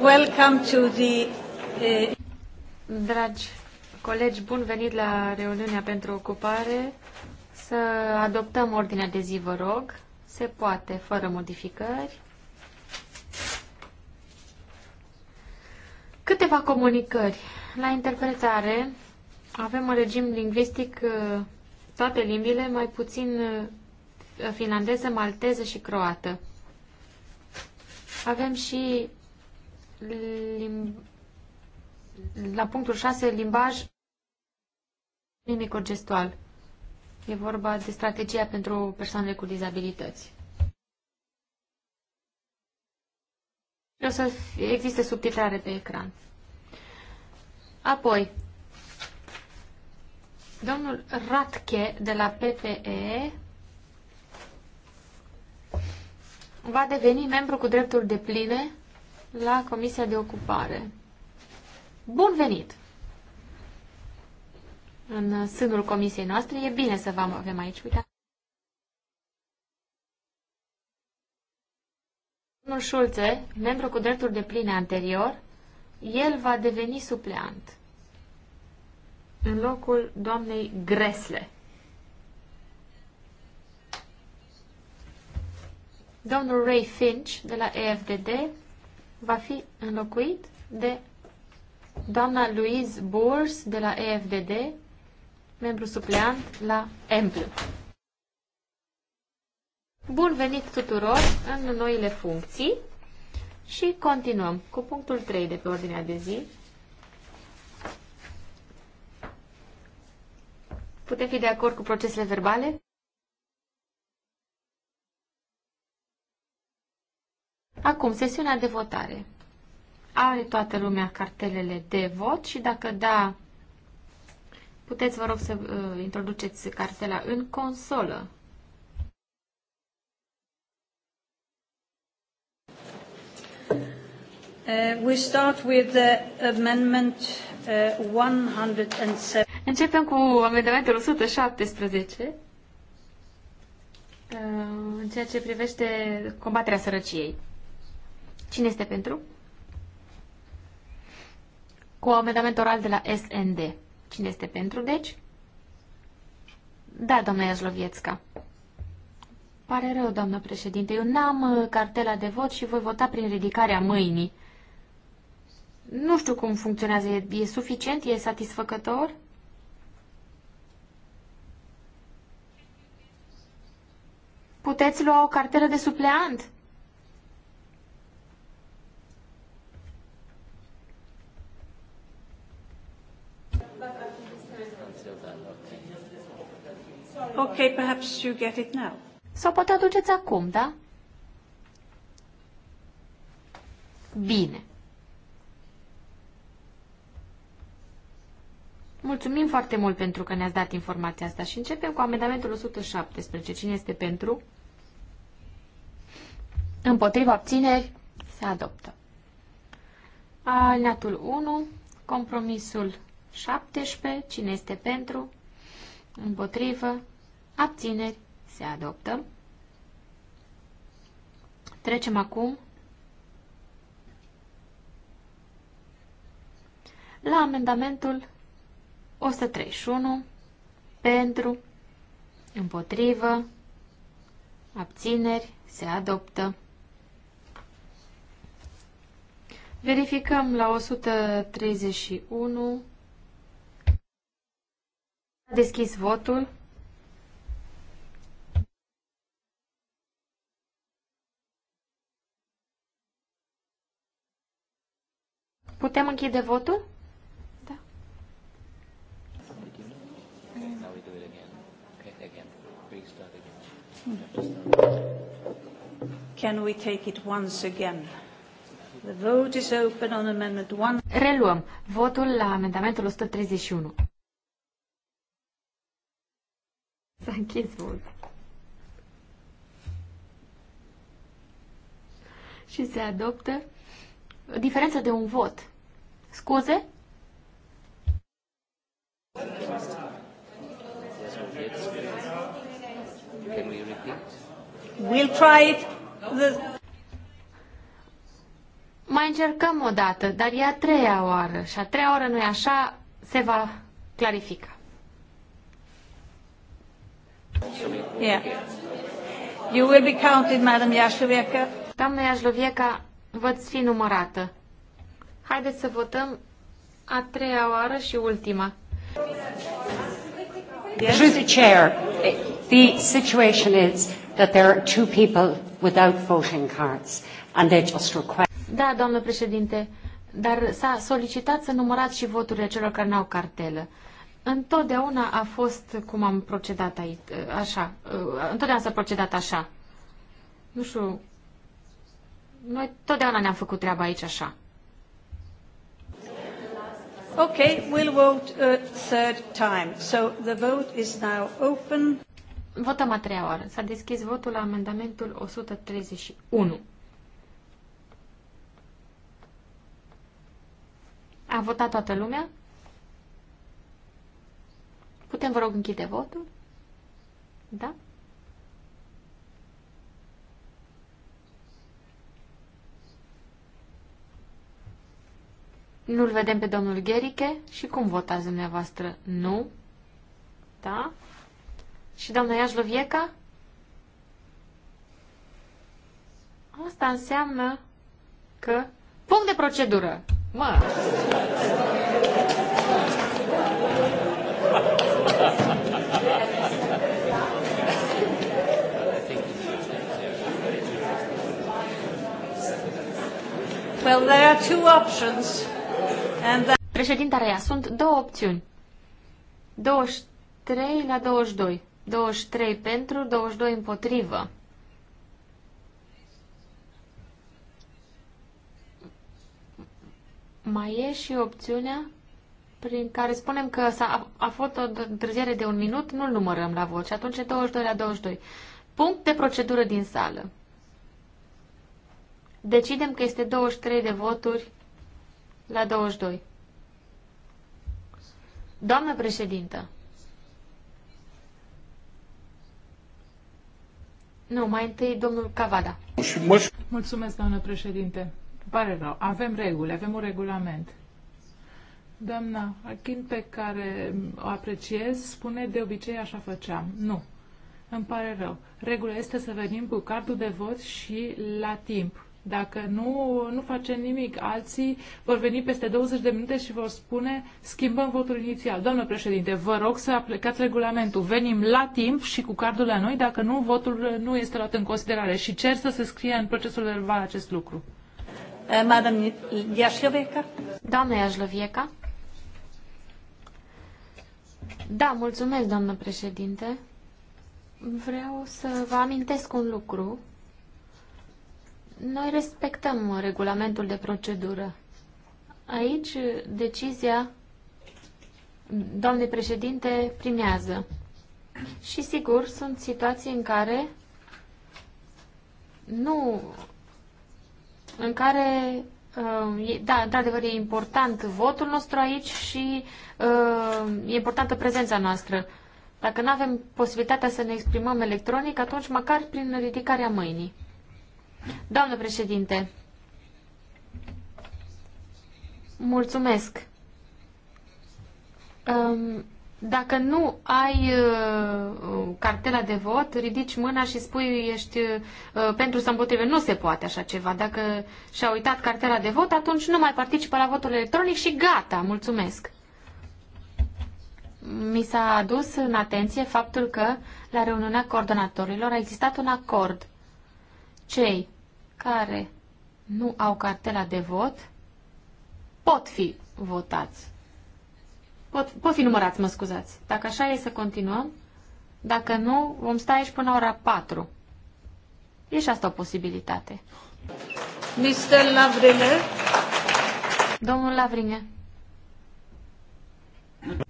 Welcome to the... Eh, Dragi colegi, bun venit la reuniunea pentru ocupare. Să adoptăm ordinea de zi, vă rog. Se poate, fără modificări. Câteva comunicări. La interpretare avem un regim lingvistic eh, toate limbile, mai puțin eh, finlandeză, malteză și croată. Avem și lim... la punctul 6 limbaj gestual. E vorba de strategia pentru persoanele cu dizabilități. O să existe subtitrare pe ecran. Apoi, domnul Ratke de la PPE va deveni membru cu drepturi de pline la Comisia de Ocupare. Bun venit! În sânul comisiei noastre e bine să vă avem aici. Uite. Domnul Șulțe, membru cu drepturi de pline anterior, el va deveni supleant în locul doamnei Gresle. Domnul Ray Finch de la EFDD va fi înlocuit de doamna Louise Burs de la EFDD, membru supleant la EMPL. Bun venit tuturor în noile funcții și continuăm cu punctul 3 de pe ordinea de zi. Putem fi de acord cu procesele verbale? Acum, sesiunea de votare. Are toată lumea cartelele de vot și dacă da, puteți, vă rog, să uh, introduceți cartela în consolă. Uh, we start with the amendment uh, 107. Începem cu amendamentul 117 uh, în ceea ce privește combaterea sărăciei. Cine este pentru? Cu amendament oral de la SND. Cine este pentru, deci? Da, doamna Iazlovietska. Pare rău, doamnă președinte. Eu n-am uh, cartela de vot și voi vota prin ridicarea mâinii. Nu știu cum funcționează. E, e suficient? E satisfăcător? Puteți lua o cartelă de supleant? Okay, perhaps you get it now. Sau poate aduceți acum, da? Bine. Mulțumim foarte mult pentru că ne-ați dat informația asta și începem cu amendamentul 117. Cine este pentru? Împotriva obțineri, se adoptă. Alineatul 1, compromisul 17, cine este pentru? Împotrivă, abțineri, se adoptă. Trecem acum la amendamentul 131 pentru, împotrivă, abțineri, se adoptă. Verificăm la 131. A deschis votul. Putem închide votul? Da. Can we take it once again? The vote is open on amendment one. Reluăm votul la amendamentul 131. S-a închis votul. Și se adoptă diferență de un vot. Scuze? We'll try it. The... Mai încercăm o dată, dar e a treia oară și a treia oară nu e așa, se va clarifica. Yeah. You will be counted, Madam Iașlovieka. Doamna Iașlovieka, veți fi numărată. Haideți să votăm a treia oară și ultima. Through the chair, the situation is that there are two people without voting cards and they just request... Da, doamnă președinte, dar s-a solicitat să numărați și voturile celor care n-au cartelă. Întotdeauna a fost cum am procedat aici, așa, întotdeauna s-a procedat așa. Nu știu noi totdeauna ne-am făcut treaba aici așa. Okay, we'll vote a uh, third time. So the vote is now open. Votăm a treia oară. S-a deschis votul la amendamentul 131. A votat toată lumea? Putem, vă rog, închide votul? Da? Nu-l vedem pe domnul Gherike Și cum votați dumneavoastră? Nu. Da? Și doamna Iașlovieca? Asta înseamnă că... Punct de procedură! Mă! Well, there are two options. Președintarea sunt două opțiuni. 23 la 22. 23 pentru, 22 împotrivă. Mai e și opțiunea prin care spunem că a a fost o întârziere de un minut, nu-l numărăm la vot atunci 22 la 22. Punct de procedură din sală. Decidem că este 23 de voturi la 22. Doamnă președintă. Nu, mai întâi domnul Cavada. Mulțumesc, doamnă președinte. Pare rău. Avem reguli, avem un regulament. Doamna Achin, pe care o apreciez, spune de obicei așa făceam. Nu. Îmi pare rău. Regula este să venim cu cardul de vot și la timp. Dacă nu, nu facem nimic. Alții vor veni peste 20 de minute și vor spune schimbăm votul inițial. Doamnă președinte, vă rog să aplicați regulamentul. Venim la timp și cu cardul la noi dacă nu, votul nu este luat în considerare și cer să se scrie în procesul verbal acest lucru. Eh, Madam Iașlovieca? Doamna Iașlovieca? Da, mulțumesc, doamnă președinte. Vreau să vă amintesc un lucru noi respectăm regulamentul de procedură. Aici decizia doamnei președinte primează. Și sigur, sunt situații în care nu în care uh, da, într-adevăr e important votul nostru aici și uh, e importantă prezența noastră. Dacă nu avem posibilitatea să ne exprimăm electronic, atunci măcar prin ridicarea mâinii. Doamnă președinte, mulțumesc. Um, dacă nu ai uh, cartela de vot, ridici mâna și spui ești uh, pentru să împotrive. Nu se poate așa ceva. Dacă și-a uitat cartela de vot, atunci nu mai participă la votul electronic și gata. Mulțumesc mi s-a adus în atenție faptul că la reuniunea coordonatorilor a existat un acord. Cei care nu au cartela de vot pot fi votați. Pot, pot fi numărați, mă scuzați. Dacă așa e să continuăm, dacă nu, vom sta aici până ora 4. E și asta o posibilitate. Mr. Lavrine. Domnul Lavrine.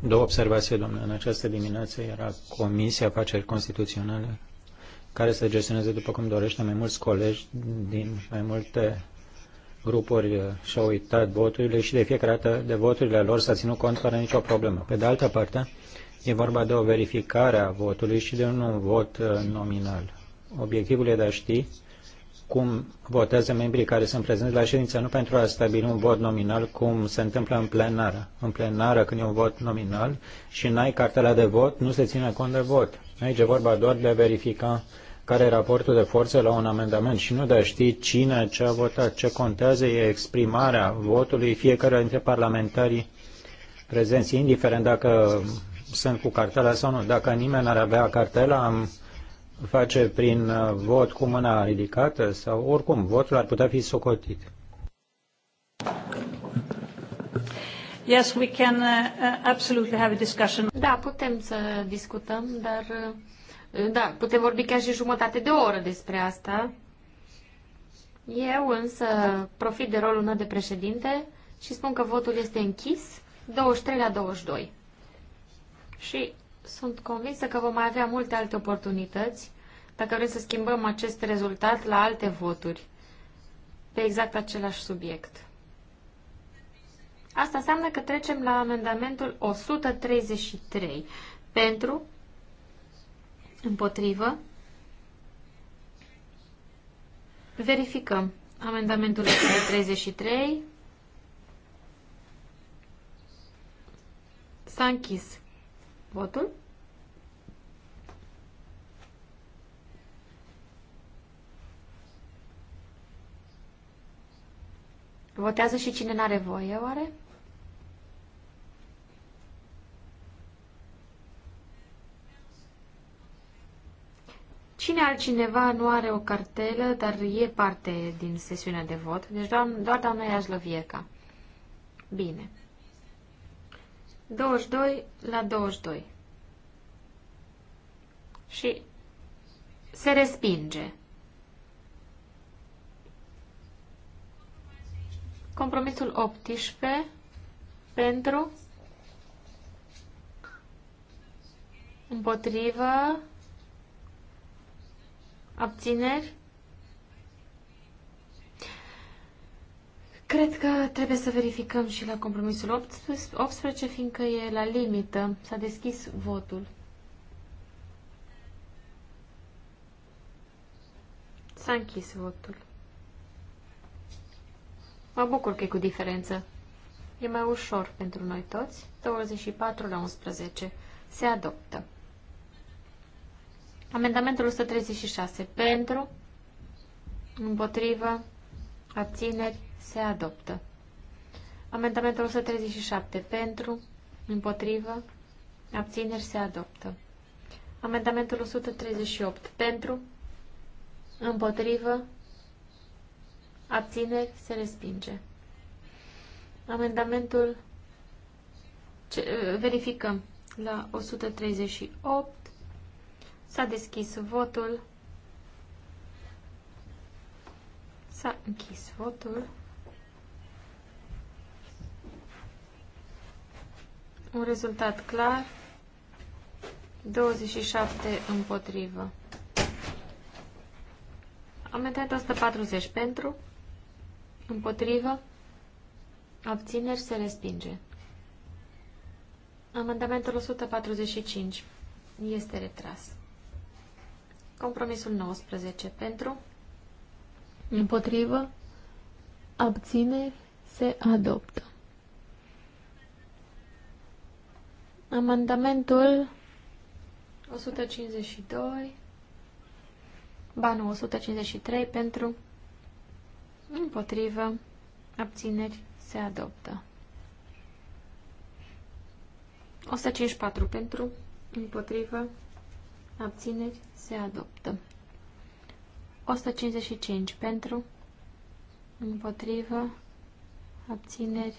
Două observații, domnule. În această dimineață era Comisia Afaceri Constituționale care să gestioneze după cum dorește. Mai mulți colegi din mai multe grupuri uh, și-au uitat voturile și de fiecare dată de voturile lor s-a ținut cont fără nicio problemă. Pe de altă parte, e vorba de o verificare a votului și de un vot uh, nominal. Obiectivul e de a ști cum votează membrii care sunt prezenți la ședință, nu pentru a stabili un vot nominal, cum se întâmplă în plenară. În plenară, când e un vot nominal și n-ai cartela de vot, nu se ține cont de vot. Aici e vorba doar de a verifica care e raportul de forță la un amendament și nu de a ști cine ce a votat. Ce contează e exprimarea votului fiecare dintre parlamentarii prezenți, indiferent dacă sunt cu cartela sau nu. Dacă nimeni ar avea cartela, am face prin uh, vot cu mâna ridicată sau oricum, votul ar putea fi socotit. Yes, we can uh, uh, absolutely have a discussion. Da, putem să discutăm, dar da, putem vorbi chiar și jumătate de oră despre asta. Eu însă profit de rolul meu de președinte și spun că votul este închis 23 la 22. Și sunt convinsă că vom mai avea multe alte oportunități dacă vrem să schimbăm acest rezultat la alte voturi pe exact același subiect. Asta înseamnă că trecem la amendamentul 133 pentru Împotrivă. Verificăm. Amendamentul 33. S-a închis votul. Votează și cine n-are voie, oare? Cine altcineva nu are o cartelă, dar e parte din sesiunea de vot? Deci doar, doar doamna Iazlovieca. Bine. 22 la 22. Și se respinge. Compromisul 18 pentru împotrivă Abțineri? Cred că trebuie să verificăm și la compromisul 18, fiindcă e la limită. S-a deschis votul. S-a închis votul. Mă bucur că e cu diferență. E mai ușor pentru noi toți. 24 la 11. Se adoptă. Amendamentul 136. Pentru, împotrivă, abțineri, se adoptă. Amendamentul 137. Pentru, împotrivă, abțineri, se adoptă. Amendamentul 138. Pentru, împotrivă, abțineri, se respinge. Amendamentul, verificăm, la 138. S-a deschis votul. S-a închis votul. Un rezultat clar. 27 împotrivă. Amendamentul 140 pentru, împotrivă, abțineri se respinge. Amendamentul 145 este retras. Compromisul 19 pentru. Împotrivă. Abțineri. Se adoptă. Amendamentul 152. Banul 153 pentru. Împotrivă. Abțineri. Se adoptă. 154 pentru. Împotrivă abțineri, se adoptă. 155 pentru, împotrivă, abțineri,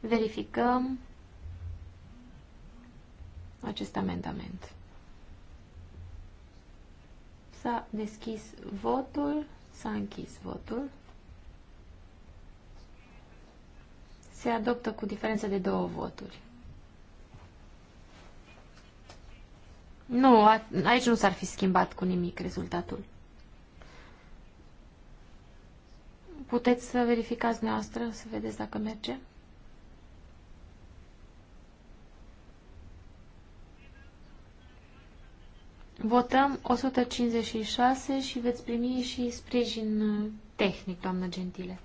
verificăm acest amendament. S-a deschis votul, s-a închis votul. Se adoptă cu diferență de două voturi. Nu, a, aici nu s-ar fi schimbat cu nimic rezultatul. Puteți să verificați noastră, să vedeți dacă merge? Votăm 156 și veți primi și sprijin uh, tehnic, doamnă Gentile.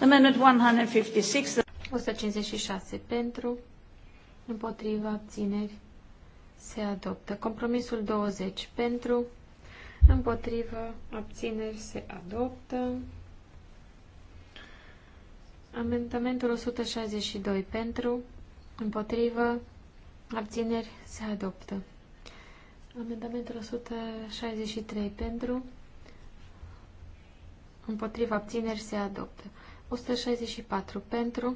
Amendment 156. 156 pentru, împotriva, abțineri, se adoptă. Compromisul 20 pentru, împotrivă, abțineri, se adoptă. Amendamentul 162 pentru, împotrivă, abțineri, se adoptă. Amendamentul 163 pentru, împotrivă, abțineri se adoptă. 164 pentru,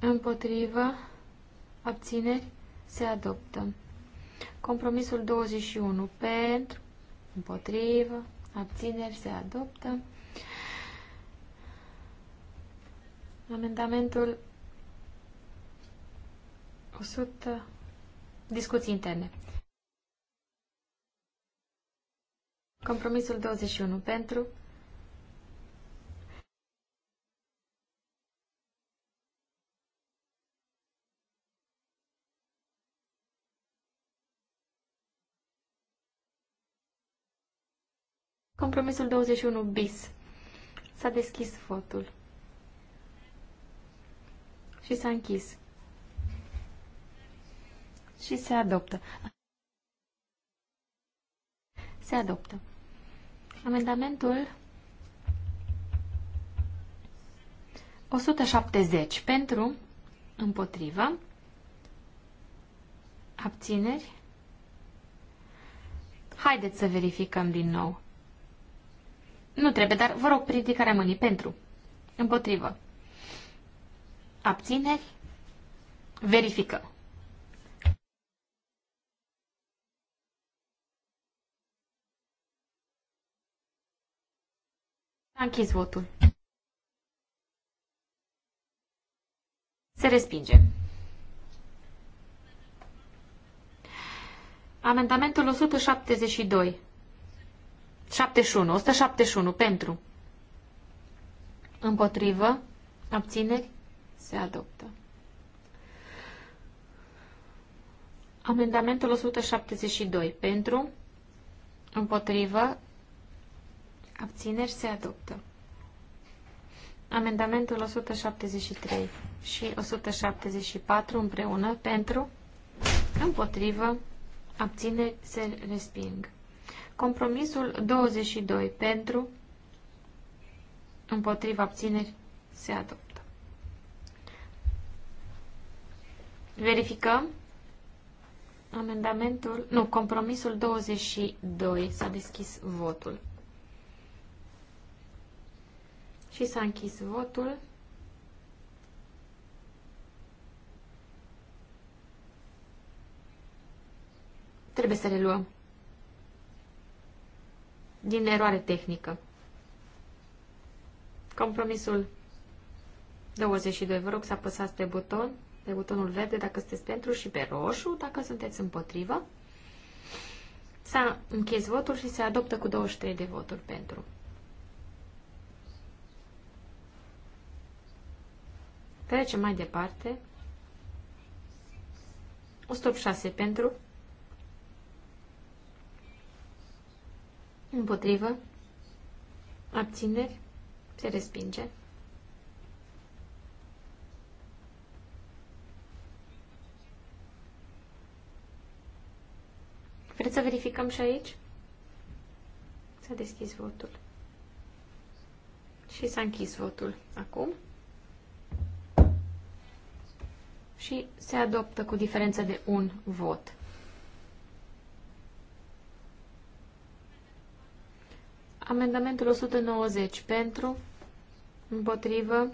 împotrivă, abțineri se adoptă. Compromisul 21 pentru, împotrivă, abțineri, se adoptă. Amendamentul 100. Discuții interne. Compromisul 21 pentru, Compromisul 21 bis. S-a deschis votul. Și s-a închis. Și se adoptă. Se adoptă. Amendamentul 170 pentru, împotrivă, abțineri. Haideți să verificăm din nou. Nu trebuie, dar vă rog, ridicarea mâinii pentru. Împotrivă. Abțineri. verifică. A închis votul. Se respinge. Amendamentul 172. 71, 171 pentru. Împotrivă, abțineri, se adoptă. Amendamentul 172 pentru, împotrivă, abțineri, se adoptă. Amendamentul 173 și 174 împreună pentru, împotrivă, abțineri, se resping. Compromisul 22 pentru, împotriva abțineri, se adoptă. Verificăm amendamentul, nu, compromisul 22 s-a deschis votul. Și s-a închis votul. Trebuie să le luăm din eroare tehnică. Compromisul 22. Vă rog să apăsați pe buton, pe butonul verde dacă sunteți pentru și pe roșu dacă sunteți împotrivă. S-a închis votul și se adoptă cu 23 de voturi pentru. Trecem mai departe. 186 pentru, Împotrivă. Abțineri. Se respinge. Vreți să verificăm și aici? S-a deschis votul. Și s-a închis votul acum. Și se adoptă cu diferență de un vot. Amendamentul 190 pentru, împotrivă,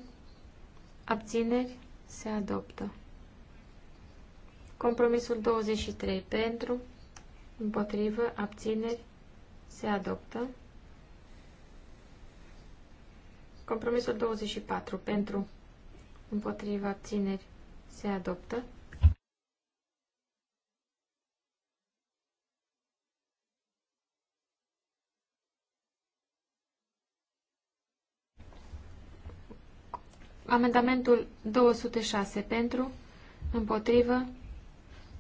abțineri, se adoptă. Compromisul 23 pentru, împotrivă, abțineri, se adoptă. Compromisul 24 pentru, împotrivă, abțineri, se adoptă. Amendamentul 206 pentru, împotrivă,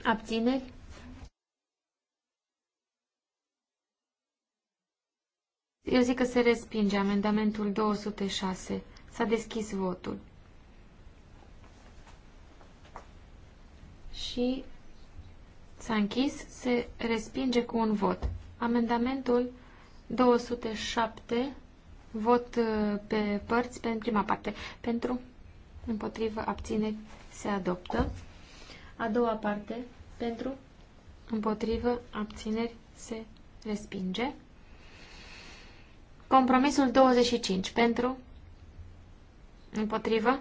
abțineri. Eu zic că se respinge amendamentul 206. S-a deschis votul. Și s-a închis, se respinge cu un vot. Amendamentul 207 Vot uh, pe părți, pe prima parte. Pentru, împotrivă, abține, se adoptă. A doua parte, pentru, împotrivă, abțineri, se respinge. Compromisul 25, pentru, împotrivă,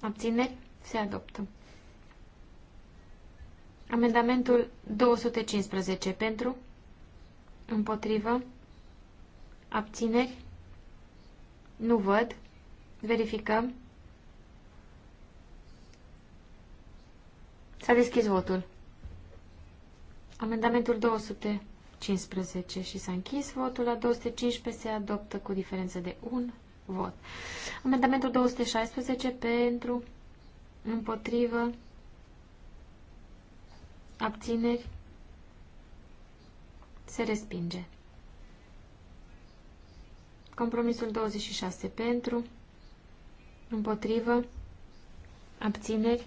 abțineri, se adoptă. Amendamentul 215, pentru, împotrivă, abțineri, nu văd. Verificăm. S-a deschis votul. Amendamentul 215 și s-a închis votul. La 215 se adoptă cu diferență de un vot. Amendamentul 216 pentru, împotrivă, abțineri, se respinge. Compromisul 26 pentru, împotrivă, abțineri.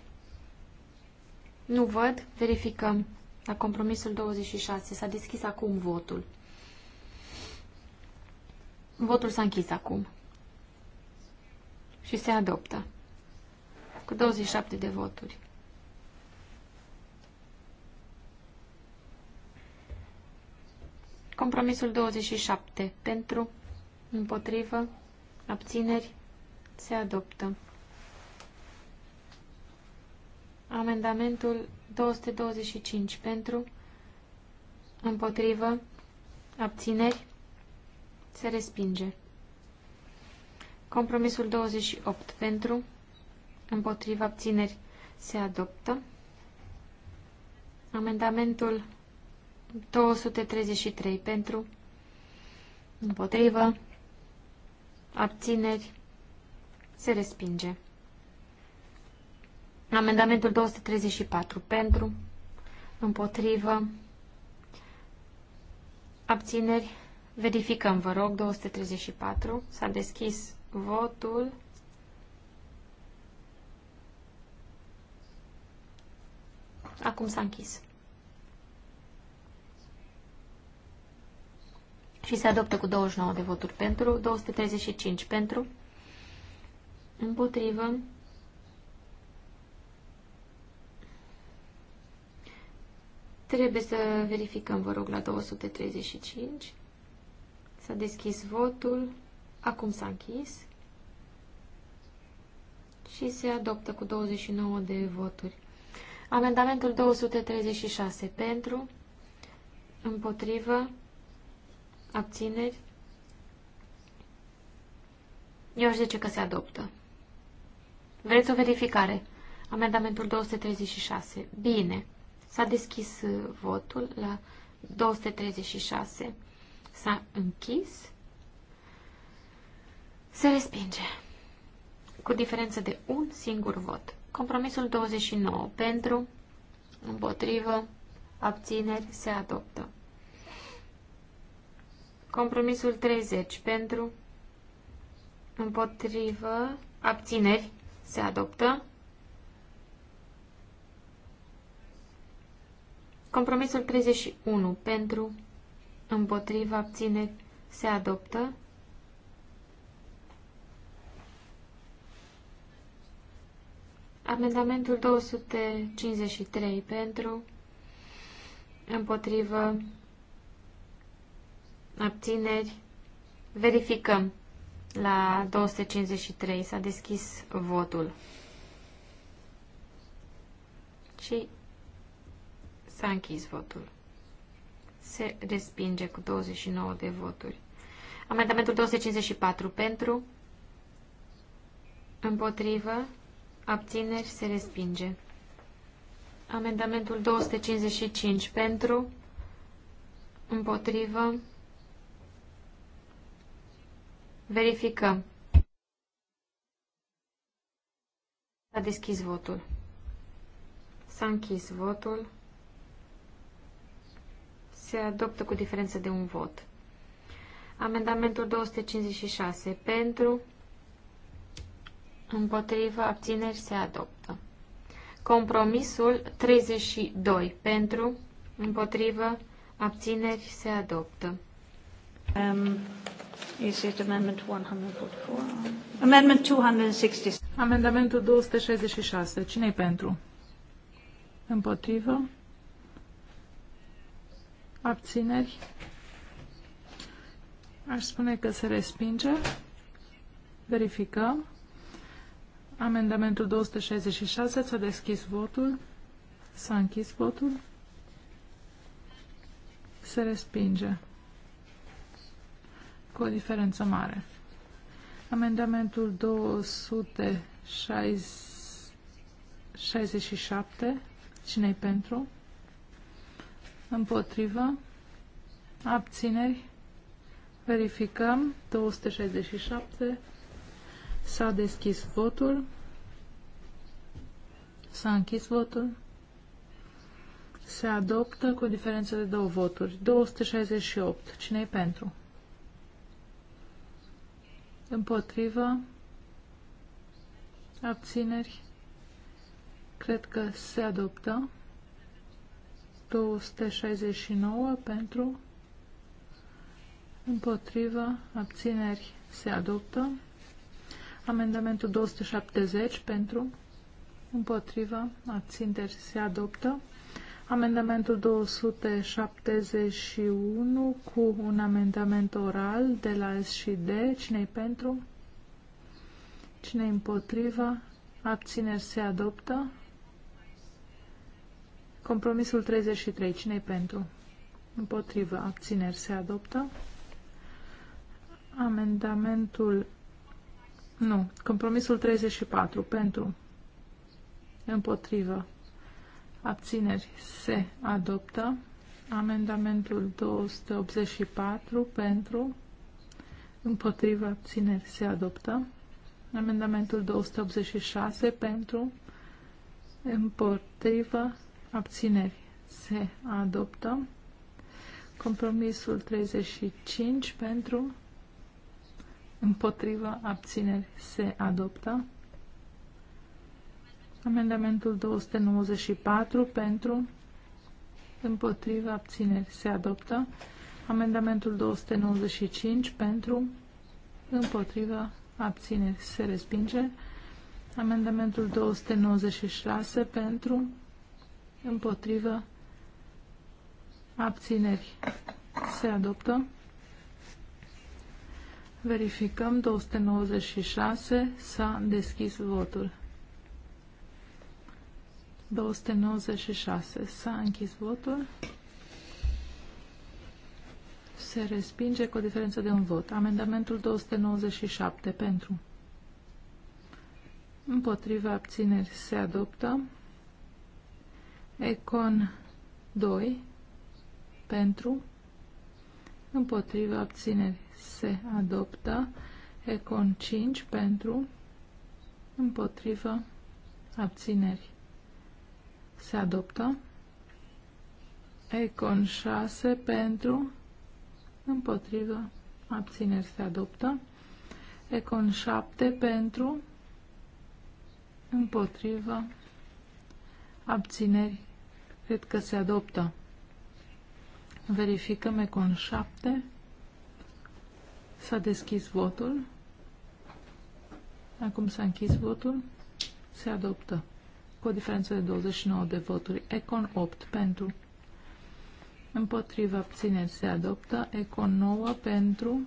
Nu văd, verificăm. La compromisul 26 s-a deschis acum votul. Votul s-a închis acum și se adoptă cu 27 de voturi. Compromisul 27 pentru împotrivă, abțineri, se adoptă. Amendamentul 225 pentru, împotrivă, abțineri, se respinge. Compromisul 28 pentru, împotrivă, abțineri, se adoptă. Amendamentul 233 pentru, împotrivă, abțineri, se respinge. Amendamentul 234 pentru, împotrivă, abțineri, verificăm, vă rog, 234, s-a deschis votul. Acum s-a închis. și se adoptă cu 29 de voturi pentru, 235 pentru, împotrivă, Trebuie să verificăm, vă rog, la 235. S-a deschis votul. Acum s-a închis. Și se adoptă cu 29 de voturi. Amendamentul 236 pentru, împotrivă, Abțineri. Eu aș zice că se adoptă. Vreți o verificare? Amendamentul 236. Bine. S-a deschis uh, votul la 236. S-a închis. Se respinge. Cu diferență de un singur vot. Compromisul 29. Pentru, împotrivă, abțineri, se adoptă. Compromisul 30 pentru, împotrivă, abțineri, se adoptă. Compromisul 31 pentru, împotrivă, abțineri, se adoptă. Amendamentul 253 pentru, împotrivă, abțineri, verificăm. La 253 s-a deschis votul. Și s-a închis votul. Se respinge cu 29 de voturi. Amendamentul 254 pentru, împotrivă, abțineri, se respinge. Amendamentul 255 pentru, împotrivă, Verificăm. S-a deschis votul. S-a închis votul. Se adoptă cu diferență de un vot. Amendamentul 256. Pentru, împotrivă, abțineri se adoptă. Compromisul 32. Pentru, împotrivă, abțineri se adoptă. Um, Is it amendment 144? Amendment 266. Amendamentul 266. cine e pentru? Împotrivă? Abțineri? Aș spune că se respinge. Verificăm. Amendamentul 266. S-a deschis votul. S-a închis votul. Se respinge cu o diferență mare. Amendamentul 267. Cine-i pentru? Împotrivă. Abțineri. Verificăm. 267. S-a deschis votul. S-a închis votul. Se adoptă cu diferență de două voturi. 268. Cine-i pentru? împotrivă, abțineri, cred că se adoptă, 269 pentru, împotrivă, abțineri, se adoptă, amendamentul 270 pentru, împotrivă, abțineri, se adoptă, Amendamentul 271 cu un amendament oral de la S și D. Cine-i pentru? Cine împotriva? Abțineri se adoptă. Compromisul 33. cine pentru? Împotrivă. Abțineri se adoptă. Amendamentul... Nu. Compromisul 34. Pentru. Împotrivă. Abțineri se adoptă. Amendamentul 284 pentru. Împotriva abțineri se adoptă. Amendamentul 286 pentru. Împotriva abțineri se adoptă. Compromisul 35 pentru. Împotriva abțineri se adoptă. Amendamentul 294 pentru, împotriva, abțineri se adoptă. Amendamentul 295 pentru, împotriva, abțineri se respinge. Amendamentul 296 pentru, împotriva abțineri se adoptă. Verificăm 296, s-a deschis votul. 296. S-a închis votul. Se respinge cu o diferență de un vot. Amendamentul 297 pentru. Împotriva abțineri se adoptă. Econ 2 pentru. Împotriva abțineri se adoptă. Econ 5 pentru. Împotriva abțineri se adoptă. Econ 6 pentru, împotrivă, abțineri se adoptă. Econ 7 pentru, împotrivă, abțineri, cred că se adoptă. Verificăm Econ 7. S-a deschis votul. Acum s-a închis votul. Se adoptă cu o diferență de 29 de voturi. Econ 8 pentru. Împotrivă abțineri se adoptă. Econ 9 pentru.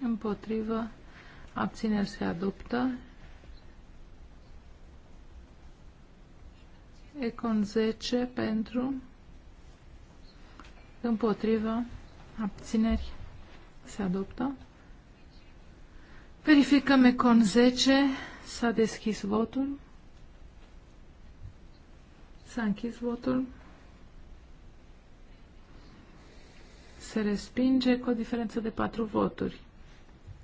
Împotrivă abțineri se adoptă. Econ 10 pentru. Împotrivă abțineri se adoptă. Verificăm Econ 10. S-a deschis votul. S-a închis votul. Se respinge cu o diferență de 4 voturi.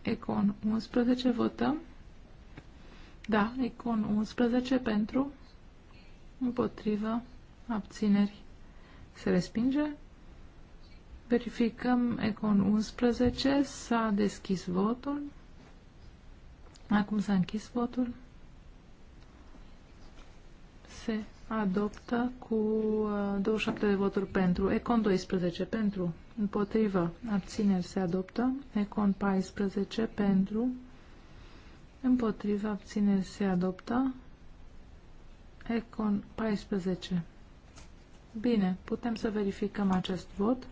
Econ 11 votăm. Da, Econ 11 pentru, împotrivă, abțineri. Se respinge. Verificăm Econ 11. S-a deschis votul. Acum s-a închis votul. Se adoptă cu 27 uh, de voturi pentru. Econ 12 pentru. Împotrivă. Abțineri se adoptă. Econ 14 pentru. Împotrivă. Abțineri se adoptă. Econ 14. Bine, putem să verificăm acest vot.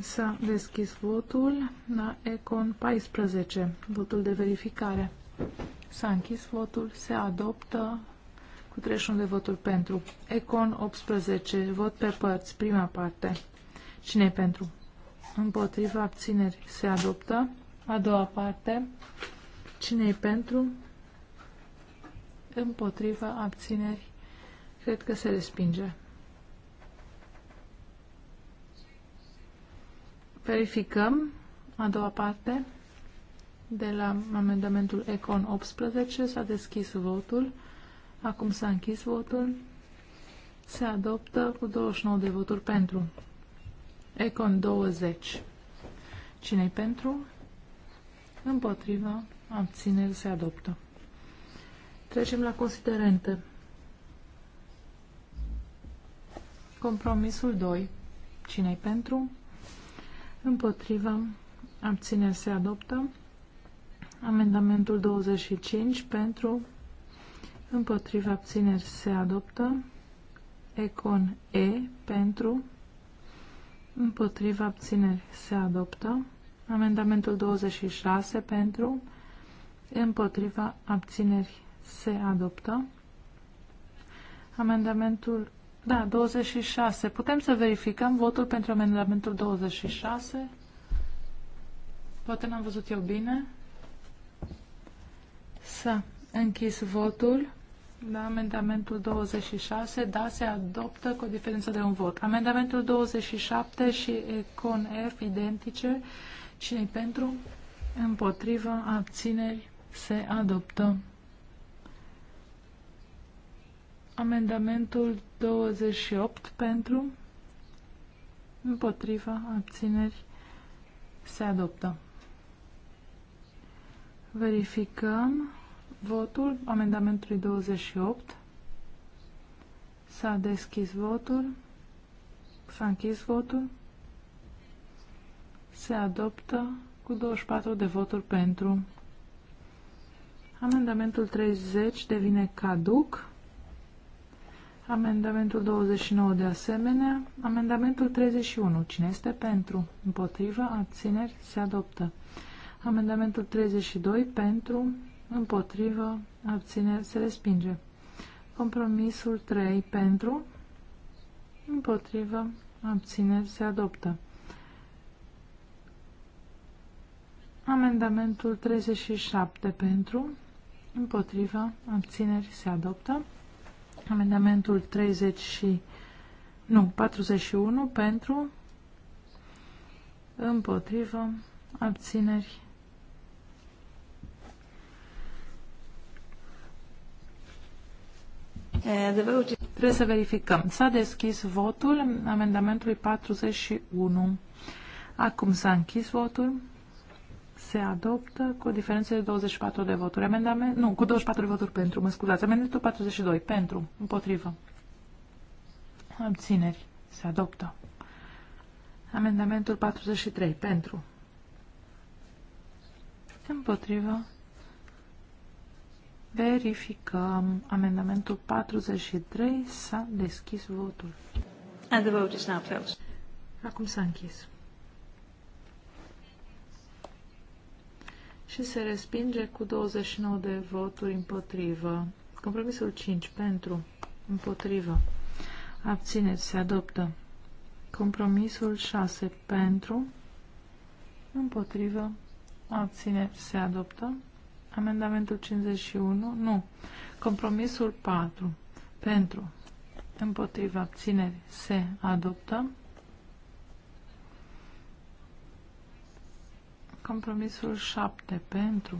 S-a deschis votul la Econ 14, votul de verificare. S-a închis votul. Se adoptă cu 31 de voturi pentru. Econ 18. Vot pe părți. Prima parte. cine pentru? Împotriva abțineri. Se adoptă. A doua parte. cine pentru? Împotriva abțineri. Cred că se respinge. Verificăm a doua parte de la amendamentul Econ 18. S-a deschis votul. Acum s-a închis votul. Se adoptă cu 29 de voturi pentru. Econ 20. Cine-i pentru? Împotriva. Abțineri se adoptă. Trecem la considerente. Compromisul 2. Cine-i pentru? Împotriva. Abțineri se adoptă. Amendamentul 25 pentru împotriva abțineri se adoptă. Econ E pentru împotriva abțineri se adoptă. Amendamentul 26 pentru împotriva abțineri se adoptă. Amendamentul da, 26. Putem să verificăm votul pentru amendamentul 26? Poate n-am văzut eu bine. Să închis votul la amendamentul 26. Da, se adoptă cu o diferență de un vot. Amendamentul 27 și con F identice. cine pentru? împotriva abțineri, se adoptă. Amendamentul 28 pentru, împotriva, abțineri, se adoptă. Verificăm votul amendamentului 28. S-a deschis votul. S-a închis votul. Se adoptă cu 24 de voturi pentru. Amendamentul 30 devine caduc. Amendamentul 29 de asemenea. Amendamentul 31. Cine este pentru? Împotrivă? Abțineri? Se adoptă. Amendamentul 32 pentru, împotrivă, abține, se respinge. Compromisul 3 pentru, împotrivă, abține, se adoptă. Amendamentul 37 pentru, împotrivă, abțineri, se adoptă. Amendamentul 30 și, nu, 41 pentru, împotrivă, abțineri, Trebuie să verificăm. S-a deschis votul amendamentului 41. Acum s-a închis votul. Se adoptă cu o diferență de 24 de voturi. Amendament, nu, cu 24 de voturi pentru, mă scuzați. Amendamentul 42 pentru, împotrivă. Abțineri. Se adoptă. Amendamentul 43 pentru. Împotrivă. Verificăm amendamentul 43. S-a deschis votul. And the vote is now closed. Acum s-a închis. Și se respinge cu 29 de voturi împotrivă. Compromisul 5 pentru, împotrivă. Abțineți, se adoptă. Compromisul 6 pentru, împotrivă. Abțineți, se adoptă. Amendamentul 51? Nu. Compromisul 4. Pentru. Împotriva abțineri se adoptă. Compromisul 7. Pentru.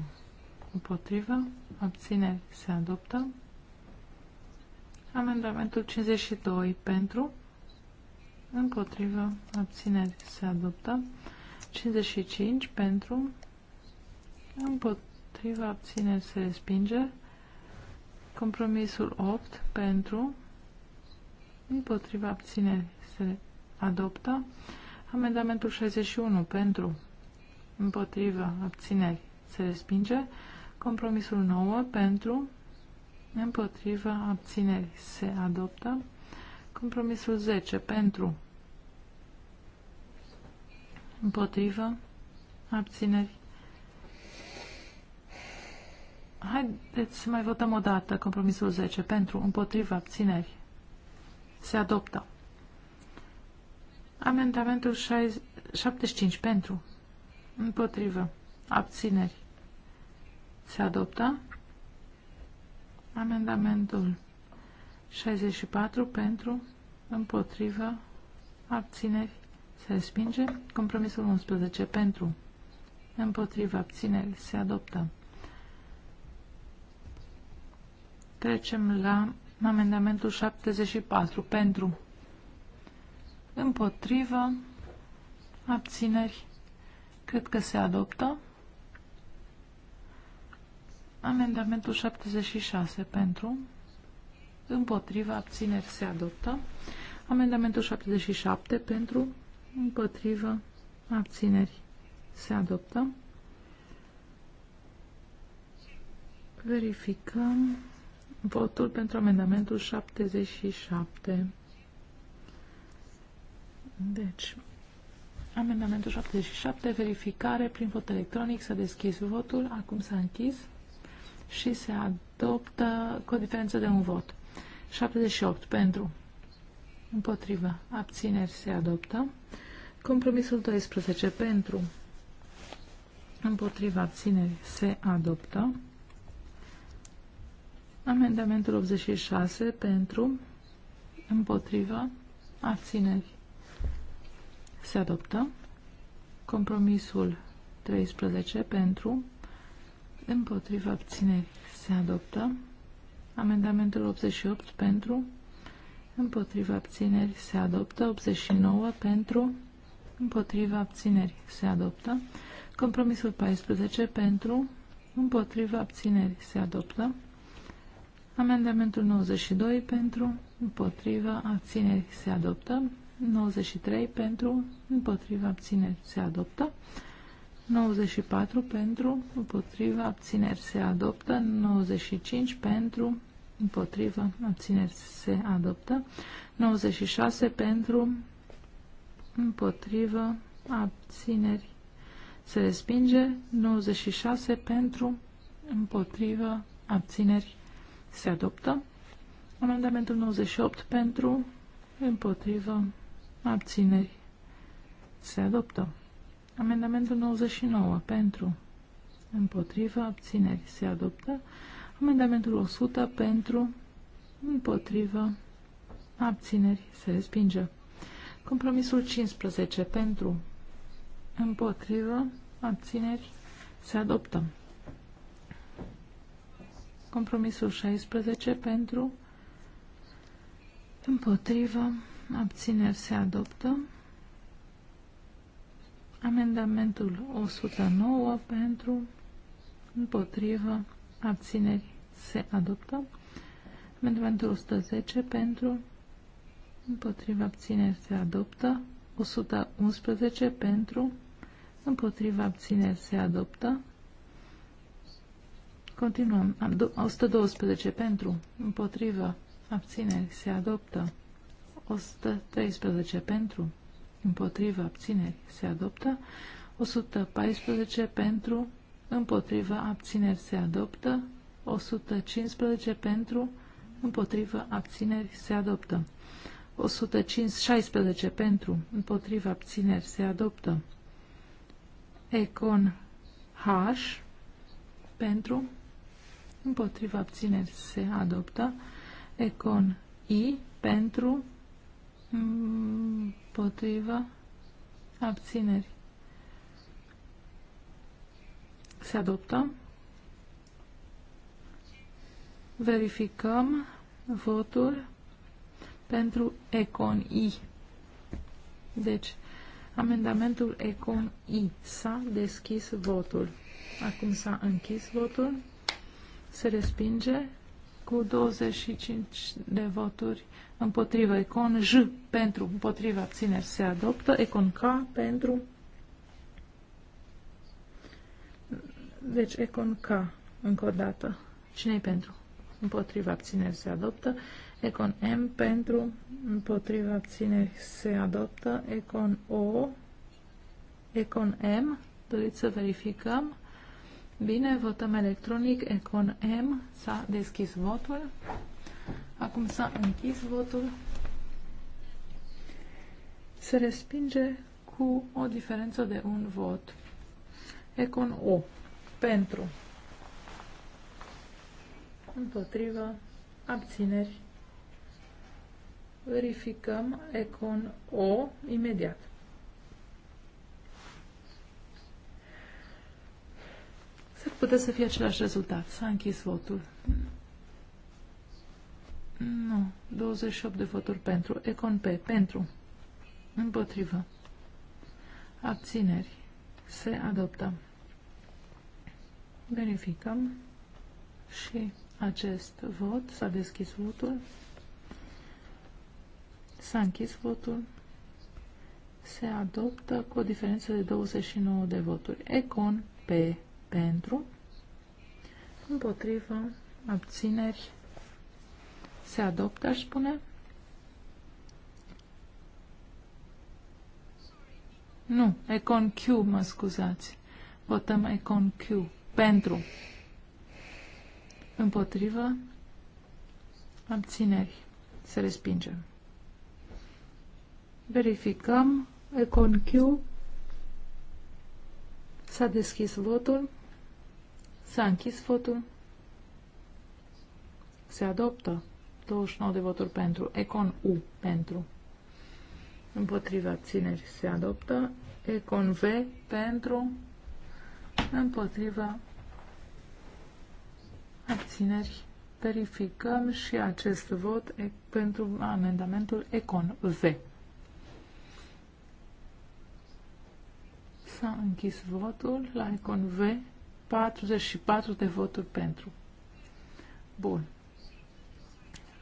împotriva Abțineri se adoptă. Amendamentul 52. Pentru. împotriva Abțineri se adoptă. 55. Pentru. împotriva împotriva, abține se respinge. Compromisul 8 pentru, împotriva, abține se adoptă. Amendamentul 61 pentru, împotriva, abțineri se respinge. Compromisul 9 pentru, împotriva, abțineri se adoptă. Compromisul 10 pentru, împotriva, abțineri Haideți să mai votăm o dată compromisul 10 pentru, împotriva, abțineri. Se adoptă. Amendamentul 6, 75 pentru, împotrivă, abțineri. Se adoptă. Amendamentul 64 pentru, împotrivă, abțineri. Se respinge. Compromisul 11 pentru, împotrivă, abțineri. Se adoptă. Trecem la amendamentul 74. Pentru. Împotrivă. Abțineri. Cred că se adoptă. Amendamentul 76 pentru. Împotrivă. Abțineri. Se adoptă. Amendamentul 77 pentru. Împotrivă. Abțineri. Se adoptă. Verificăm. Votul pentru amendamentul 77. Deci, amendamentul 77, verificare prin vot electronic, s-a deschis votul, acum s-a închis și se adoptă cu o diferență de un vot. 78 pentru, împotrivă, abțineri se adoptă. Compromisul 12 pentru, împotriva abțineri se adoptă. Amendamentul 86 pentru, împotriva abțineri. Se adoptă. Compromisul 13 pentru, împotriva abțineri. Se adoptă. Amendamentul 88 pentru, împotriva abțineri. Se adoptă. 89 pentru, împotriva abțineri. Se adoptă. Compromisul 14 pentru, împotriva abțineri. Se adoptă. Amendamentul 92 pentru, împotriva, abțineri se adoptă. 93 pentru, împotriva, abțineri se adoptă. 94 pentru, împotriva, abțineri se adoptă. 95 pentru, împotriva, abțineri se adoptă. 96 pentru, împotriva, abțineri se respinge. 96 pentru, împotriva, abțineri se adoptă. Amendamentul 98 pentru, împotrivă, abțineri. Se adoptă. Amendamentul 99 pentru, împotrivă, abțineri. Se adoptă. Amendamentul 100 pentru, împotrivă, abțineri. Se respinge. Compromisul 15 pentru, împotrivă, abțineri. Se adoptă. Compromisul 16 pentru, împotrivă, abțineri se adoptă. Amendamentul 109 pentru, împotrivă, abțineri se adoptă. Amendamentul 110 pentru, împotriva abțineri se adoptă. 111 pentru, împotriva abțineri se adoptă. Continuăm. 112 pentru, împotrivă, abțineri, se adoptă. 113 pentru, împotrivă, abțineri, se adoptă. 114 pentru, împotrivă, abțineri, se adoptă. 115 pentru, împotrivă, abțineri, se adoptă. 116 pentru, împotrivă, abțineri, se adoptă. Econ H pentru, împotriva abțineri se adoptă. Econ I pentru împotriva abțineri se adoptă. Verificăm votul pentru Econ I. Deci, amendamentul Econ I. S-a deschis votul. Acum s-a închis votul se respinge cu 25 de voturi împotriva Econ J pentru împotriva abțineri se adoptă Econ K pentru deci Econ K încă o dată cine pentru? împotriva abțineri se adoptă Econ M pentru împotriva abțineri se adoptă Econ O Econ M doriți să verificăm Bine, votăm electronic. Econ M. S-a deschis votul. Acum s-a închis votul. Se respinge cu o diferență de un vot. Econ O. Pentru. Împotrivă. Abțineri. Verificăm Econ O imediat. S-ar putea să fie același rezultat. S-a închis votul. Nu. 28 de voturi pentru. Econ P. Pentru. Împotrivă. Abțineri. Se adoptă. Verificăm și acest vot. S-a deschis votul. S-a închis votul. Se adoptă cu o diferență de 29 de voturi. Econ P pentru, împotrivă, abțineri, se adoptă, aș spune. Nu, Econ Q, mă scuzați. Votăm Econ Q. Pentru. Împotrivă. Abțineri. Se respinge. Verificăm. Econ Q. S-a deschis votul. S-a închis votul. Se adoptă 29 de voturi pentru. Econ U pentru. Împotriva țineri se adoptă. Econ V pentru. Împotriva abțineri. Verificăm și acest vot pentru amendamentul Econ V. S-a închis votul la Econ V. 44 de voturi pentru. Bun.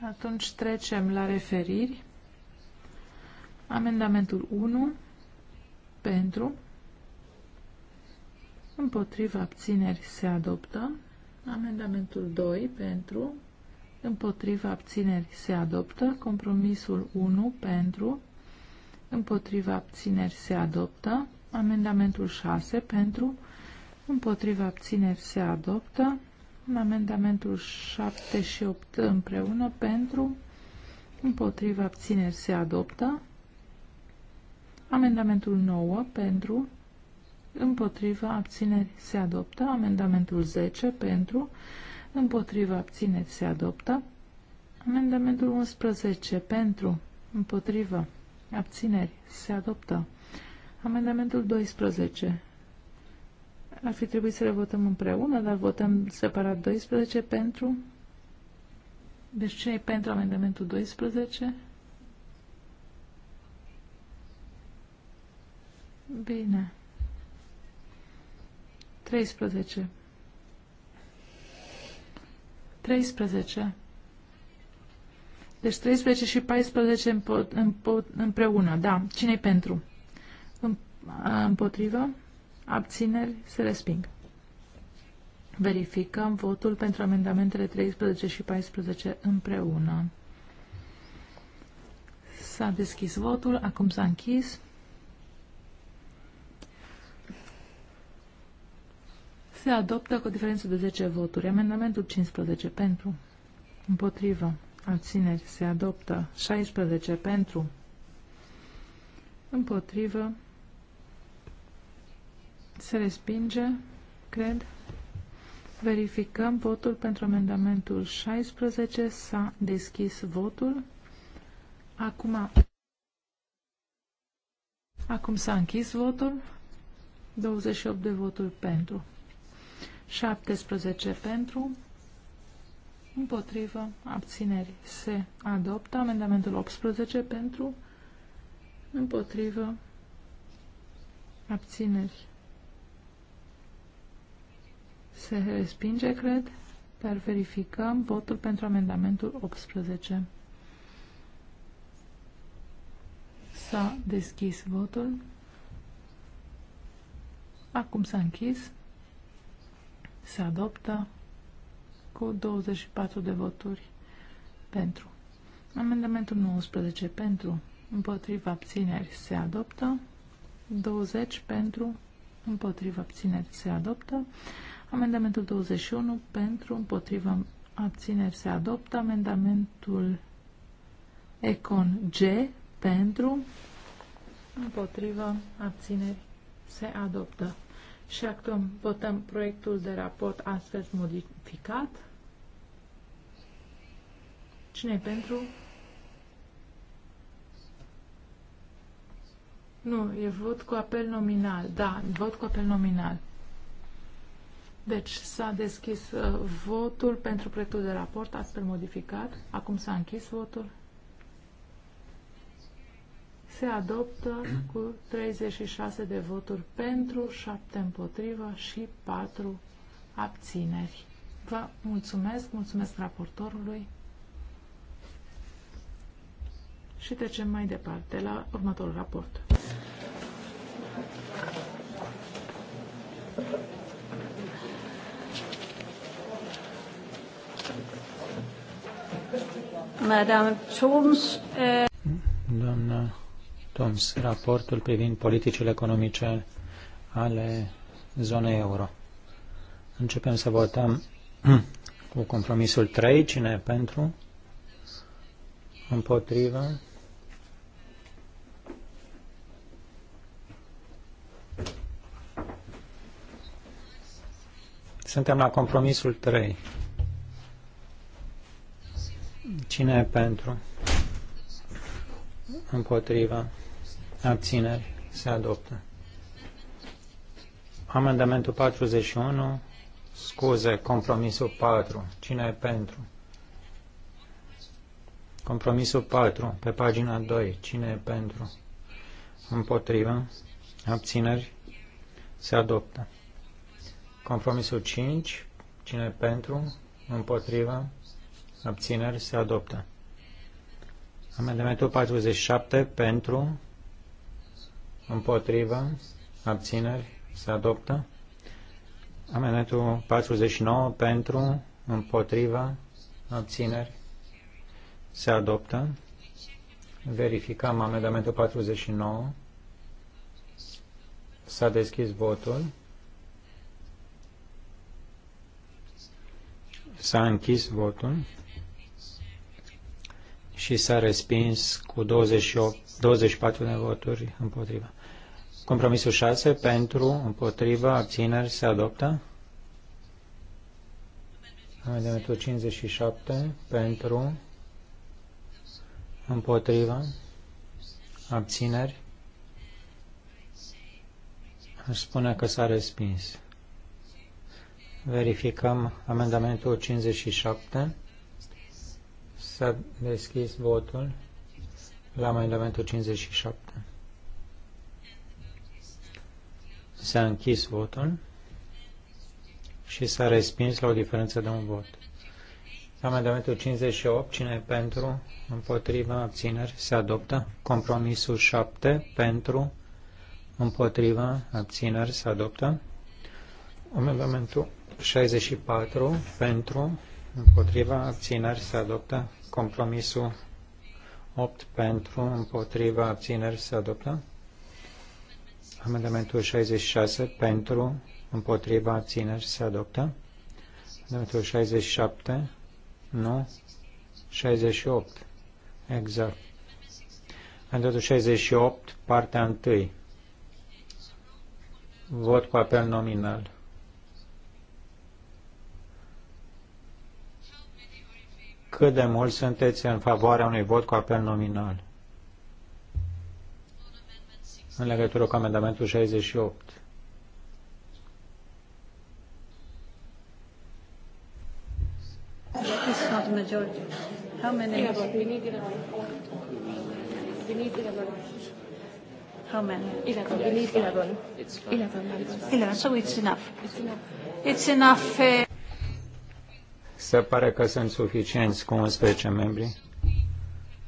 Atunci trecem la referiri. Amendamentul 1 pentru. Împotriva abțineri se adoptă. Amendamentul 2 pentru. Împotriva abțineri se adoptă. Compromisul 1 pentru. Împotriva abțineri se adoptă. Amendamentul 6 pentru. Împotriva abțineri se adoptă. în Amendamentul 7 și 8 împreună pentru. Împotriva abțineri se adoptă. Amendamentul 9 pentru. Împotriva abțineri se adoptă. Amendamentul 10 pentru. Împotriva abțineri se adoptă. Amendamentul 11 pentru. Împotriva abțineri se adoptă. Amendamentul 12 ar fi trebuit să le votăm împreună, dar votăm separat 12 pentru. Deci ce e pentru amendamentul 12? Bine. 13. 13. Deci 13 și 14 împreună, da. cine e pentru? Împotrivă? Abțineri? Se resping. Verificăm votul pentru amendamentele 13 și 14 împreună. S-a deschis votul, acum s-a închis. Se adoptă cu o diferență de 10 voturi. Amendamentul 15 pentru, împotrivă, abțineri, se adoptă. 16 pentru, împotrivă, se respinge, cred. Verificăm votul pentru amendamentul 16. S-a deschis votul. Acum, acum s-a închis votul. 28 de voturi pentru. 17 pentru. Împotrivă. Abțineri. Se adoptă. Amendamentul 18 pentru. Împotrivă. Abțineri. Se respinge, cred, dar verificăm votul pentru amendamentul 18. S-a deschis votul. Acum s-a închis. Se adoptă cu 24 de voturi pentru. Amendamentul 19 pentru, împotriva abțineri se adoptă, 20 pentru, împotriva abțineri se adoptă, Amendamentul 21 pentru, împotriva, abțineri se adoptă. Amendamentul Econ G pentru, împotriva, abțineri se adoptă. Și acum votăm proiectul de raport astfel modificat. Cine pentru? Nu, e vot cu apel nominal. Da, vot cu apel nominal. Deci s-a deschis uh, votul pentru proiectul de raport astfel modificat. Acum s-a închis votul. Se adoptă cu 36 de voturi pentru, 7 împotriva și 4 abțineri. Vă mulțumesc, mulțumesc raportorului și trecem mai departe la următorul raport. Thank you. Madame Toms. Doamna Toms, raportul privind politicile economice ale zonei euro. Începem să votăm cu compromisul 3. Cine e pentru? Împotrivă? Suntem la compromisul 3. Cine e pentru? Împotriva. Abțineri. Se adoptă. Amendamentul 41. Scuze, compromisul 4. Cine e pentru? Compromisul 4, pe pagina 2. Cine e pentru? Împotriva? Abțineri. Se adoptă. Compromisul 5. Cine e pentru? Împotriva? abțineri se adoptă. Amendamentul 47 pentru, împotrivă, abțineri se adoptă. Amendamentul 49 pentru, împotrivă, abțineri se adoptă. Verificăm amendamentul 49. S-a deschis votul. S-a închis votul și s-a respins cu 28, 24 de voturi împotriva. Compromisul 6 pentru, împotriva, abțineri se adoptă. Amendamentul 57 pentru, împotriva, abțineri. Aș spune că s-a respins. Verificăm amendamentul 57. S-a deschis votul la amendamentul 57. S-a închis votul și s-a respins la o diferență de un vot. Amendamentul 58, cine pentru, împotriva, abțineri, se adoptă. Compromisul 7, pentru, împotriva, abțineri, se adoptă. Amendamentul 64, pentru, împotriva, abțineri se adoptă. Compromisul 8 pentru, împotriva, abțineri se adoptă. Amendamentul 66 pentru, împotriva, abțineri se adoptă. Amendamentul 67, nu, 68, exact. Amendamentul 68, partea 1. Vot cu apel nominal. cât de mult sunteți în favoarea unui vot cu apel nominal. În legătură cu amendamentul 68. It's not majority. How many? Yeah, we need 11. We need How many? We need so it's enough. It's enough. It's enough. Uh... Se pare că sunt suficienți cu 11 membri.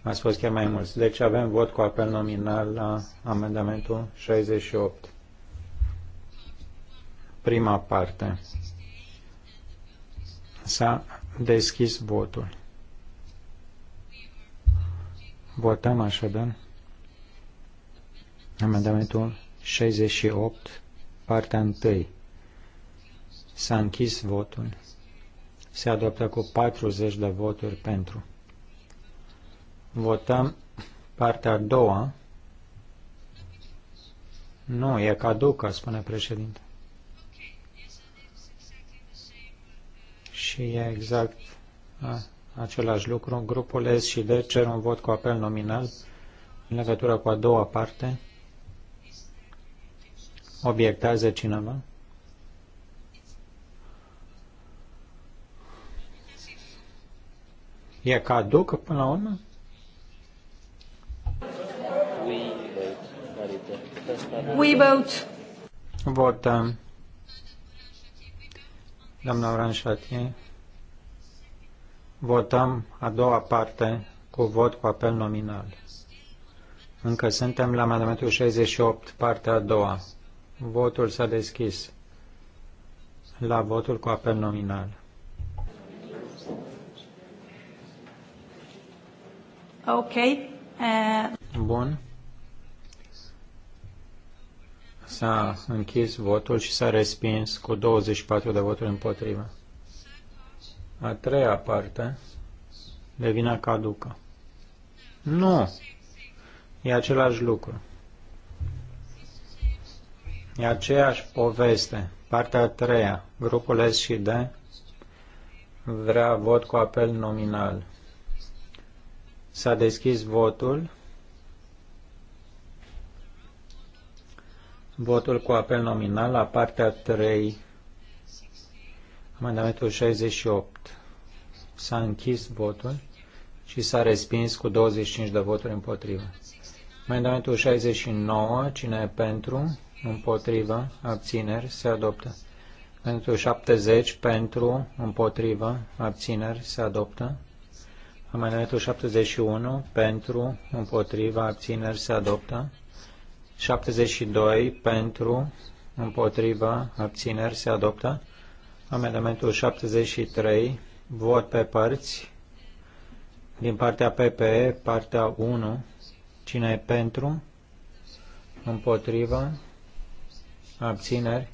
A spus chiar mai mulți. Deci avem vot cu apel nominal la amendamentul 68. Prima parte. S-a deschis votul. Votăm așadar amendamentul 68, partea 1. S-a închis votul se adoptă cu 40 de voturi pentru. Votăm partea a doua. Nu, e caducă, spune președinte. Și e exact a, același lucru. Grupul S și D cer un vot cu apel nominal în legătură cu a doua parte. Obiectează cineva? E caduc până la urmă? We vote. Votăm. Doamna Oranșatie. Votăm a doua parte cu vot cu apel nominal. Încă suntem la amendamentul 68, partea a doua. Votul s-a deschis la votul cu apel nominal. Ok. Uh... Bun. S-a închis votul și s-a respins cu 24 de voturi împotrivă. A treia parte devine caducă. Nu! E același lucru. E aceeași poveste. Partea a treia. Grupul S și D vrea vot cu apel nominal. S-a deschis votul. Votul cu apel nominal la partea 3, amendamentul 68. S-a închis votul și s-a respins cu 25 de voturi împotrivă. Amendamentul 69, cine e pentru, împotrivă, abțineri, se adoptă. Amendamentul 70, pentru, împotrivă, abțineri, se adoptă. Amendamentul 71 pentru, împotriva, abțineri se adoptă. 72 pentru, împotriva, abțineri se adoptă. Amendamentul 73, vot pe părți, din partea PPE, partea 1, cine e pentru, împotriva, abțineri,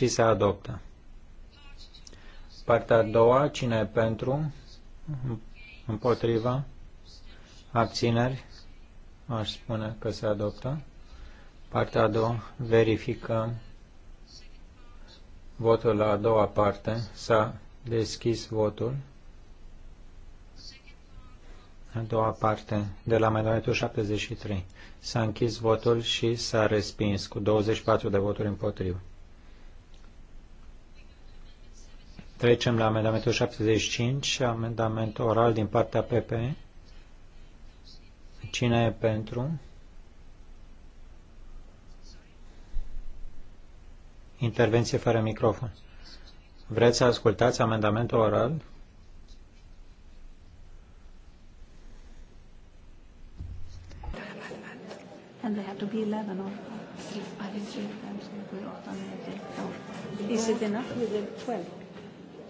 și se adoptă. Partea a doua, cine e pentru, împotriva, abțineri, aș spune că se adoptă. Partea a doua, verificăm votul la a doua parte, s-a deschis votul. A doua parte, de la amendamentul 73. S-a închis votul și s-a respins cu 24 de voturi împotrivă. Trecem la amendamentul 75, amendament oral din partea PP. Cine e pentru? Intervenție fără microfon. Vreți să ascultați amendamentul oral? And they have to be 11 or I think times. Is it enough with the 12?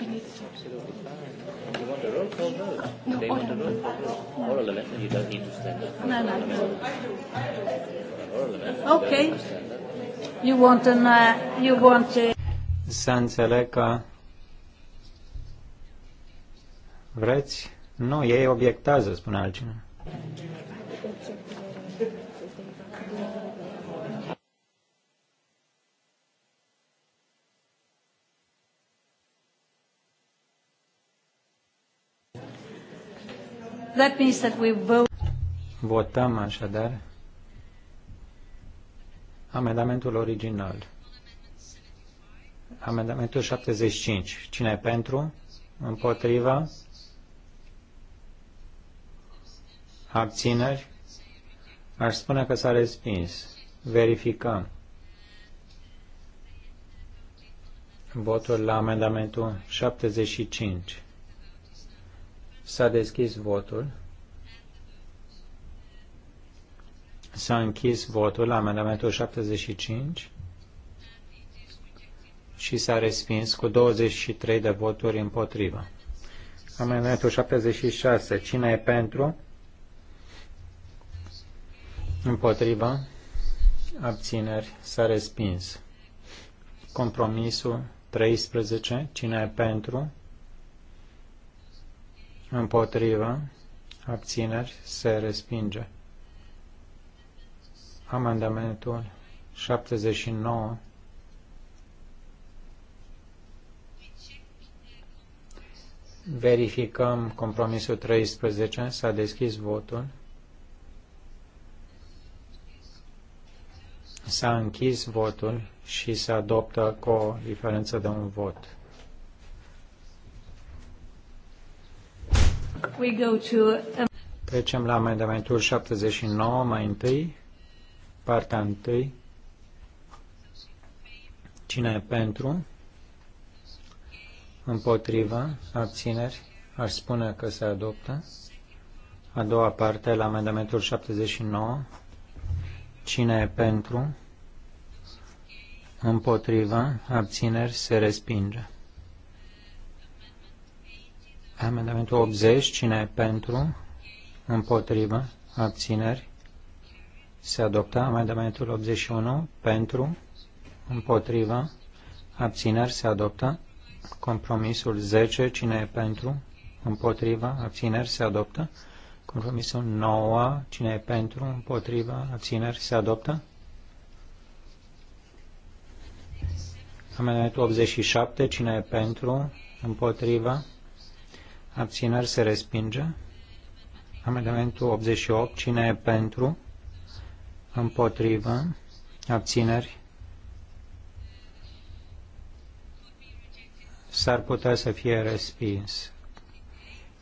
absolutely You want a roll call vote? No, they want a roll call vote. Oral amendment, you don't need to stand up. No, no. Oral amendment, okay. you You want an, uh, you want a... Să înțeleg că vreți? Nu, ei obiectează, spune altcineva. That means that we vote. Votăm așadar amendamentul original. Amendamentul 75. Cine e pentru? Împotriva? Abțineri? Aș spune că s-a respins. Verificăm. Votul la amendamentul 75. S-a deschis votul. S-a închis votul la amendamentul 75 și s-a respins cu 23 de voturi împotriva. Amendamentul 76. Cine e pentru? Împotriva? Abțineri. S-a respins. Compromisul 13. Cine e pentru? împotrivă, abțineri, se respinge. Amendamentul 79 Verificăm compromisul 13. S-a deschis votul. S-a închis votul și se adoptă cu o diferență de un vot. Um, Trecem la amendamentul 79, mai întâi, partea întâi. Cine e pentru? Împotrivă? Abțineri? Aș spune că se adoptă. A doua parte, la amendamentul 79. Cine e pentru? Împotrivă? Abțineri? Se respinge. Amendamentul 80, cine e pentru? Împotrivă. Abțineri. Se adoptă. Amendamentul 81, pentru. Împotrivă. Abțineri. Se adoptă. Compromisul 10, cine e pentru? Împotrivă. Abțineri. Se adoptă. Compromisul 9, cine e pentru? Împotrivă. Abțineri. Se adoptă. Amendamentul 87, cine e pentru? Împotrivă. Abțineri se respinge. Amendamentul 88. Cine e pentru? Împotrivă. Abțineri. S-ar putea să fie respins.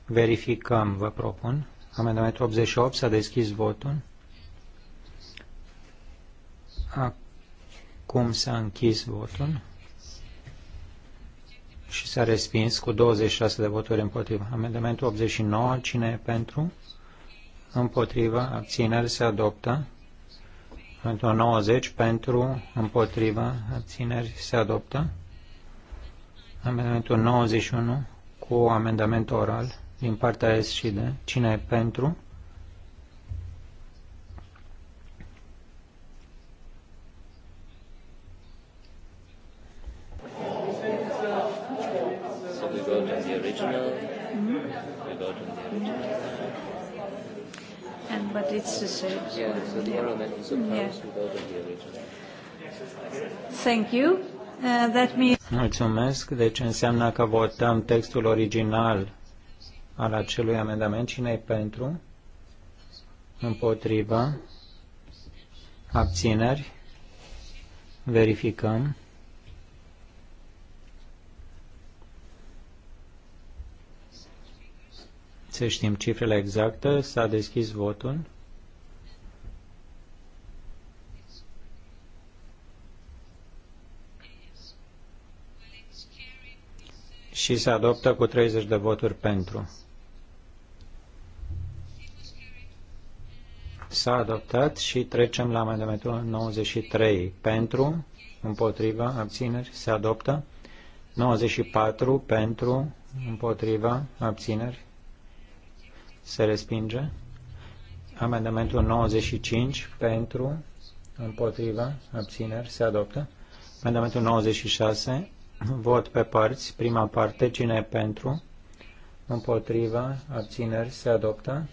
Verificăm, vă propun. Amendamentul 88. S-a deschis votul. Acum s-a închis votul și s-a respins cu 26 de voturi împotriva. Amendamentul 89, cine e pentru? Împotriva, abțineri se adoptă. Amendamentul 90, pentru, împotriva, abțineri se adoptă. Amendamentul 91, cu amendament oral, din partea S și D, cine e pentru? but it's the same. Yeah, it's an oral amendment proposed without the original. Thank you. Uh, that means... Mulțumesc. Deci înseamnă că votăm textul original al acelui amendament. cine e pentru? Împotriva? Abțineri? Verificăm. Să știm cifrele exacte. S-a deschis votul. și se adoptă cu 30 de voturi pentru. S-a adoptat și trecem la amendamentul 93. Pentru, împotriva, abțineri, se adoptă. 94 pentru, împotriva, abțineri, se respinge. Amendamentul 95 pentru, împotriva, abțineri, se adoptă. Amendamentul 96 Vot pe părți. Prima parte. Cine e pentru? Împotriva. Abțineri. Se adoptă.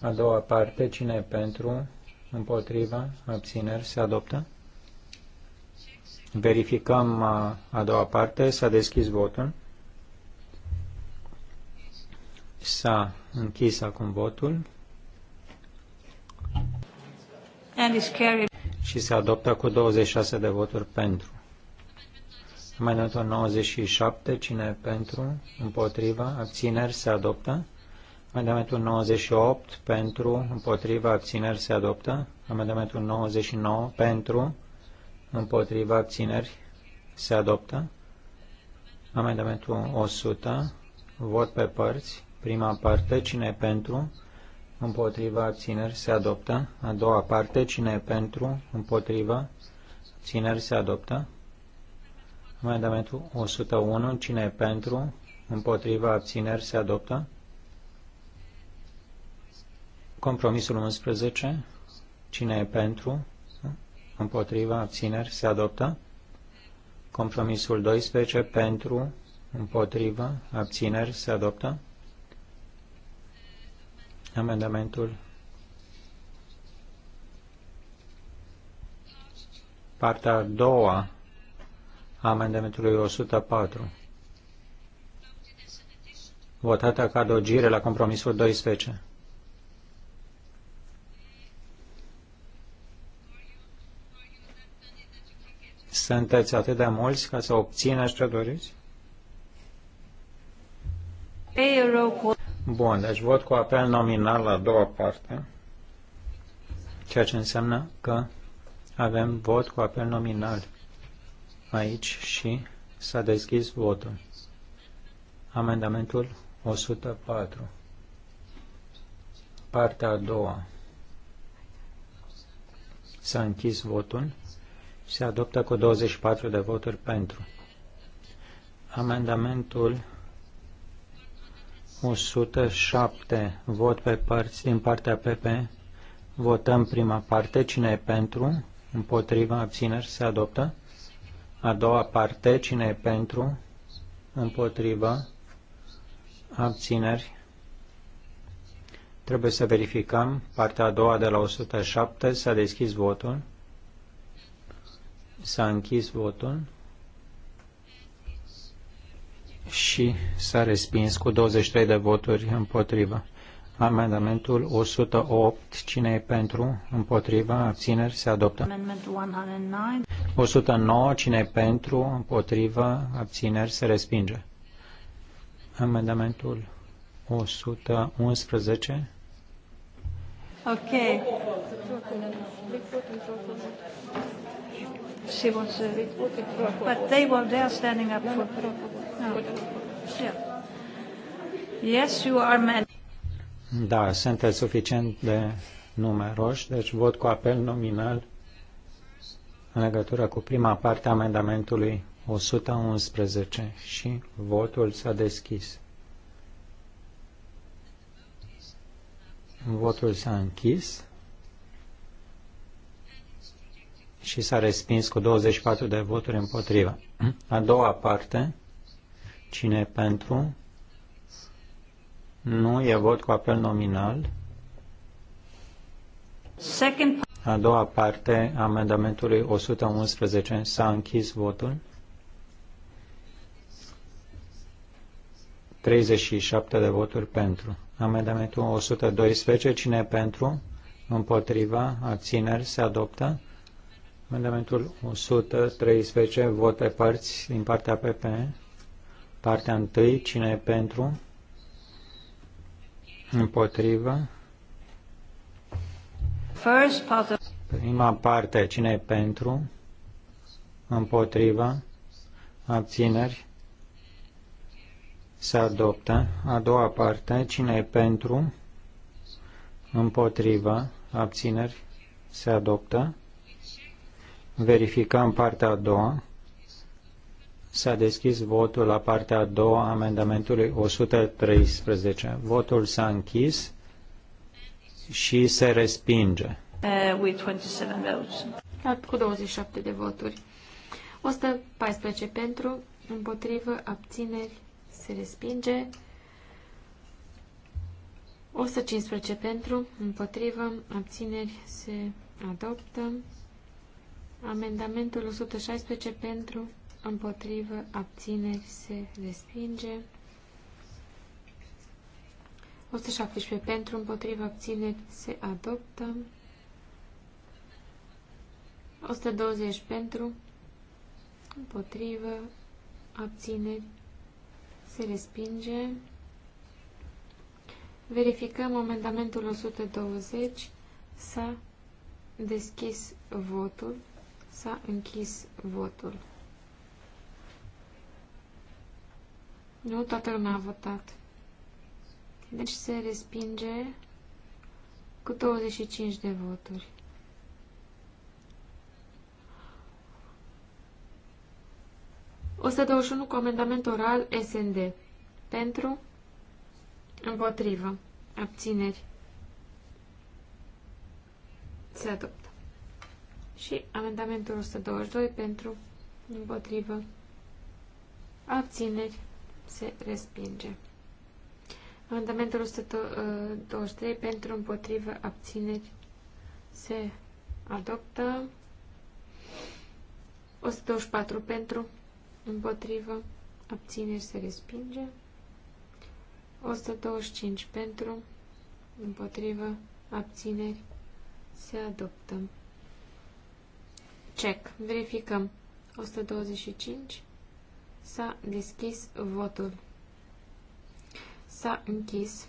A doua parte. Cine e pentru? Împotriva. Abțineri. Se adoptă. Verificăm a doua parte. S-a deschis votul. S-a închis acum votul. And is carried. Și se adoptă cu 26 de voturi pentru. Amendamentul 97, cine pentru, împotriva, abțineri se adoptă. Amendamentul 98, pentru, împotriva, abțineri se adoptă. Amendamentul 99, pentru, împotriva, abțineri se adoptă. Amendamentul 100, vot pe părți, prima parte, cine pentru, împotriva, abțineri se adoptă. A doua parte, cine pentru, împotriva, abțineri se adoptă. Amendamentul 101. Cine e pentru? Împotriva abțineri se adoptă. Compromisul 11. Cine e pentru? Împotriva abțineri se adoptă. Compromisul 12. Pentru? Împotriva abțineri se adoptă. Amendamentul partea a doua amendamentului 104, votată ca dogire la compromisul 12. Sunteți atât de mulți ca să obțineți ce doriți? Bun, deci vot cu apel nominal la a doua parte, ceea ce înseamnă că avem vot cu apel nominal aici și s-a deschis votul. Amendamentul 104. Partea a doua. S-a închis votul. Se adoptă cu 24 de voturi pentru. Amendamentul 107. Vot pe părți din partea PP. Votăm prima parte. Cine e pentru? Împotriva abțineri se adoptă. A doua parte, cine e pentru, împotrivă, abțineri. Trebuie să verificăm. Partea a doua de la 107 s-a deschis votul. S-a închis votul și s-a respins cu 23 de voturi împotrivă. Amendamentul 108, cine e pentru, împotrivă, abțineri, se adoptă. 109, cine pentru, împotrivă, abțineri, se respinge. Amendamentul 111. Ok. She was but they were there standing up for. Yeah. Yes, you are men. Da, sunteți suficient de numeroși, deci vot cu apel nominal în legătură cu prima parte a amendamentului 111 și votul s-a deschis. Votul s-a închis și s-a respins cu 24 de voturi împotriva. A doua parte, cine e pentru? Nu e vot cu apel nominal. Second a doua parte a amendamentului 111 s-a închis votul. 37 de voturi pentru. Amendamentul 112, cine e pentru? Împotriva, abțineri, se adoptă. Amendamentul 113, vot părți din partea PP. Partea 1, cine e pentru? Împotriva, Prima parte, cine e pentru? Împotriva? Abțineri? Se adoptă. A doua parte, cine e pentru? Împotriva? Abțineri? Se adoptă. Verificăm partea a doua. S-a deschis votul la partea a doua amendamentului 113. Votul s-a închis și se respinge. Uh, with 27 votes. Cu 27 de voturi. 114 pentru, împotrivă, abțineri, se respinge. 115 pentru, împotrivă, abțineri, se adoptă. Amendamentul 116 pentru, împotrivă, abțineri, se respinge. 117 pentru, împotriva abțineri se adoptă. 120 pentru, împotriva abțineri, se respinge. Verificăm amendamentul 120, s-a deschis votul, s-a închis votul. Nu toată lumea a votat. Deci se respinge cu 25 de voturi. O 121 cu amendament oral SND. Pentru, împotrivă, abțineri. Se adoptă. Și amendamentul 122 pentru, împotrivă, abțineri. Se respinge. Amendamentul 123 uh, pentru împotrivă abțineri se adoptă. 124 pentru împotrivă abțineri se respinge. 125 pentru împotrivă abțineri se adoptă. Check. Verificăm. 125 s-a deschis votul. S-a închis.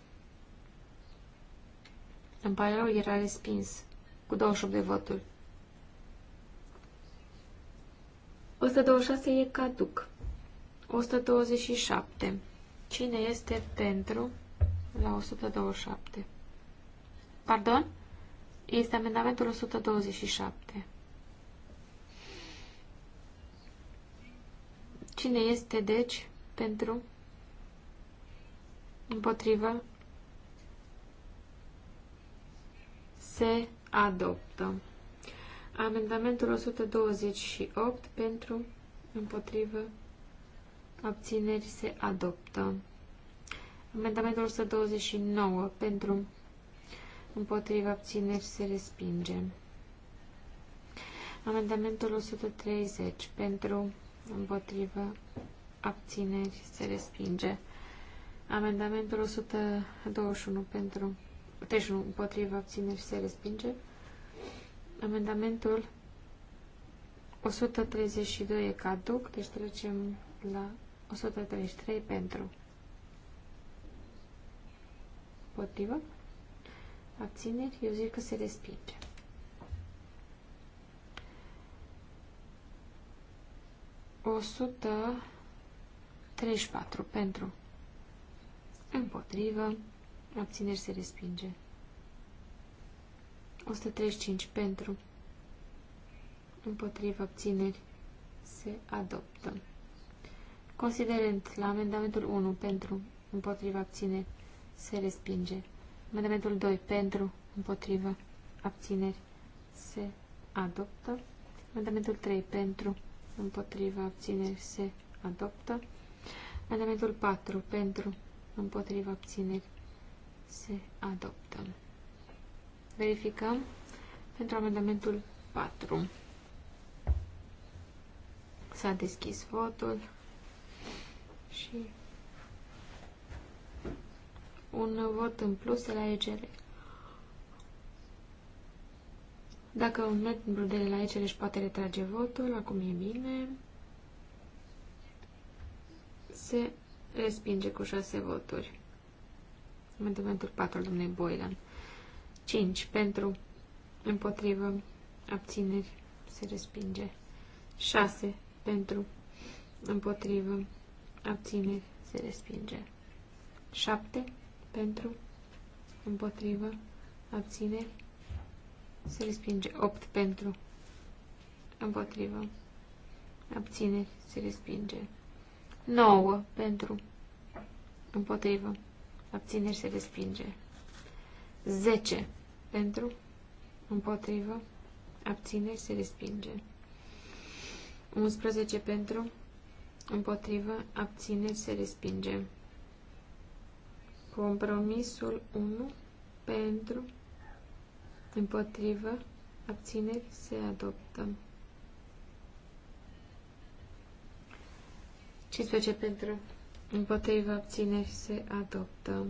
Îmi pare era respins. Cu 28 de voturi. 126 e caduc. 127. Cine este pentru la 127? Pardon? Este amendamentul 127. Cine este, deci, pentru Împotrivă. Se adoptă. Amendamentul 128 pentru, împotrivă, abțineri se adoptă. Amendamentul 129 pentru, împotrivă, abțineri se respinge. Amendamentul 130 pentru, împotrivă, abțineri se respinge. Amendamentul 121 pentru 31 împotriva abțineri se respinge. Amendamentul 132 e caduc, deci trecem la 133 pentru. împotriva Abțineri, eu zic că se respinge. O 134 pentru împotrivă, abțineri se respinge. 135 pentru, împotrivă, abțineri se adoptă. Considerent la amendamentul 1 pentru, împotrivă, abțineri se respinge. Amendamentul 2 pentru, împotrivă, abțineri se adoptă. Amendamentul 3 pentru, împotrivă, abțineri se adoptă. Amendamentul 4 pentru, împotriva abțineri se adoptă. Verificăm pentru amendamentul 4. S-a deschis votul și un vot în plus de la EGR. Dacă un membru de la ECR își poate retrage votul, acum e bine. Se respinge cu șase voturi. Amendamentul 4 al domnului Boylan. 5 pentru, împotrivă, abțineri, se respinge. 6 pentru, împotrivă, abțineri, se respinge. 7 pentru, împotrivă, abțineri, se respinge. 8 pentru, împotrivă, abțineri, se respinge. 9 pentru, împotrivă, abțineri se respinge. 10 pentru, împotrivă, abțineri se respinge. 11 pentru, împotrivă, abțineri se respinge. Compromisul 1 pentru, împotrivă, abțineri se adoptă. 15 pentru, împotriva abțineri se adoptă.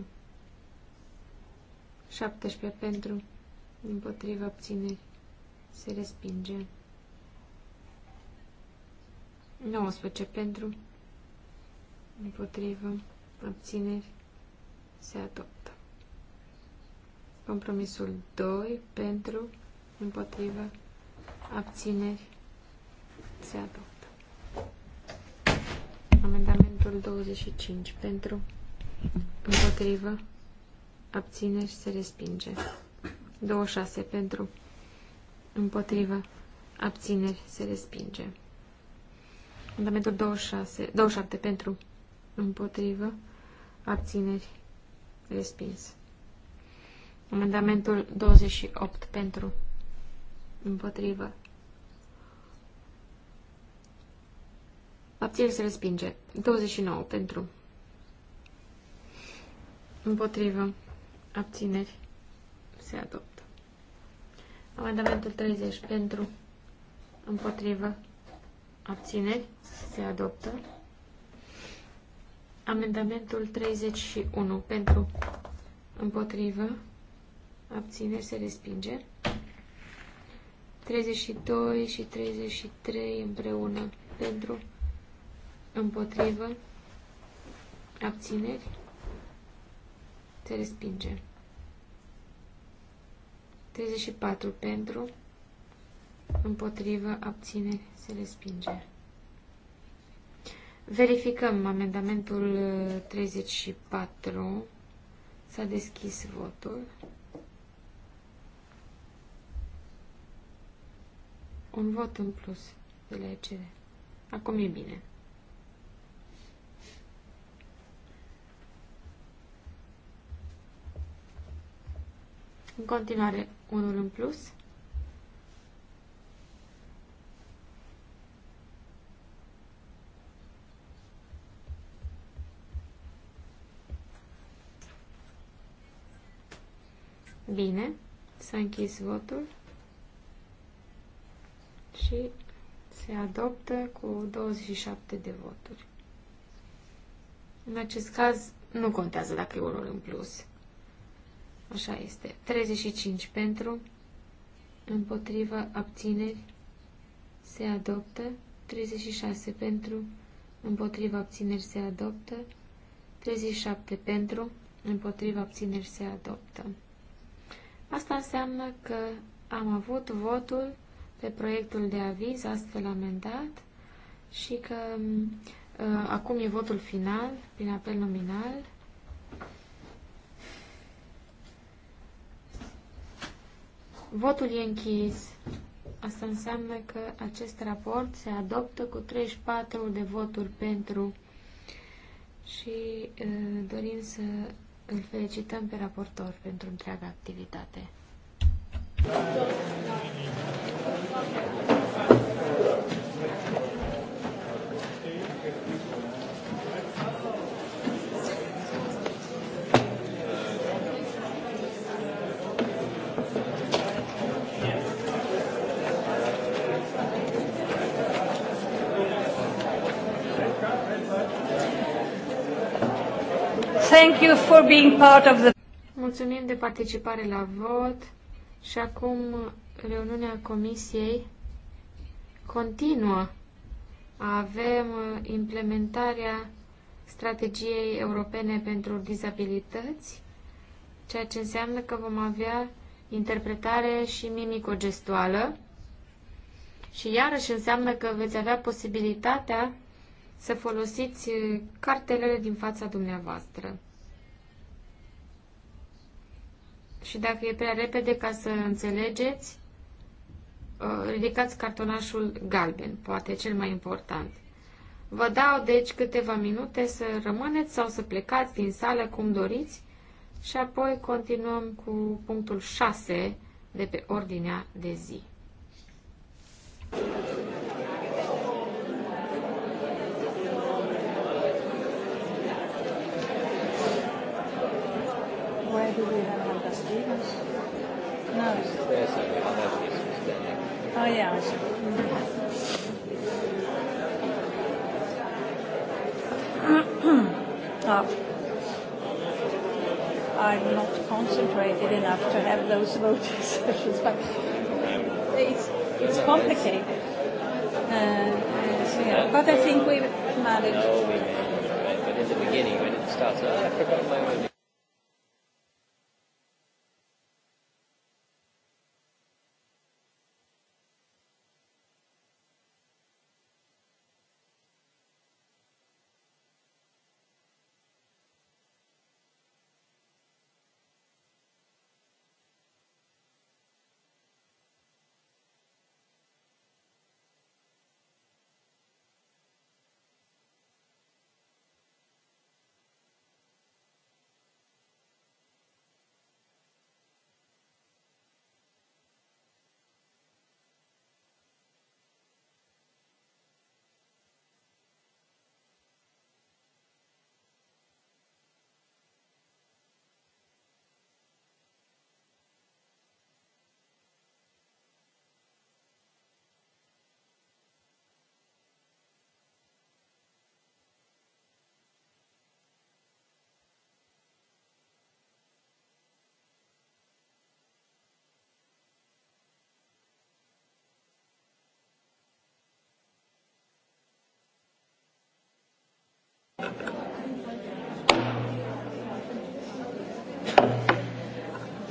17 pentru, împotriva abțineri se respinge. 19 pentru, împotriva abțineri se adoptă. Compromisul 2 pentru, împotriva abțineri se adoptă. Amendamentul 25 pentru, împotrivă, abțineri se respinge. 26 pentru, împotrivă, abțineri se respinge. Amendamentul 26, 27 pentru, împotrivă, abțineri respins. Amendamentul 28 pentru, împotrivă, Abțineri se respinge. 29 pentru. Împotrivă. Abțineri se adoptă. Amendamentul 30 pentru. Împotrivă. Abțineri se adoptă. Amendamentul 31 pentru. Împotrivă. Abțineri se respinge. 32 și 33 împreună pentru împotrivă, abțineri, se respinge. 34 pentru, împotrivă, abțineri, se respinge. Verificăm amendamentul 34. Uh, S-a deschis votul. Un vot în plus de la ECR. Acum e bine. În continuare, unul în plus. Bine, s-a închis votul și se adoptă cu 27 de voturi. În acest caz nu contează dacă e unul în plus. Așa este. 35 pentru, împotriva abțineri, se adoptă. 36 pentru, împotriva abțineri, se adoptă. 37 pentru, împotriva abțineri, se adoptă. Asta înseamnă că am avut votul pe proiectul de aviz astfel amendat și că uh, acum e votul final prin apel nominal. Votul e închis. Asta înseamnă că acest raport se adoptă cu 34 de voturi pentru și dorim să îl felicităm pe raportor pentru întreaga activitate. thank you for being part of the... Mulțumim de participare la vot și acum reuniunea comisiei continuă. Avem uh, implementarea strategiei europene pentru dizabilități, ceea ce înseamnă că vom avea interpretare și mimicogestuală. Și iarăși înseamnă că veți avea posibilitatea să folosiți uh, cartelele din fața dumneavoastră. Și dacă e prea repede ca să înțelegeți, uh, ridicați cartonașul galben, poate cel mai important. Vă dau, deci, câteva minute să rămâneți sau să plecați din sală cum doriți și apoi continuăm cu punctul 6 de pe ordinea de zi. we have Helga Stevens? No. There's somebody on that list standing. Oh, yeah, I see. oh. I'm not concentrated enough to have those voting sessions, but it's, it's complicated. Uh, uh, so, yeah. But I think we've managed. No, we managed, right? But in the beginning, when it starts, oh, I forgot my own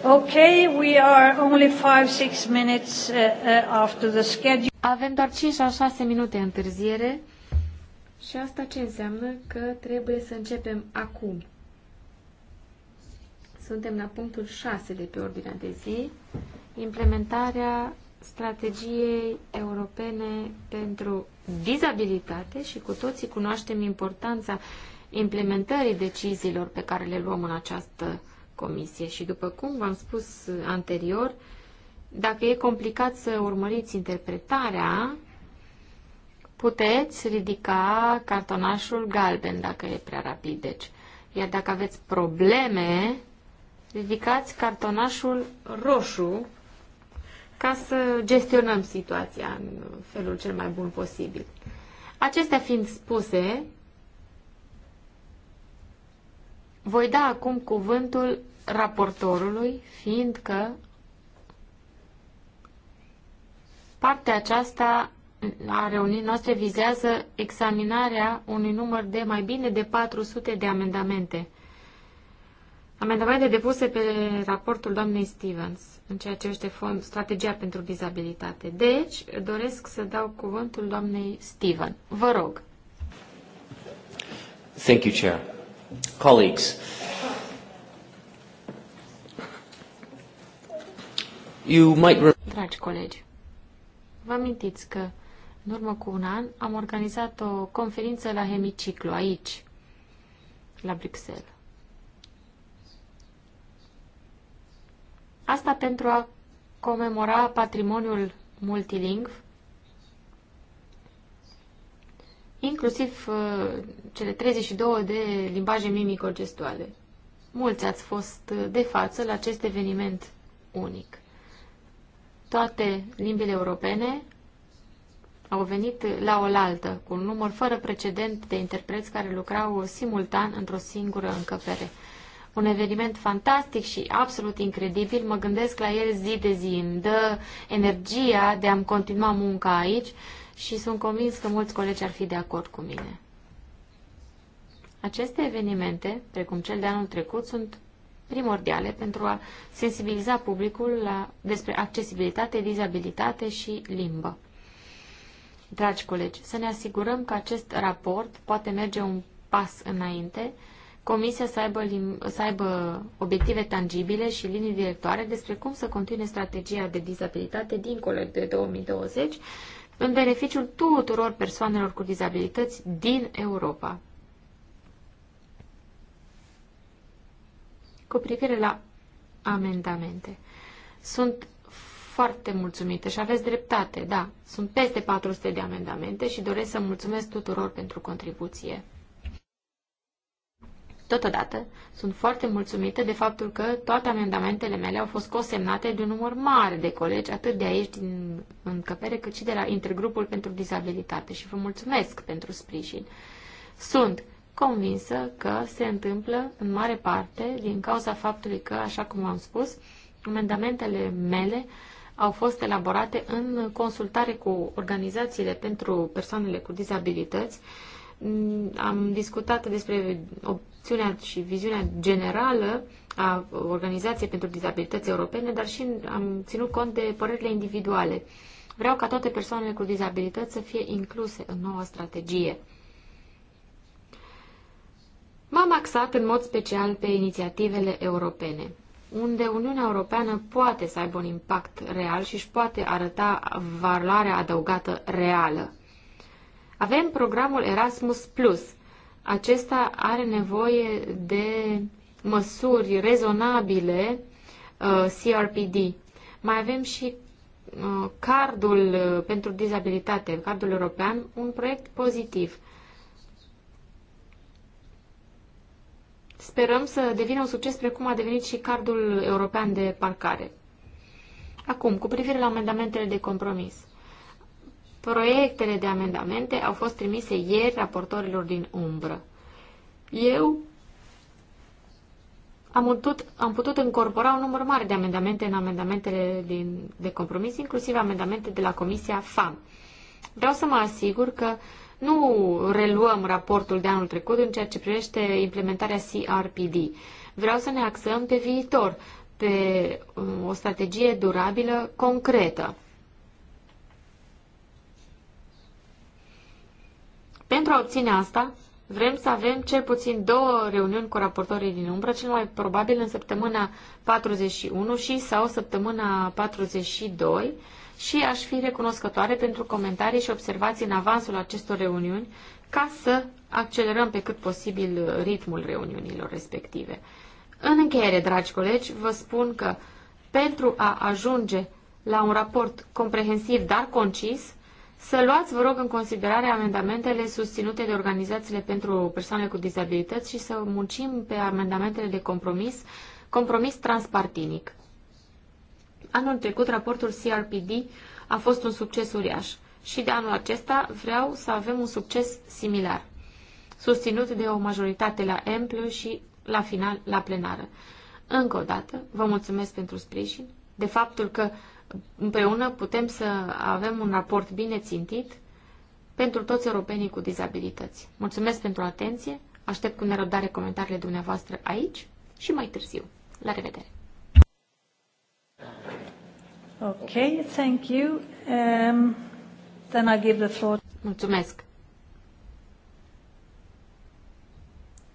Okay, we are only five, six minutes uh, uh, after the schedule. Avem doar 5 sau 6 minute întârziere și asta ce înseamnă că trebuie să începem acum. Suntem la punctul 6 de pe ordinea de zi, implementarea strategiei europene pentru dizabilitate și cu toții cunoaștem importanța implementării deciziilor pe care le luăm în această comisie și, după cum v-am spus anterior, dacă e complicat să urmăriți interpretarea, puteți ridica cartonașul galben dacă e prea rapid. Deci, iar dacă aveți probleme, ridicați cartonașul roșu ca să gestionăm situația în felul cel mai bun posibil. Acestea fiind spuse, Voi da acum cuvântul raportorului, fiindcă partea aceasta a reunii noastre vizează examinarea unui număr de mai bine de 400 de amendamente. Amendamente depuse pe raportul doamnei Stevens în ceea ce este fond, strategia pentru vizabilitate. Deci, doresc să dau cuvântul doamnei Steven. Vă rog. Thank you, Chair colleagues, you might... Dragi colegi, vă amintiți că în urmă cu un an am organizat o conferință la hemiciclu aici, la Bruxelles. Asta pentru a comemora patrimoniul multilingv inclusiv uh, cele 32 de limbaje mimico-gestuale. Mulți ați fost uh, de față la acest eveniment unic. Toate limbile europene au venit la oaltă, cu un număr fără precedent de interpreți care lucrau simultan într-o singură încăpere. Un eveniment fantastic și absolut incredibil, mă gândesc la el zi de zi, îmi dă energia de a-mi continua munca aici și sunt convins că mulți colegi ar fi de acord cu mine. Aceste evenimente, precum cel de anul trecut, sunt primordiale pentru a sensibiliza publicul la, despre accesibilitate, dizabilitate și limbă. Dragi colegi, să ne asigurăm că acest raport poate merge un pas înainte, Comisia să aibă, să aibă obiective tangibile și linii directoare despre cum să continue strategia de dizabilitate dincolo de 2020 în beneficiul tuturor persoanelor cu dizabilități din Europa. Cu privire la amendamente, sunt foarte mulțumită și aveți dreptate, da, sunt peste 400 de amendamente și doresc să mulțumesc tuturor pentru contribuție. Totodată, sunt foarte mulțumită de faptul că toate amendamentele mele au fost cosemnate de un număr mare de colegi, atât de aici din încăpere, cât și de la Intergrupul pentru Dizabilitate și vă mulțumesc pentru sprijin. Sunt convinsă că se întâmplă în mare parte din cauza faptului că, așa cum am spus, amendamentele mele au fost elaborate în consultare cu organizațiile pentru persoanele cu dizabilități Mm, am discutat despre opțiunea și viziunea generală a Organizației pentru Dizabilități Europene, dar și am ținut cont de părerile individuale. Vreau ca toate persoanele cu dizabilități să fie incluse în noua strategie. M-am axat în mod special pe inițiativele europene, unde Uniunea Europeană poate să aibă un impact real și își poate arăta valoarea adăugată reală. Avem programul Erasmus+. Plus. Acesta are nevoie de măsuri rezonabile uh, CRPD. Mai avem și uh, cardul uh, pentru dizabilitate, cardul european, un proiect pozitiv. Sperăm să devină un succes precum a devenit și cardul european de parcare. Acum, cu privire la amendamentele de compromis. Proiectele de amendamente au fost trimise ieri raportorilor din umbră. Eu am putut, am putut incorpora un număr mare de amendamente în amendamentele din, de compromis, inclusiv amendamente de la Comisia FAM. Vreau să mă asigur că nu reluăm raportul de anul trecut în ceea ce privește implementarea CRPD. Vreau să ne axăm pe viitor, pe um, o strategie durabilă, concretă. Pentru a obține asta, vrem să avem cel puțin două reuniuni cu raportorii din umbră, cel mai probabil în săptămâna 41 și sau săptămâna 42 și aș fi recunoscătoare pentru comentarii și observații în avansul acestor reuniuni ca să accelerăm pe cât posibil ritmul reuniunilor respective. În încheiere, dragi colegi, vă spun că pentru a ajunge la un raport comprehensiv, dar concis, să luați, vă rog, în considerare amendamentele susținute de organizațiile pentru persoane cu dizabilități și să muncim pe amendamentele de compromis, compromis transpartinic. Anul trecut, raportul CRPD a fost un succes uriaș și de anul acesta vreau să avem un succes similar, susținut de o majoritate la amplu și, la final, la plenară. Încă o dată, vă mulțumesc pentru sprijin, de faptul că împreună putem să avem un raport bine țintit pentru toți europenii cu dizabilități. Mulțumesc pentru atenție, aștept cu nerăbdare comentariile dumneavoastră aici și mai târziu. La revedere! Ok, thank you. Um, then I give the floor. Mulțumesc.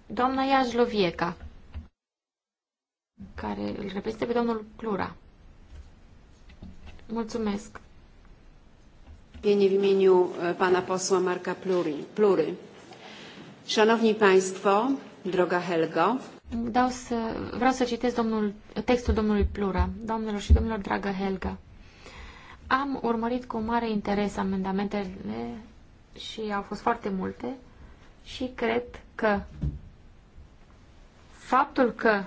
Doamna Iajlovieca, care îl reprezintă pe domnul Clura. Mulțumesc. Bine w imieniu pana posła Marka Plury. Plury. Szanowni Państwo, droga Helgo. Dau să, vreau să citesc domnul, textul domnului Plura. Doamnelor și domnilor, dragă Helga. Am urmărit cu mare interes amendamentele și au fost foarte multe și cred că faptul că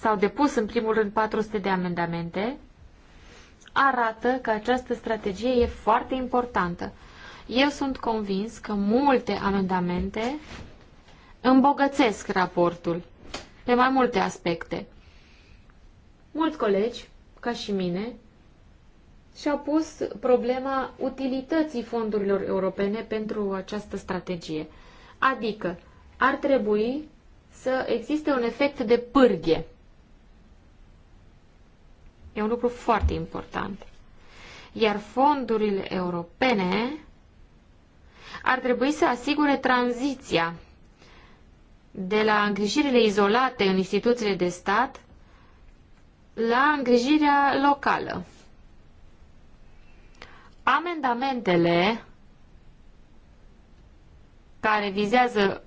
s-au depus în primul rând 400 de amendamente arată că această strategie e foarte importantă. Eu sunt convins că multe amendamente îmbogățesc raportul pe mai multe aspecte. Mulți colegi, ca și mine, și-au pus problema utilității fondurilor europene pentru această strategie. Adică, ar trebui să existe un efect de pârghie. E un lucru foarte important. Iar fondurile europene ar trebui să asigure tranziția de la îngrijirile izolate în instituțiile de stat la îngrijirea locală. Amendamentele care vizează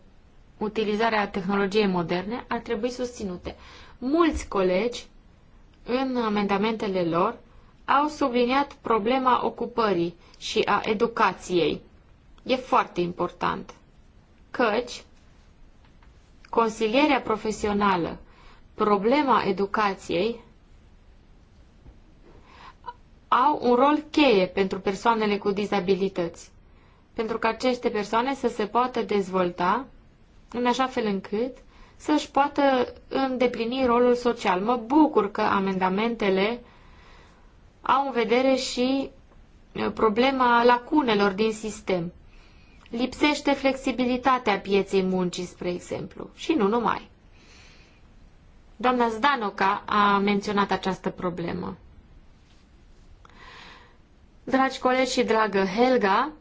utilizarea tehnologiei moderne ar trebui susținute. Mulți colegi în amendamentele lor, au subliniat problema ocupării și a educației. E foarte important, căci consilierea profesională, problema educației, au un rol cheie pentru persoanele cu dizabilități, pentru că aceste persoane să se poată dezvolta în așa fel încât să-și poată îndeplini rolul social. Mă bucur că amendamentele au în vedere și uh, problema lacunelor din sistem. Lipsește flexibilitatea pieței muncii, spre exemplu, și nu numai. Doamna Zdanoca a menționat această problemă. Dragi colegi și dragă Helga,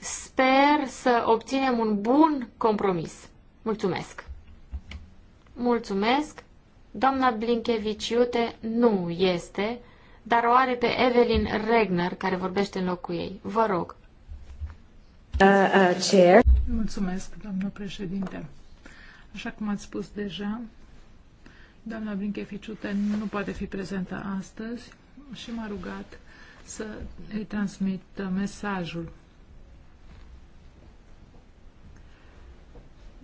sper să obținem un bun compromis. Mulțumesc! Mulțumesc. Doamna Blinkeviciute nu este, dar o are pe Evelyn Regner, care vorbește în locul ei. Vă rog. Uh, uh, Mulțumesc, doamnă președinte. Așa cum ați spus deja, doamna Brincheficiute nu poate fi prezentă astăzi și m-a rugat să îi transmit mesajul.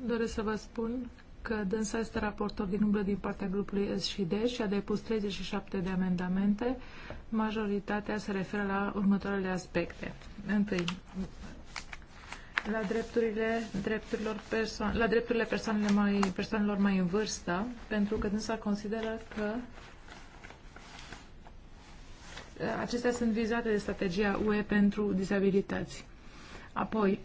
Doresc să vă spun că dânsa este raportor din umbră din partea grupului S și D și a depus 37 de amendamente. Majoritatea se referă la următoarele aspecte. Întâi, la drepturile, drepturilor perso- la drepturile persoanelor mai, persoanelor mai în vârstă, pentru că dânsa consideră că uh, acestea sunt vizate de strategia UE pentru dizabilități. Apoi,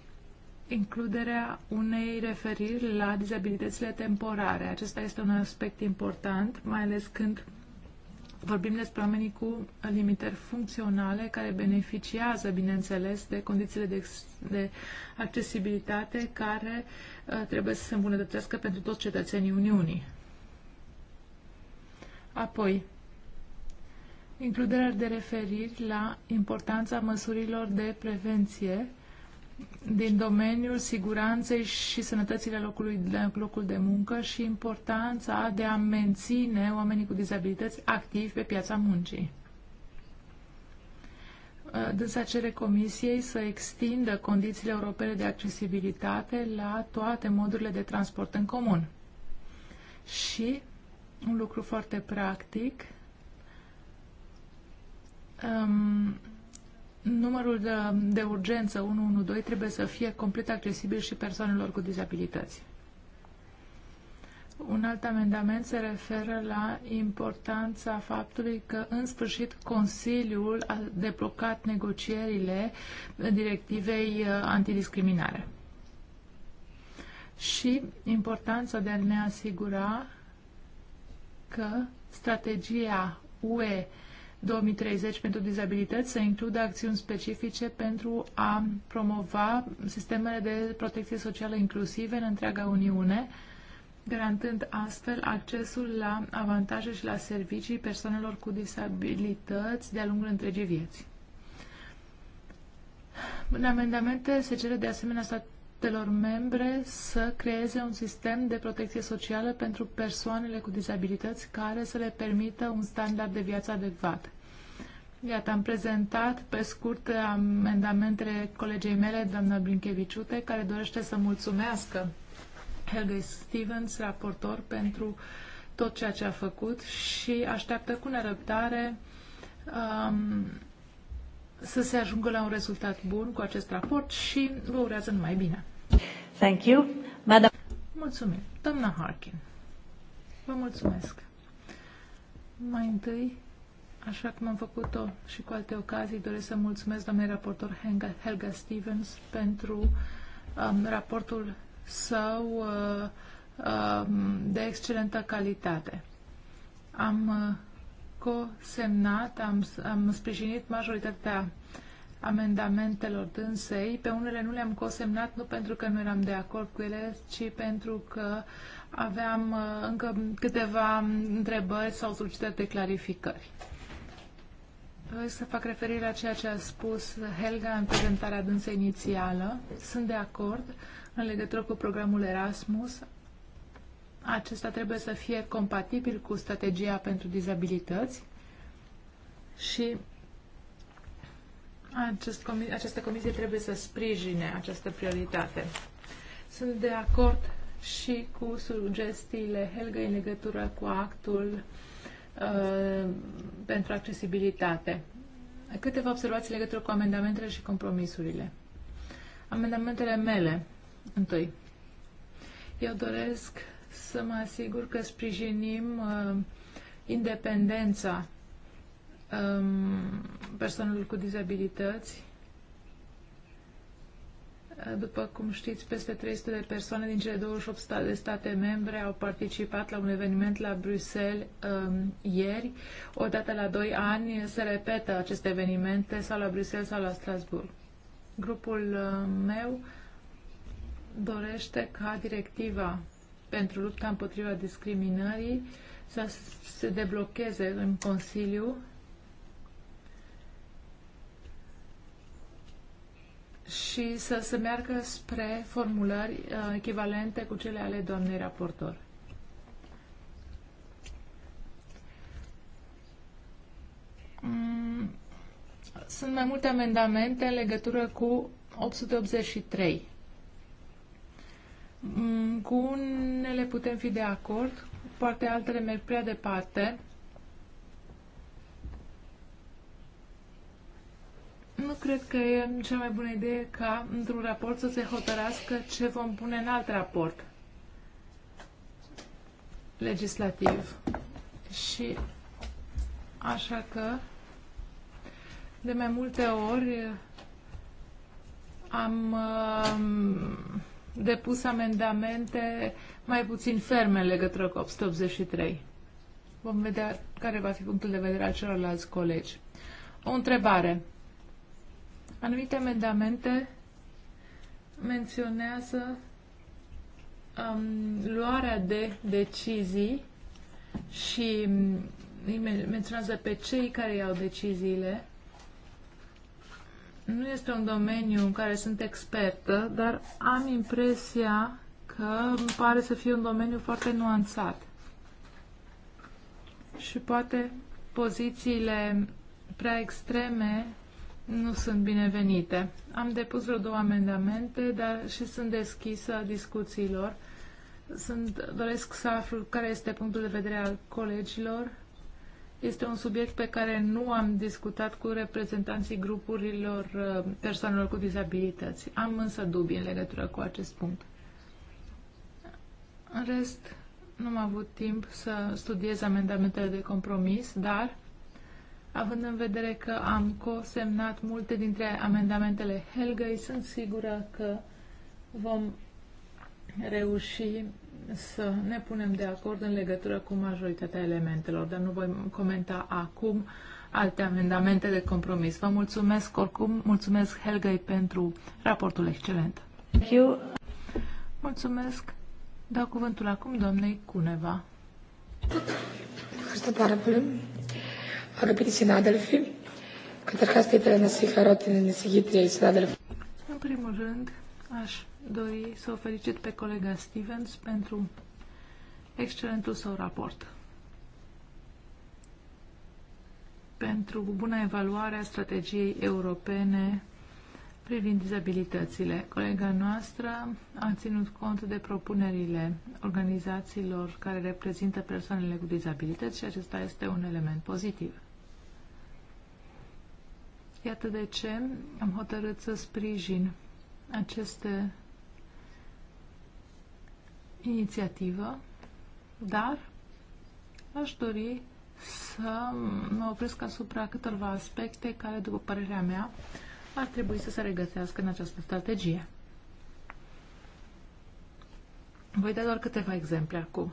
includerea unei referiri la dizabilitățile temporare. Acesta este un aspect important, mai ales când vorbim despre oamenii cu limitări funcționale care beneficiază, bineînțeles, de condițiile de, de accesibilitate care uh, trebuie să se îmbunătățească pentru toți cetățenii Uniunii. Apoi, includerea de referiri la importanța măsurilor de prevenție din domeniul siguranței și sănătății la locului, locul de muncă și importanța de a menține oamenii cu dizabilități activi pe piața muncii. Uh, dânsa cere Comisiei să extindă condițiile europene de accesibilitate la toate modurile de transport în comun. Și un lucru foarte practic, um, numărul de, de urgență 112 trebuie să fie complet accesibil și persoanelor cu dizabilități. Un alt amendament se referă la importanța faptului că, în sfârșit, Consiliul a deblocat negocierile directivei uh, antidiscriminare. Și importanța de a ne asigura că strategia UE 2030 pentru dizabilități să includă acțiuni specifice pentru a promova sistemele de protecție socială inclusive în întreaga Uniune, garantând astfel accesul la avantaje și la servicii persoanelor cu disabilități de-a lungul întregii vieți. În amendamente se cere de asemenea statul statelor membre să creeze un sistem de protecție socială pentru persoanele cu dizabilități care să le permită un standard de viață adecvat. Iată, am prezentat pe scurt amendamentele colegei mele, doamna Brincheviciute, care dorește să mulțumească Helge Stevens, raportor, pentru tot ceea ce a făcut și așteaptă cu nerăbdare um, să se ajungă la un rezultat bun cu acest raport și vă urează numai bine. Thank you. Madam... Mulțumim. Doamna Harkin. Vă mulțumesc. Mai întâi, așa cum am făcut-o și cu alte ocazii, doresc să mulțumesc doamnei raportor Helga Stevens pentru um, raportul său uh, um, de excelentă calitate. Am uh, co-semnat, am, am sprijinit majoritatea uh, amendamentelor dânsei. Pe unele nu le-am cosemnat, nu pentru că nu eram de acord cu ele, ci pentru că aveam uh, încă câteva um, întrebări sau solicitări de clarificări. Vreau să fac referire la ceea ce a spus Helga în prezentarea dânsei inițială. Sunt de acord în legătură cu programul Erasmus. Acesta trebuie să fie compatibil cu strategia pentru dizabilități și acest această comisie trebuie să sprijine această prioritate. Sunt de acord și cu sugestiile Helga în legătură cu actul uh, pentru accesibilitate. Câteva observații legătură cu amendamentele și compromisurile. Amendamentele mele, întâi. Eu doresc să mă asigur că sprijinim uh, independența um, persoanelor cu dizabilități. După cum știți, peste 300 de persoane din cele 28 de state membre au participat la un eveniment la Bruxelles um, ieri. Odată la 2 ani se repetă aceste evenimente sau la Bruxelles sau la Strasbourg. Grupul uh, meu dorește ca directiva pentru lupta împotriva discriminării să se deblocheze în Consiliu și să se meargă spre formulări uh, echivalente cu cele ale doamnei raportor. Mm, sunt mai multe amendamente în legătură cu 883. Mm, cu unele putem fi de acord, poate altele merg prea departe Nu cred că e cea mai bună idee ca într-un raport să se hotărască ce vom pune în alt raport legislativ. Și așa că de mai multe ori am uh, depus amendamente mai puțin ferme în legătură cu 883. Vom vedea care va fi punctul de vedere al celorlalți colegi. O întrebare. Anumite amendamente menționează um, luarea de decizii și um, menționează pe cei care iau deciziile. Nu este un domeniu în care sunt expertă, dar am impresia că îmi pare să fie un domeniu foarte nuanțat. Și poate pozițiile prea extreme nu sunt binevenite. Am depus vreo două amendamente dar și sunt deschisă discuțiilor. Sunt, doresc să aflu care este punctul de vedere al colegilor. Este un subiect pe care nu am discutat cu reprezentanții grupurilor uh, persoanelor cu dizabilități. Am însă dubii în legătură cu acest punct. În rest, nu am avut timp să studiez amendamentele de compromis, dar având în vedere că am cosemnat multe dintre amendamentele Helgei, sunt sigură că vom reuși să ne punem de acord în legătură cu majoritatea elementelor, dar nu voi comenta acum alte amendamente de compromis. Vă mulțumesc oricum, mulțumesc Helgei pentru raportul excelent. Thank you. Mulțumesc. Dau cuvântul acum doamnei Cuneva. Asta pare Αγαπητοί συνάδελφοι, καταρχάς θα ήθελα να συγχαρώ την εισηγήτρια, η În primul rând, aș dori să o felicit pe colega Stevens pentru excelentul său raport. Pentru buna evaluare a strategiei europene privind dizabilitățile. Colega noastră a ținut cont de propunerile organizațiilor care reprezintă persoanele cu dizabilități și acesta este un element pozitiv. Iată de ce am hotărât să sprijin aceste inițiativă, dar aș dori să mă opresc asupra câtorva aspecte care, după părerea mea, ar trebui să se regăsească în această strategie. Voi da doar câteva exemple acum.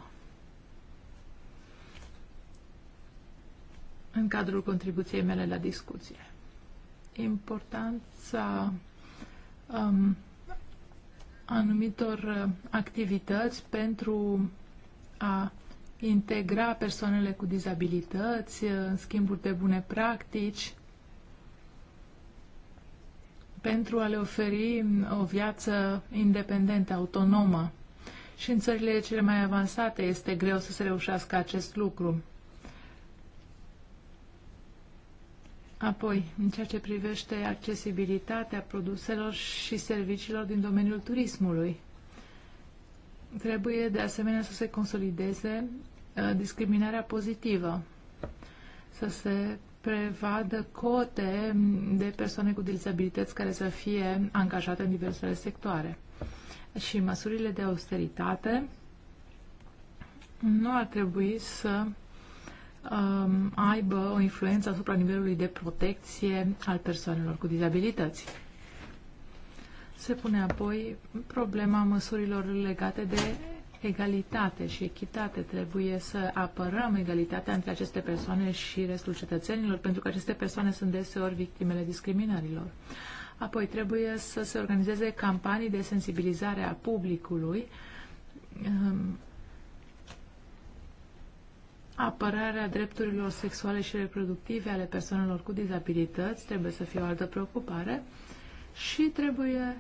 În cadrul contribuției mele la discuție importanța um, anumitor uh, activități pentru a integra persoanele cu dizabilități, uh, în schimburi de bune practici, pentru a le oferi um, o viață independentă, autonomă. Și în țările cele mai avansate este greu să se reușească acest lucru. Apoi, în ceea ce privește accesibilitatea produselor și serviciilor din domeniul turismului, trebuie de asemenea să se consolideze uh, discriminarea pozitivă, să se prevadă cote de persoane cu dizabilități care să fie angajate în diversele sectoare. Și măsurile de austeritate nu ar trebui să Um, aibă o influență asupra nivelului de protecție al persoanelor cu dizabilități. Se pune apoi problema măsurilor legate de egalitate și echitate. Trebuie să apărăm egalitatea între aceste persoane și restul cetățenilor, pentru că aceste persoane sunt deseori victimele discriminărilor. Apoi trebuie să se organizeze campanii de sensibilizare a publicului um, Apărarea drepturilor sexuale și reproductive ale persoanelor cu dizabilități trebuie să fie o altă preocupare și trebuie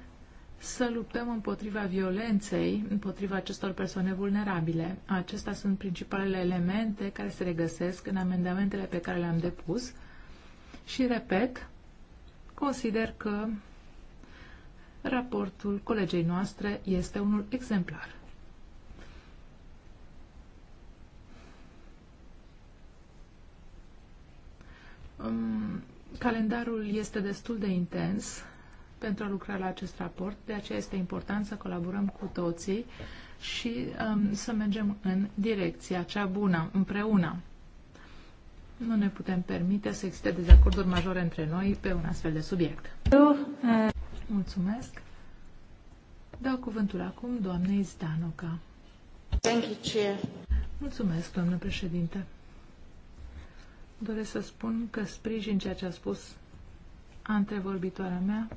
să luptăm împotriva violenței, împotriva acestor persoane vulnerabile. Acestea sunt principalele elemente care se regăsesc în amendamentele pe care le-am depus și, repet, consider că raportul colegei noastre este unul exemplar. Um, calendarul este destul de intens pentru a lucra la acest raport, de aceea este important să colaborăm cu toții și um, să mergem în direcția cea bună, împreună. Nu ne putem permite să existe dezacorduri majore între noi pe un astfel de subiect. Mulțumesc. Dau cuvântul acum doamnei Zdanoca. Thank you, Chair. Mulțumesc, doamnă președinte. Doresc să spun că sprijin ceea ce a spus antrevorbitoarea mea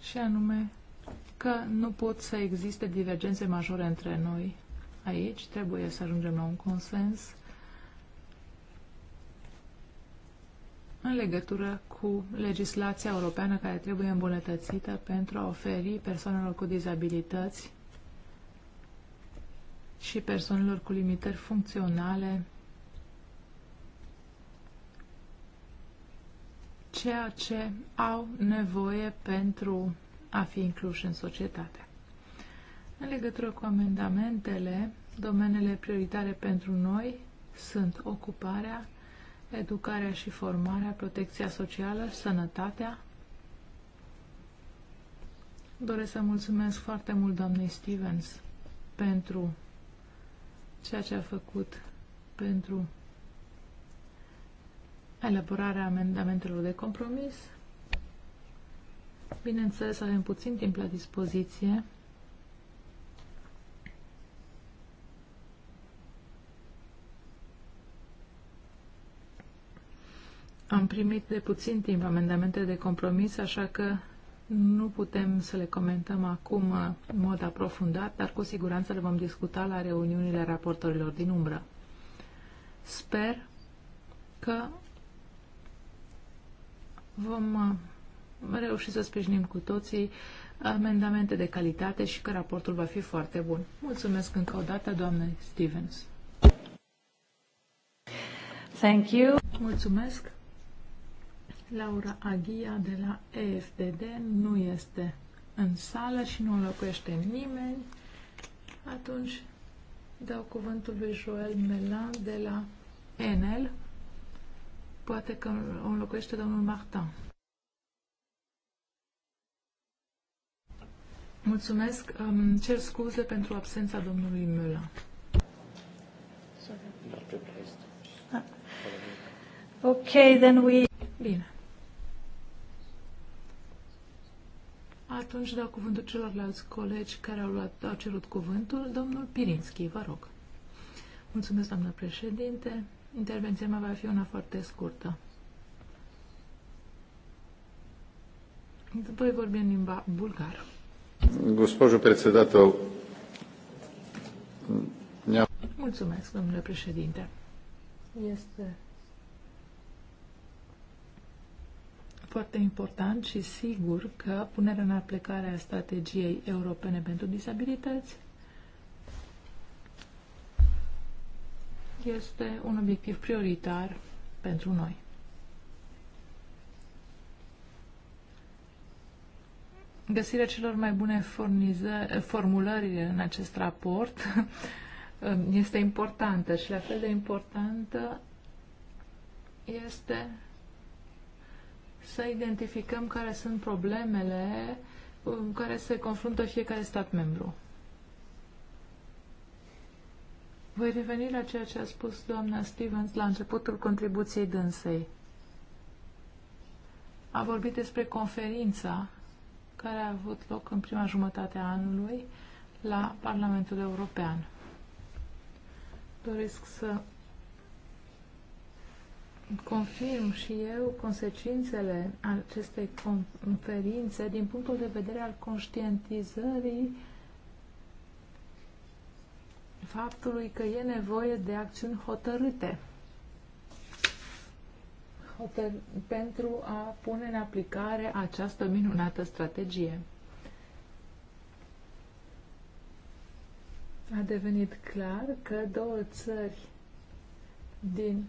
și anume că nu pot să existe divergențe majore între noi aici, trebuie să ajungem la un consens în legătură cu legislația europeană care trebuie îmbunătățită pentru a oferi persoanelor cu dizabilități și persoanelor cu limitări funcționale, ceea ce au nevoie pentru a fi incluși în societate. În legătură cu amendamentele, domenele prioritare pentru noi sunt ocuparea, educarea și formarea, protecția socială, sănătatea. Doresc să mulțumesc foarte mult doamnei Stevens pentru ceea ce a făcut pentru elaborarea amendamentelor de compromis. Bineînțeles, avem puțin timp la dispoziție. Am primit de puțin timp amendamente de compromis, așa că nu putem să le comentăm acum în mod aprofundat, dar cu siguranță le vom discuta la reuniunile raportorilor din umbră. Sper că vom uh, reuși să sprijinim cu toții amendamente de calitate și că raportul va fi foarte bun. Mulțumesc încă o dată, doamnei Stevens. Thank you. Mulțumesc. Laura Aghia de la EFDD nu este în sală și nu înlocuiește nimeni. Atunci dau cuvântul lui Joel Melan de la Enel. Poate că o înlocuiește domnul Martin. Mulțumesc. Um, cer scuze pentru absența domnului Müller. Da. Ok, then we... Bine. Atunci dau cuvântul celorlalți colegi care au, luat, au cerut cuvântul. Domnul Pirinski, vă rog. Mulțumesc, doamnă președinte. Intervenția mea va fi una foarte scurtă. Voi vorbi în limba bulgară. Gospodă președinte, Mulțumesc, domnule președinte. Este foarte important și sigur că punerea în aplicare a strategiei europene pentru disabilități este un obiectiv prioritar pentru noi. Găsirea celor mai bune formulări în acest raport este importantă și la fel de importantă este să identificăm care sunt problemele în um, care se confruntă fiecare stat membru. Voi reveni la ceea ce a spus doamna Stevens la începutul contribuției dânsei. A vorbit despre conferința care a avut loc în prima jumătate a anului la Parlamentul European. Doresc să confirm și eu consecințele acestei conferințe din punctul de vedere al conștientizării faptului că e nevoie de acțiuni hotărâte hotăr pentru a pune în aplicare această minunată strategie. A devenit clar că două țări din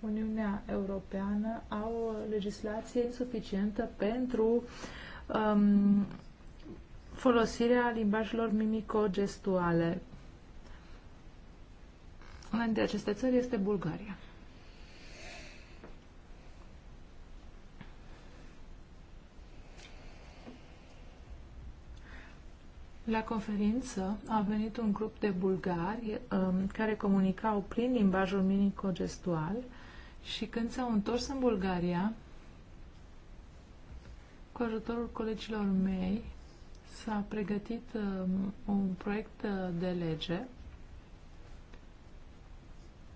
Uniunea Europeană au o legislație insuficientă pentru um, folosirea limbajelor mimico-gestuale. Una dintre aceste țări este Bulgaria. La conferință a venit un grup de bulgari um, care comunicau prin limbajul mimico-gestual uh, și când s-au întors în Bulgaria, cu ajutorul colegilor mei, s-a pregătit uh, un proiect de lege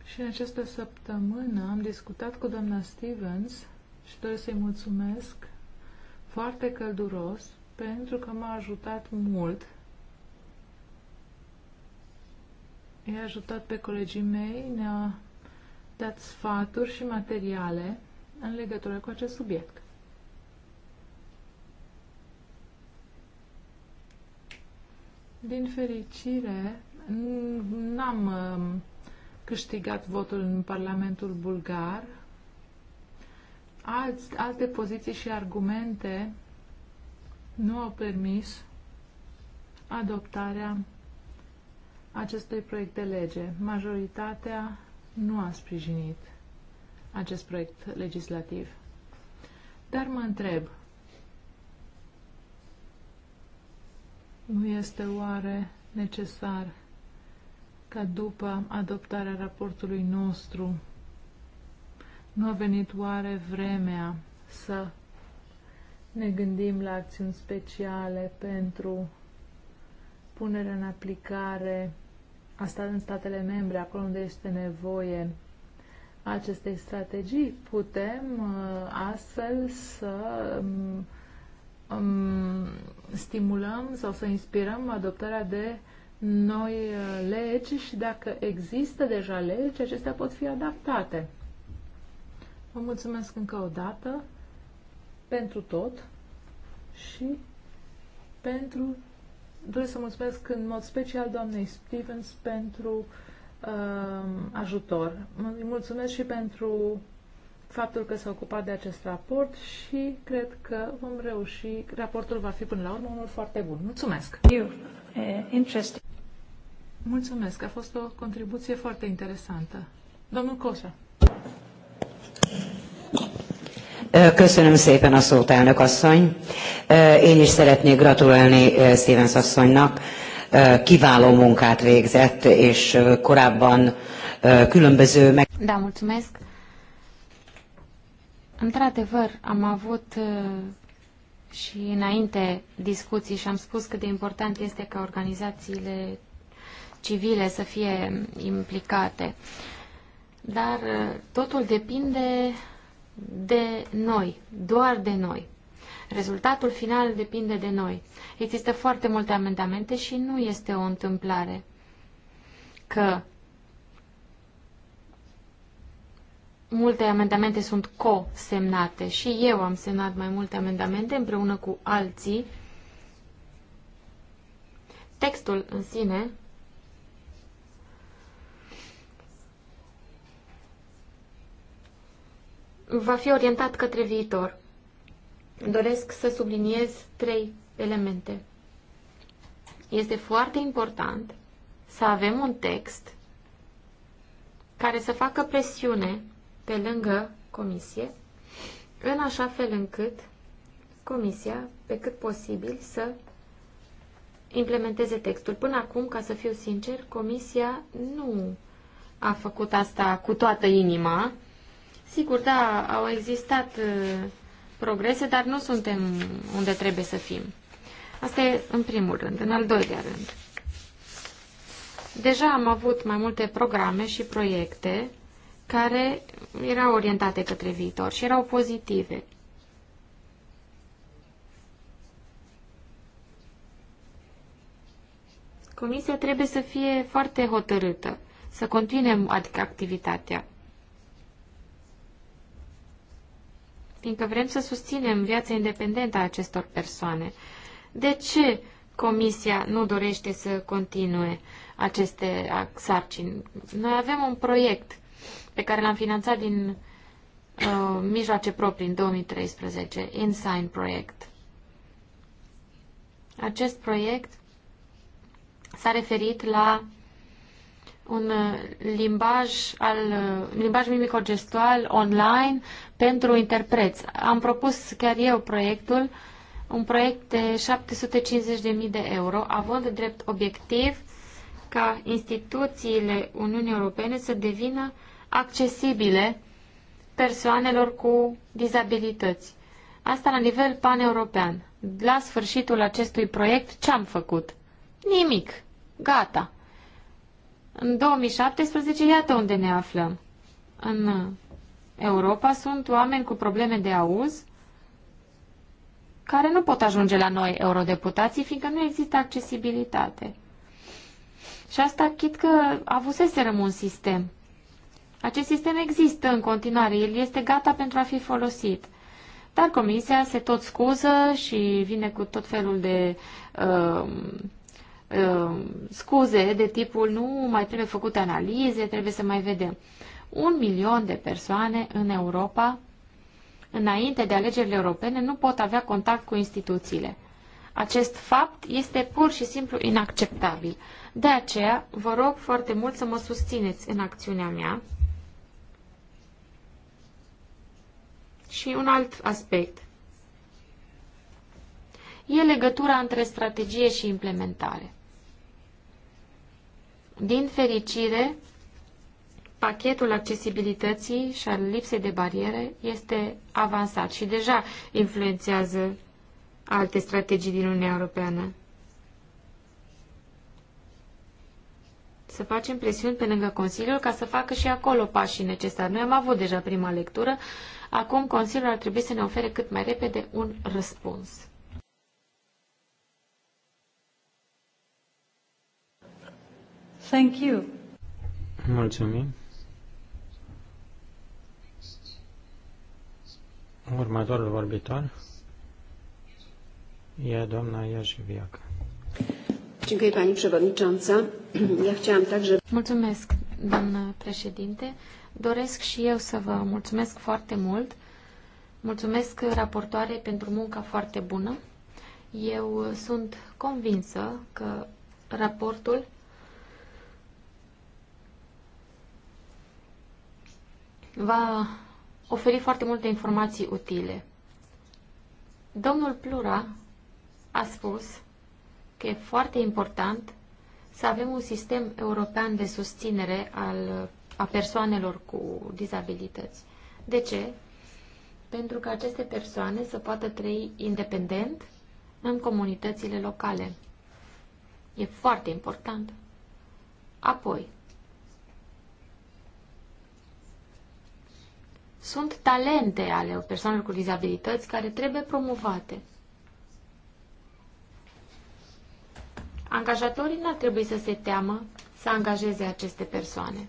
și în această săptămână am discutat cu doamna Stevens și doresc să-i mulțumesc foarte călduros pentru că m-a ajutat mult. I-a ajutat pe colegii mei, ne-a dat sfaturi și materiale în legătură cu acest subiect. Din fericire, n-am um, câștigat votul în Parlamentul Bulgar. Alți, alte poziții și argumente nu au permis adoptarea acestui proiect de lege. Majoritatea nu a sprijinit acest proiect legislativ. Dar mă întreb, nu este oare necesar ca după adoptarea raportului nostru nu a venit oare vremea să ne gândim la acțiuni speciale pentru punerea în aplicare asta în statele membre, acolo unde este nevoie acestei strategii, putem uh, astfel să um, um, stimulăm sau să inspirăm adoptarea de noi uh, legi și dacă există deja legi, acestea pot fi adaptate. Vă mulțumesc încă o dată pentru tot și pentru Doresc să mulțumesc în mod special doamnei Stevens pentru uh, ajutor. Îi mulțumesc și pentru faptul că s-a ocupat de acest raport și cred că vom reuși, raportul va fi până la urmă unul foarte bun. Mulțumesc! You. Uh, interesting. Mulțumesc, a fost o contribuție foarte interesantă. Domnul Coșa. Köszönöm szépen a szót, elnök asszony. Én is szeretnék gratulálni Stevens asszonynak. Kiváló munkát végzett, és korábban különböző meg... Da, mulțumesc. Într-adevăr, am avut și înainte discuții și am spus cât de important este ca organizațiile civile să fie implicate. Dar totul depinde de noi, doar de noi. Rezultatul final depinde de noi. Există foarte multe amendamente și nu este o întâmplare că multe amendamente sunt co-semnate și eu am semnat mai multe amendamente împreună cu alții. Textul în sine va fi orientat către viitor. Doresc să subliniez trei elemente. Este foarte important să avem un text care să facă presiune pe lângă comisie, în așa fel încât comisia, pe cât posibil, să implementeze textul. Până acum, ca să fiu sincer, comisia nu a făcut asta cu toată inima, Sigur, da, au existat uh, progrese, dar nu suntem unde trebuie să fim. Asta e în primul rând. În al doilea rând, deja am avut mai multe programe și proiecte care erau orientate către viitor și erau pozitive. Comisia trebuie să fie foarte hotărâtă, să continuăm, adică activitatea. fiindcă vrem să susținem viața independentă a acestor persoane. De ce Comisia nu dorește să continue aceste sarcini? Noi avem un proiect pe care l-am finanțat din uh, mijloace proprii în 2013, InSign Project. Acest proiect s-a referit la un uh, limbaj, al, uh, limbaj mimico-gestual online pentru interpreți. Am propus chiar eu proiectul, un proiect de 750.000 de euro, având drept obiectiv ca instituțiile Uniunii Europene să devină accesibile persoanelor cu dizabilități. Asta la nivel paneuropean. La sfârșitul acestui proiect, ce am făcut? Nimic. Gata. În 2017, iată unde ne aflăm. În Europa sunt oameni cu probleme de auz care nu pot ajunge la noi, eurodeputații, fiindcă nu există accesibilitate. Și asta chit că avuseserăm un sistem. Acest sistem există în continuare, el este gata pentru a fi folosit. Dar comisia se tot scuză și vine cu tot felul de uh, Um, scuze de tipul nu mai trebuie făcute analize, trebuie să mai vedem. Un milion de persoane în Europa, înainte de alegerile europene, nu pot avea contact cu instituțiile. Acest fapt este pur și simplu inacceptabil. De aceea, vă rog foarte mult să mă susțineți în acțiunea mea. Și un alt aspect. E legătura între strategie și implementare. Din fericire, pachetul accesibilității și al lipsei de bariere este avansat și deja influențează alte strategii din Uniunea Europeană. Să facem presiuni pe lângă Consiliul ca să facă și acolo pașii necesari. Noi am avut deja prima lectură, acum Consiliul ar trebui să ne ofere cât mai repede un răspuns. Thank you. Mulțumim. Următorul vorbitor e doamna Iașiviacă. Dziękuję Pani Przewodnicząca. Ja chciałam także... Mulțumesc, doamnă președinte. Doresc și eu să vă mulțumesc foarte mult. Mulțumesc raportoare pentru munca foarte bună. Eu sunt convinsă că raportul va oferi foarte multe informații utile. Domnul Plura a spus că e foarte important să avem un sistem european de susținere al, a persoanelor cu dizabilități. De ce? Pentru că aceste persoane să poată trăi independent în comunitățile locale. E foarte important. Apoi, sunt talente ale persoanelor cu dizabilități care trebuie promovate. Angajatorii n-ar trebui să se teamă să angajeze aceste persoane.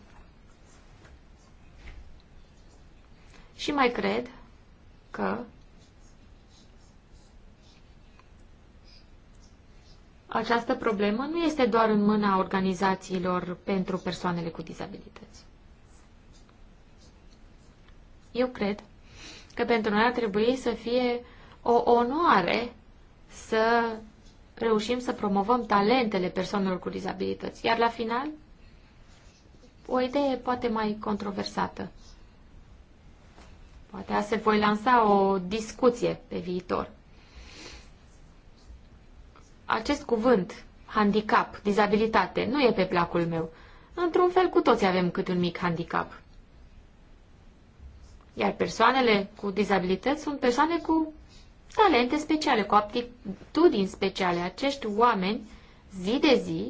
Și mai cred că această problemă nu este doar în mâna organizațiilor pentru persoanele cu dizabilități. Eu cred că pentru noi ar trebui să fie o onoare să reușim să promovăm talentele persoanelor cu dizabilități. Iar la final, o idee poate mai controversată. Poate se voi lansa o discuție pe viitor. Acest cuvânt, handicap, dizabilitate, nu e pe placul meu. Într-un fel, cu toți avem cât un mic handicap. Iar persoanele cu dizabilități sunt persoane cu talente speciale, cu aptitudini speciale. Acești oameni, zi de zi,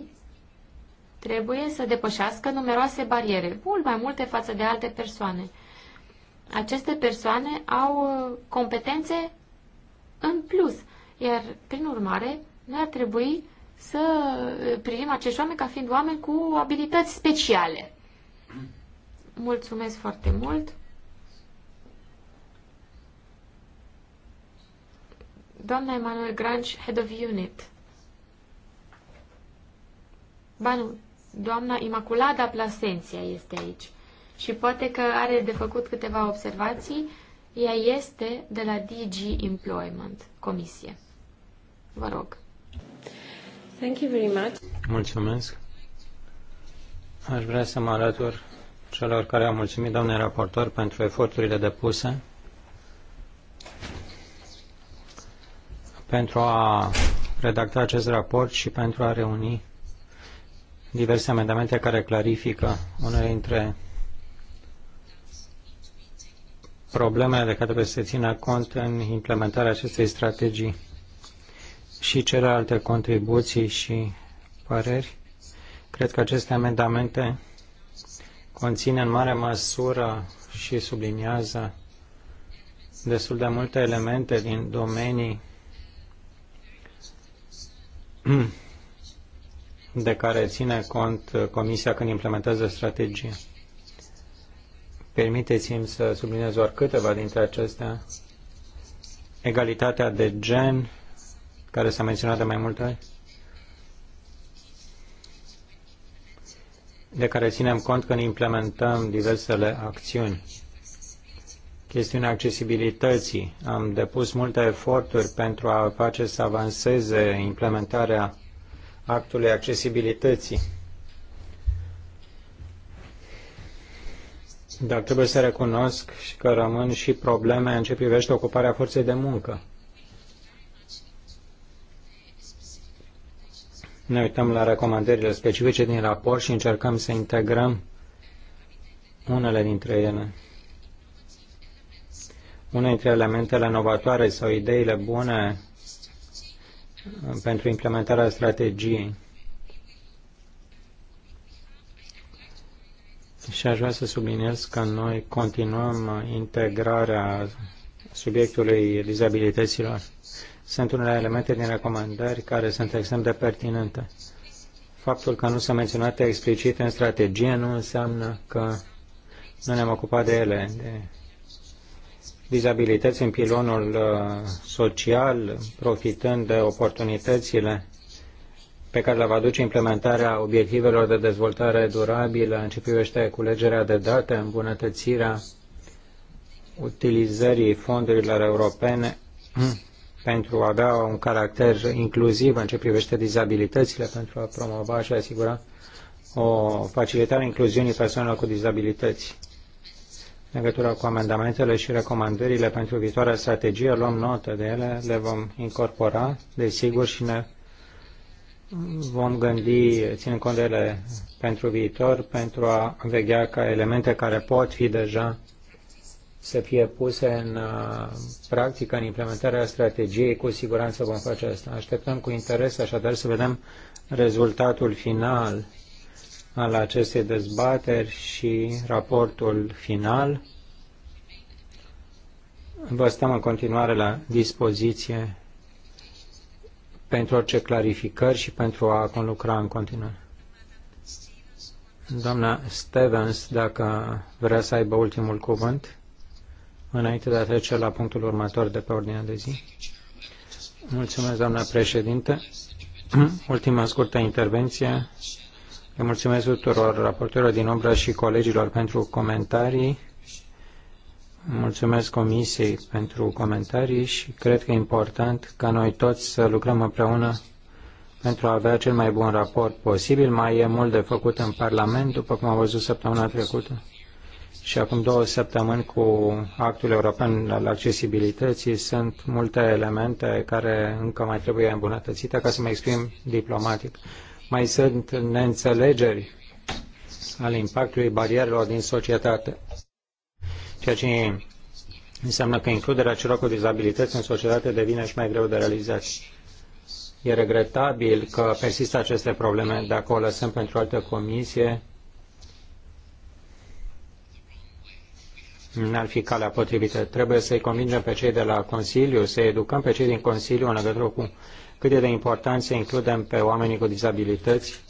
trebuie să depășească numeroase bariere, mult mai multe față de alte persoane. Aceste persoane au uh, competențe în plus, iar, prin urmare, noi ar trebui să uh, privim acești oameni ca fiind oameni cu abilități speciale. Mulțumesc foarte mult! Doamna Emanuel Grange, Head of Unit. Ba nu, doamna Imaculada Plasenția este aici și poate că are de făcut câteva observații. Ea este de la DG Employment, comisie. Vă rog. Thank you very much. Mulțumesc. Aș vrea să mă alătur celor care au mulțumit, doamne raportor, pentru eforturile depuse pentru a redacta acest raport și pentru a reuni diverse amendamente care clarifică unele dintre problemele de care trebuie să se țină cont în implementarea acestei strategii și celelalte contribuții și păreri. Cred că aceste amendamente conțin în mare măsură și subliniază destul de multe elemente din domenii de care ține cont Comisia când implementează strategia. Permiteți-mi să subliniez doar câteva dintre acestea. Egalitatea de gen, care s-a menționat de mai multe ori, de care ținem cont când implementăm diversele acțiuni chestiunea accesibilității. Am depus multe eforturi pentru a face să avanseze implementarea actului accesibilității. Dar trebuie să recunosc că rămân și probleme în ce privește ocuparea forței de muncă. Ne uităm la recomandările specifice din raport și încercăm să integrăm unele dintre ele. Una dintre elementele novatoare sau ideile bune uh, pentru implementarea strategiei. Și aș vrea să subliniez că noi continuăm integrarea subiectului dizabilităților. Sunt unele elemente din recomandări care sunt extrem de pertinente. Faptul că nu sunt menționate explicit în strategie nu înseamnă că nu ne-am ocupat de ele, de dizabilități în pilonul uh, social, profitând de oportunitățile pe care le va aduce implementarea obiectivelor de dezvoltare durabilă în ce privește culegerea de date, îmbunătățirea utilizării fondurilor europene mm, pentru a avea un caracter inclusiv în ce privește dizabilitățile, pentru a promova și a asigura o facilitare incluziunii persoanelor cu dizabilități. În legătură cu amendamentele și recomandările pentru viitoarea strategie, luăm notă de ele, le vom incorpora, desigur, și ne vom gândi, ținând cont de ele, pentru viitor, pentru a veghea ca elemente care pot fi deja să fie puse în uh, practică, în implementarea strategiei, cu siguranță vom face asta. Așteptăm cu interes, așadar, să vedem rezultatul final al acestei dezbateri și raportul final. Vă stăm în continuare la dispoziție pentru orice clarificări și pentru a conlucra în continuare. Doamna Stevens, dacă vrea să aibă ultimul cuvânt, înainte de a trece la punctul următor de pe ordinea de zi. Mulțumesc, doamna președinte. Ultima scurtă intervenție le mulțumesc tuturor raportorilor din umbră și colegilor pentru comentarii. Mulțumesc Comisiei pentru comentarii și cred că e important ca noi toți să lucrăm împreună pentru a avea cel mai bun raport posibil. Mai e mult de făcut în Parlament, după cum am văzut săptămâna trecută și acum două săptămâni cu actul european al accesibilității sunt multe elemente care încă mai trebuie îmbunătățite ca să mă exprim diplomatic. Mai sunt neînțelegeri ale impactului barierelor din societate, ceea ce înseamnă că includerea celor cu dizabilități în societate devine și mai greu de realizat. E regretabil că persistă aceste probleme. Dacă o lăsăm pentru altă comisie, n-ar fi calea potrivită. Trebuie să-i convingem pe cei de la Consiliu, să educăm pe cei din Consiliu în legătură cu cât e de important să includem pe oamenii cu dizabilități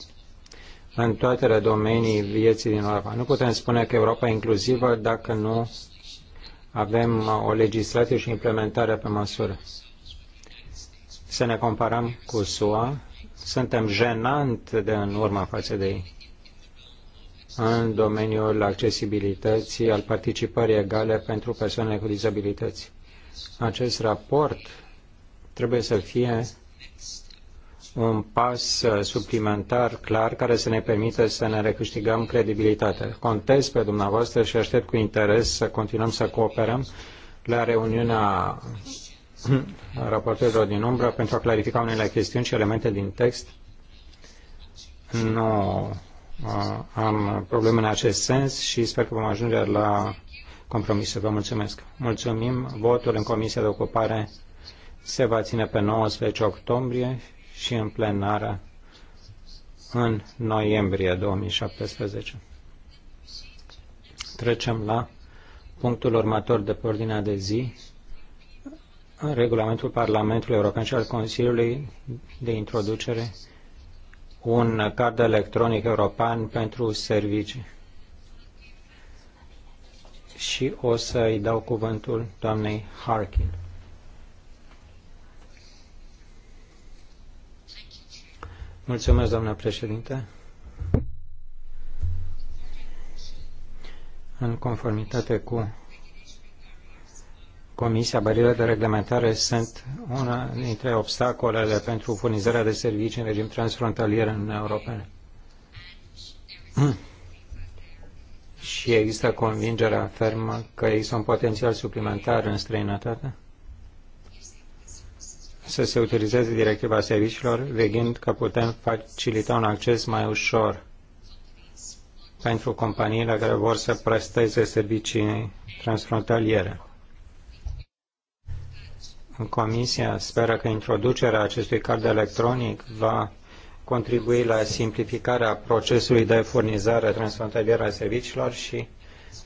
în toate domenii vieții din Europa. Nu putem spune că Europa e inclusivă dacă nu avem o legislație și implementare pe măsură. Să ne comparăm cu SUA, suntem jenant de în urmă față de ei în domeniul accesibilității, al participării egale pentru persoanele cu dizabilități. Acest raport trebuie să fie un pas uh, suplimentar clar care să ne permită să ne recâștigăm credibilitatea. Contez pe dumneavoastră și aștept cu interes să continuăm să cooperăm la reuniunea raportorilor din umbră pentru a clarifica unele chestiuni și elemente din text. Nu uh, am probleme în acest sens și sper că vom ajunge la compromis. Vă mulțumesc. Mulțumim. Votul în Comisia de Ocupare se va ține pe 19 octombrie și în plenară în noiembrie 2017. Trecem la punctul următor de pe ordinea de zi, regulamentul Parlamentului European și al Consiliului de introducere un card electronic european pentru servicii. Și o să-i dau cuvântul doamnei Harkin. Mulțumesc, doamna președinte. În conformitate cu Comisia, barierele de reglementare sunt una dintre obstacolele pentru furnizarea de servicii în regim transfrontalier în Uniunea Europeană. Și există convingerea fermă că există un potențial suplimentar în străinătate? să se utilizeze directiva serviciilor, vegând că putem facilita un acces mai ușor pentru companiile care vor să presteze servicii transfrontaliere. Comisia speră că introducerea acestui card electronic va contribui la simplificarea procesului de furnizare transfrontalieră a serviciilor și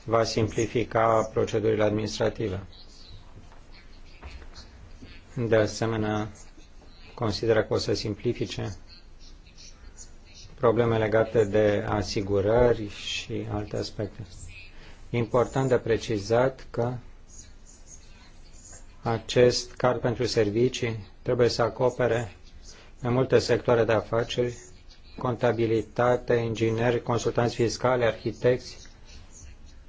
va simplifica procedurile administrative. De asemenea, consideră că o să simplifice probleme legate de asigurări și alte aspecte. Important de precizat că acest card pentru servicii trebuie să acopere mai multe sectoare de afaceri, contabilitate, ingineri, consultanți fiscali, arhitecți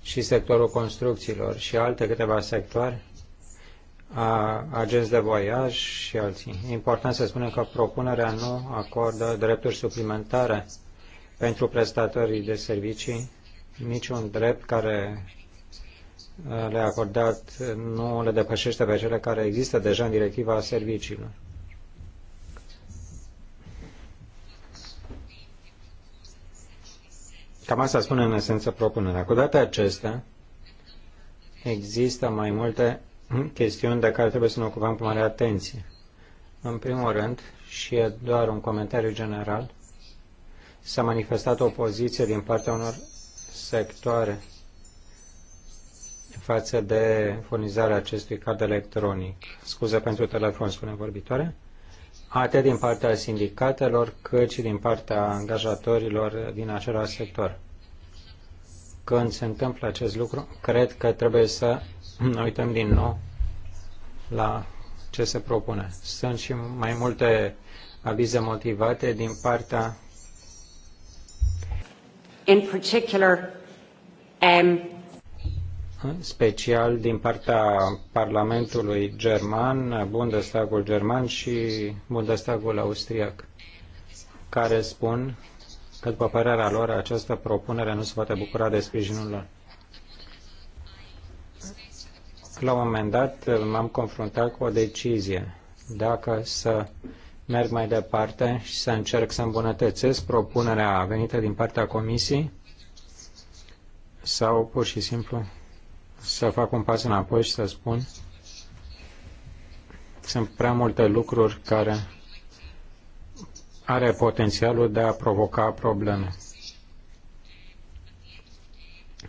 și sectorul construcțiilor și alte câteva sectoare agenți de voiaj și alții. E important să spunem că propunerea nu acordă drepturi suplimentare pentru prestatorii de servicii, niciun drept care uh, le-a acordat nu le depășește pe cele care există deja în directiva serviciilor. Cam asta spune în esență propunerea. Cu toate acestea, există mai multe chestiuni de care trebuie să ne ocupăm cu mare atenție. În primul rând, și e doar un comentariu general, s-a manifestat opoziție din partea unor sectoare față de furnizarea acestui card electronic. Scuze pentru telefon, spune vorbitoare. Atât din partea sindicatelor, cât și din partea angajatorilor din același sector. Când se întâmplă acest lucru, cred că trebuie să ne uităm din nou la ce se propune. Sunt și mai multe avize motivate din partea in particular um, special din partea Parlamentului German, Bundestagul German și Bundestagul Austriac, care spun că, după părerea lor, această propunere nu se poate bucura de sprijinul lor la un moment dat eh, m-am confruntat cu o decizie. Dacă să merg mai departe și să încerc să îmbunătățesc propunerea venită din partea comisiei sau pur și simplu să fac un pas înapoi și să spun sunt prea multe lucruri care are potențialul de a provoca probleme.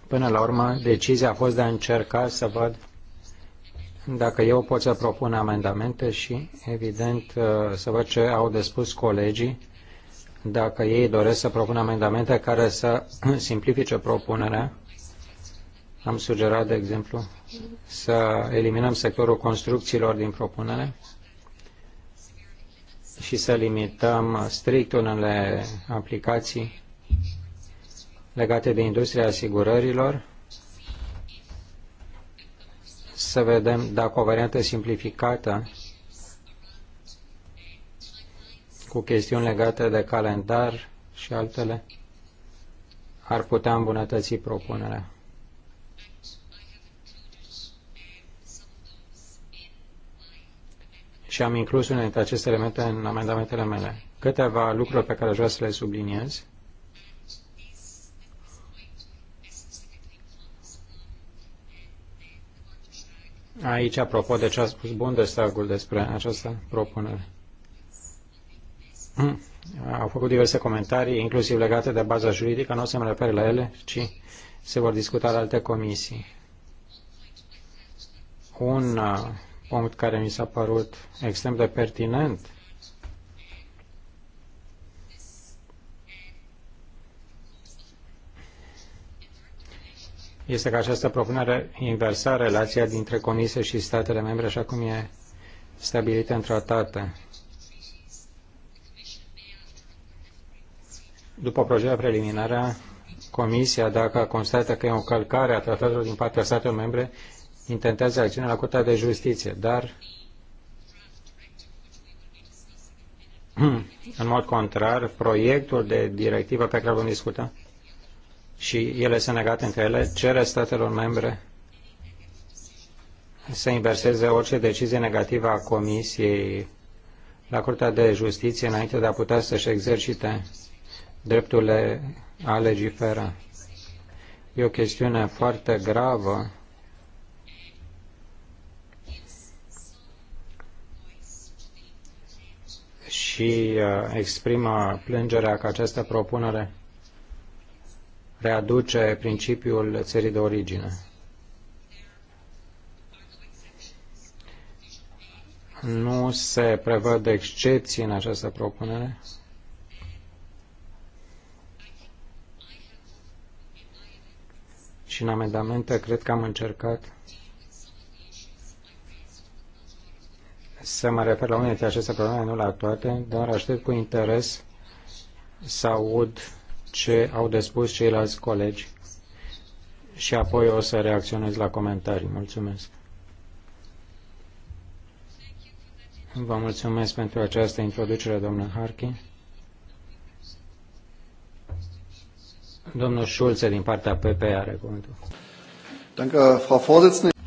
Până la urmă, decizia a fost de a încerca să văd dacă eu pot să propun amendamente și, evident, uh, să văd ce au de spus colegii, dacă ei doresc să propună amendamente care să simplifice propunerea. Am sugerat, de exemplu, să eliminăm sectorul construcțiilor din propunere și să limităm strict unele aplicații legate de industria asigurărilor să vedem dacă o variantă simplificată cu chestiuni legate de calendar și altele ar putea îmbunătăți propunerea. Și am inclus unele dintre aceste elemente în amendamentele mele. Câteva lucruri pe care aș vrea să le subliniez. Aici, apropo de ce a spus Bundestagul despre această propunere. Hmm. Au făcut diverse comentarii, inclusiv legate de baza juridică, nu o să mă refer la ele, ci se vor discuta la alte comisii. Un uh, punct care mi s-a părut extrem de pertinent este că această propunere inversa relația dintre Comisie și statele membre, așa cum e stabilită în tratate. După proiectul preliminară, Comisia, dacă constată că e o călcare a tratatelor din partea statelor membre, intentează acțiune la Curtea de Justiție, dar în mod contrar, proiectul de directivă pe care vom discuta și ele sunt negate între ele, cere statelor membre să inverseze orice decizie negativă a Comisiei la Curtea de Justiție înainte de a putea să-și exercite drepturile a legifera. E o chestiune foarte gravă și uh, exprimă plângerea că această propunere readuce principiul țării de origine. Nu se prevăd excepții în această propunere? Și în amendamente cred că am încercat să mă refer la unele dintre aceste probleme, nu la toate, dar aștept cu interes să aud ce au de spus ceilalți colegi și apoi o să reacționez la comentarii. Mulțumesc! Vă mulțumesc pentru această introducere, domnule Harkin. Domnul Șulțe, din partea PP, are cuvântul.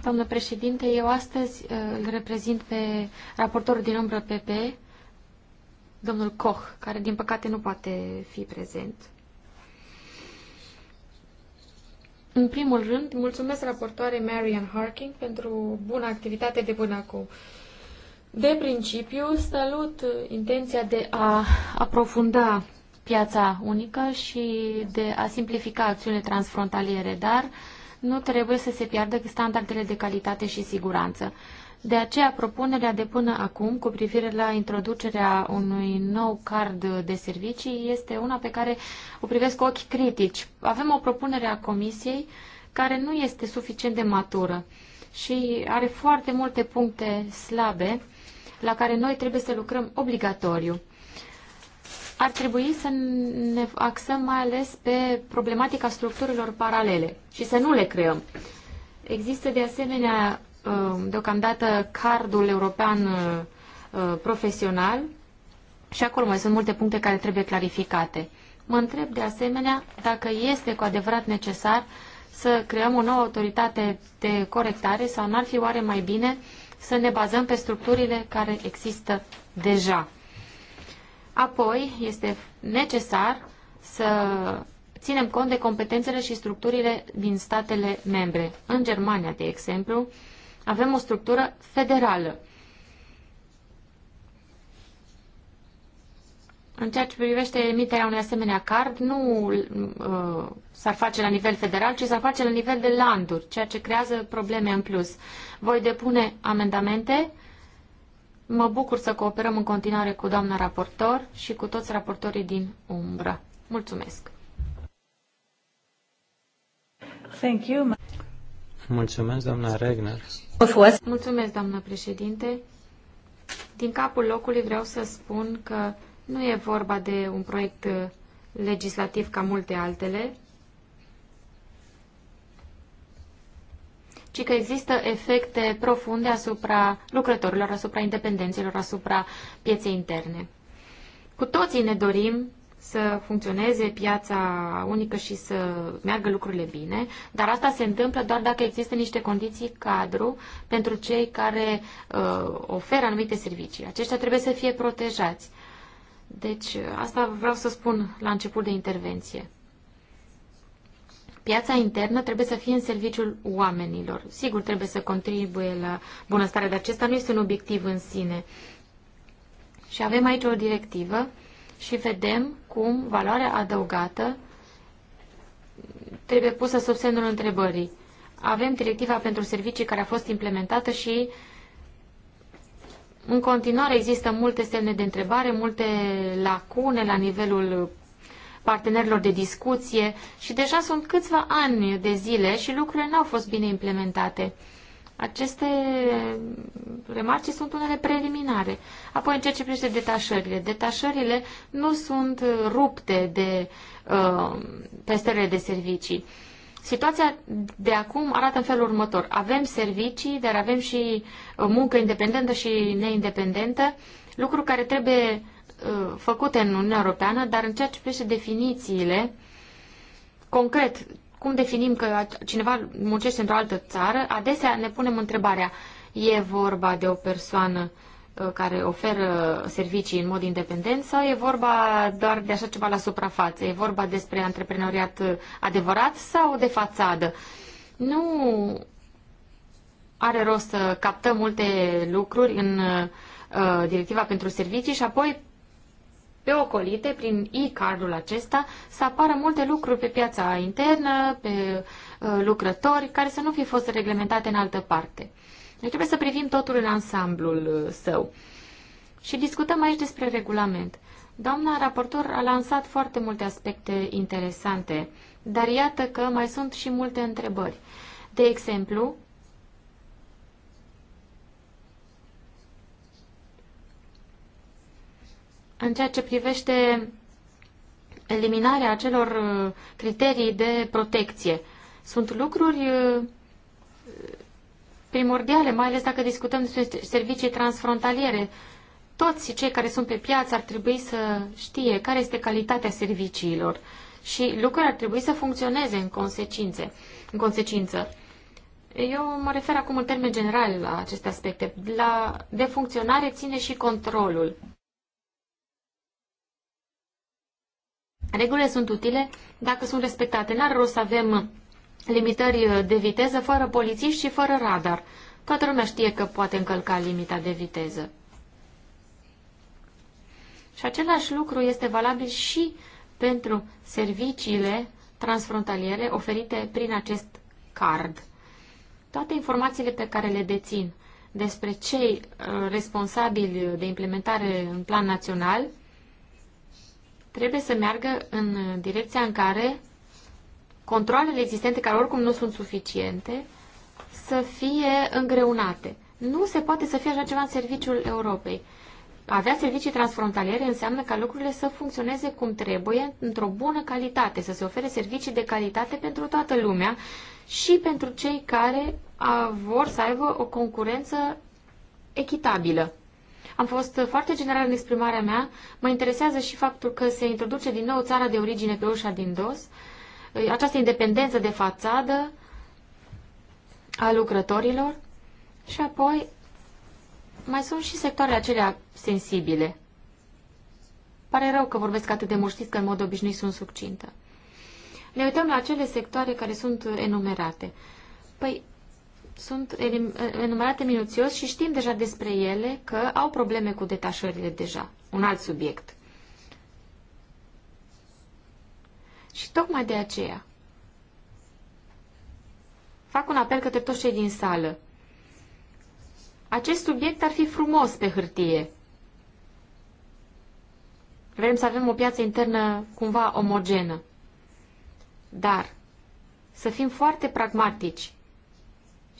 Domnul președinte, eu astăzi uh, îl reprezint pe raportorul din umbră PP, domnul Koch, care din păcate nu poate fi prezent. În primul rând, mulțumesc raportoarei Marian Harking pentru bună activitate de până acum. De principiu, salut intenția de a aprofunda piața unică și de a simplifica acțiunile transfrontaliere, dar nu trebuie să se piardă standardele de calitate și siguranță. De aceea, propunerea de până acum cu privire la introducerea unui nou card de servicii este una pe care o privesc cu ochi critici. Avem o propunere a Comisiei care nu este suficient de matură și are foarte multe puncte slabe la care noi trebuie să lucrăm obligatoriu. Ar trebui să ne axăm mai ales pe problematica structurilor paralele și să nu le creăm. Există de asemenea Um, deocamdată cardul european uh, profesional și acolo mai sunt multe puncte care trebuie clarificate. Mă întreb de asemenea dacă este cu adevărat necesar să creăm o nouă autoritate de corectare sau n-ar fi oare mai bine să ne bazăm pe structurile care există deja. Apoi, este necesar să ținem cont de competențele și structurile din statele membre. În Germania, de exemplu, avem o structură federală. În ceea ce privește emiterea unui asemenea card, nu uh, s-ar face la nivel federal, ci s-ar face la nivel de landuri, ceea ce creează probleme în plus. Voi depune amendamente. Mă bucur să cooperăm în continuare cu doamna raportor și cu toți raportorii din umbră. Mulțumesc! Thank you. Mulțumesc, doamna Regner. Mulțumesc, doamnă președinte. Din capul locului vreau să spun că nu e vorba de un proiect uh, legislativ ca multe altele, ci că există efecte profunde asupra lucrătorilor, asupra independenților, asupra pieței interne. Cu toții ne dorim să funcționeze piața unică și să meargă lucrurile bine, dar asta se întâmplă doar dacă există niște condiții cadru pentru cei care uh, oferă anumite servicii. Aceștia trebuie să fie protejați. Deci, uh, asta vreau să spun la început de intervenție. Piața internă trebuie să fie în serviciul oamenilor. Sigur, trebuie să contribuie la bunăstare, dar acesta nu este un obiectiv în sine. Și avem aici o directivă și vedem cum valoarea adăugată trebuie pusă sub semnul întrebării. Avem directiva pentru servicii care a fost implementată și în continuare există multe semne de întrebare, multe lacune la nivelul partenerilor de discuție și deja sunt câțiva ani de zile și lucrurile n-au fost bine implementate. Aceste remarci sunt unele preliminare. Apoi, în ceea ce privește detașările. Detașările nu sunt rupte de uh, prestările de servicii. Situația de acum arată în felul următor. Avem servicii, dar avem și uh, muncă independentă și neindependentă, lucru care trebuie uh, făcute în Uniunea Europeană, dar în ceea ce privește definițiile, concret, cum definim că cineva muncește într-o altă țară, adesea ne punem întrebarea, e vorba de o persoană uh, care oferă servicii în mod independent sau e vorba doar de așa ceva la suprafață? E vorba despre antreprenoriat uh, adevărat sau de fațadă? Nu are rost să captăm multe lucruri în uh, directiva pentru servicii și apoi pe ocolite, prin e-cardul acesta, să apară multe lucruri pe piața internă, pe uh, lucrători, care să nu fi fost reglementate în altă parte. Deci trebuie să privim totul în ansamblul uh, său. Și discutăm aici despre regulament. Doamna raportor a lansat foarte multe aspecte interesante, dar iată că mai sunt și multe întrebări. De exemplu, în ceea ce privește eliminarea acelor uh, criterii de protecție. Sunt lucruri uh, primordiale, mai ales dacă discutăm despre servicii transfrontaliere. Toți cei care sunt pe piață ar trebui să știe care este calitatea serviciilor și lucrurile ar trebui să funcționeze în, consecințe, în consecință. Eu mă refer acum în termen general la aceste aspecte. La, de funcționare ține și controlul. Regulile sunt utile dacă sunt respectate. N-ar rost să avem limitări de viteză fără polițiști și fără radar. Toată lumea știe că poate încălca limita de viteză. Și același lucru este valabil și pentru serviciile transfrontaliere oferite prin acest card. Toate informațiile pe care le dețin despre cei uh, responsabili de implementare în plan național – trebuie să meargă în direcția în care controlele existente, care oricum nu sunt suficiente, să fie îngreunate. Nu se poate să fie așa ceva în serviciul Europei. Avea servicii transfrontaliere înseamnă ca lucrurile să funcționeze cum trebuie, într-o bună calitate, să se ofere servicii de calitate pentru toată lumea și pentru cei care vor să aibă o concurență echitabilă. Am fost foarte general în exprimarea mea. Mă interesează și faptul că se introduce din nou țara de origine pe ușa din dos, această independență de fațadă a lucrătorilor și apoi mai sunt și sectoarele acelea sensibile. Pare rău că vorbesc atât de mult, știți că în mod obișnuit sunt succintă. Ne uităm la acele sectoare care sunt enumerate. Păi, sunt enumerate minuțios și știm deja despre ele că au probleme cu detașările deja. Un alt subiect. Și tocmai de aceea fac un apel către toți cei din sală. Acest subiect ar fi frumos pe hârtie. Vrem să avem o piață internă cumva omogenă. Dar să fim foarte pragmatici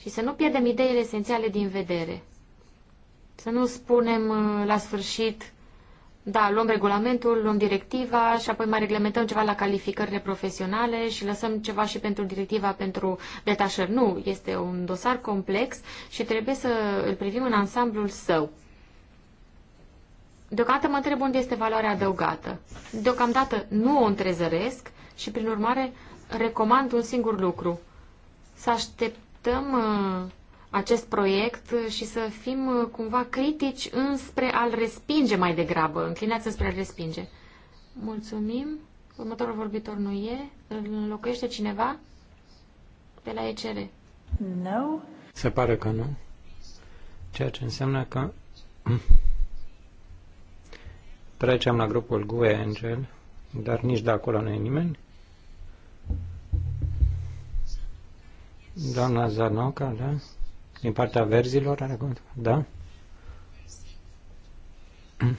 și să nu pierdem ideile esențiale din vedere. Să nu spunem uh, la sfârșit, da, luăm regulamentul, luăm directiva și apoi mai reglementăm ceva la calificările profesionale și lăsăm ceva și pentru directiva pentru detașări. Nu, este un dosar complex și trebuie să îl privim în ansamblul său. Deocamdată mă întreb unde este valoarea adăugată. Deocamdată nu o întrezăresc și, prin urmare, recomand un singur lucru. Să aștept adaptăm uh, acest proiect și să fim uh, cumva critici înspre a-l respinge mai degrabă, înclinați înspre a-l respinge. Mulțumim. Următorul vorbitor nu e. Îl înlocuiește cineva Pe la ECR? No. Se pare că nu. Ceea ce înseamnă că trecem la grupul GUE Angel, dar nici de acolo nu e nimeni. Doamna Zanoca, da? Din partea verzilor, are cuvântul? Da?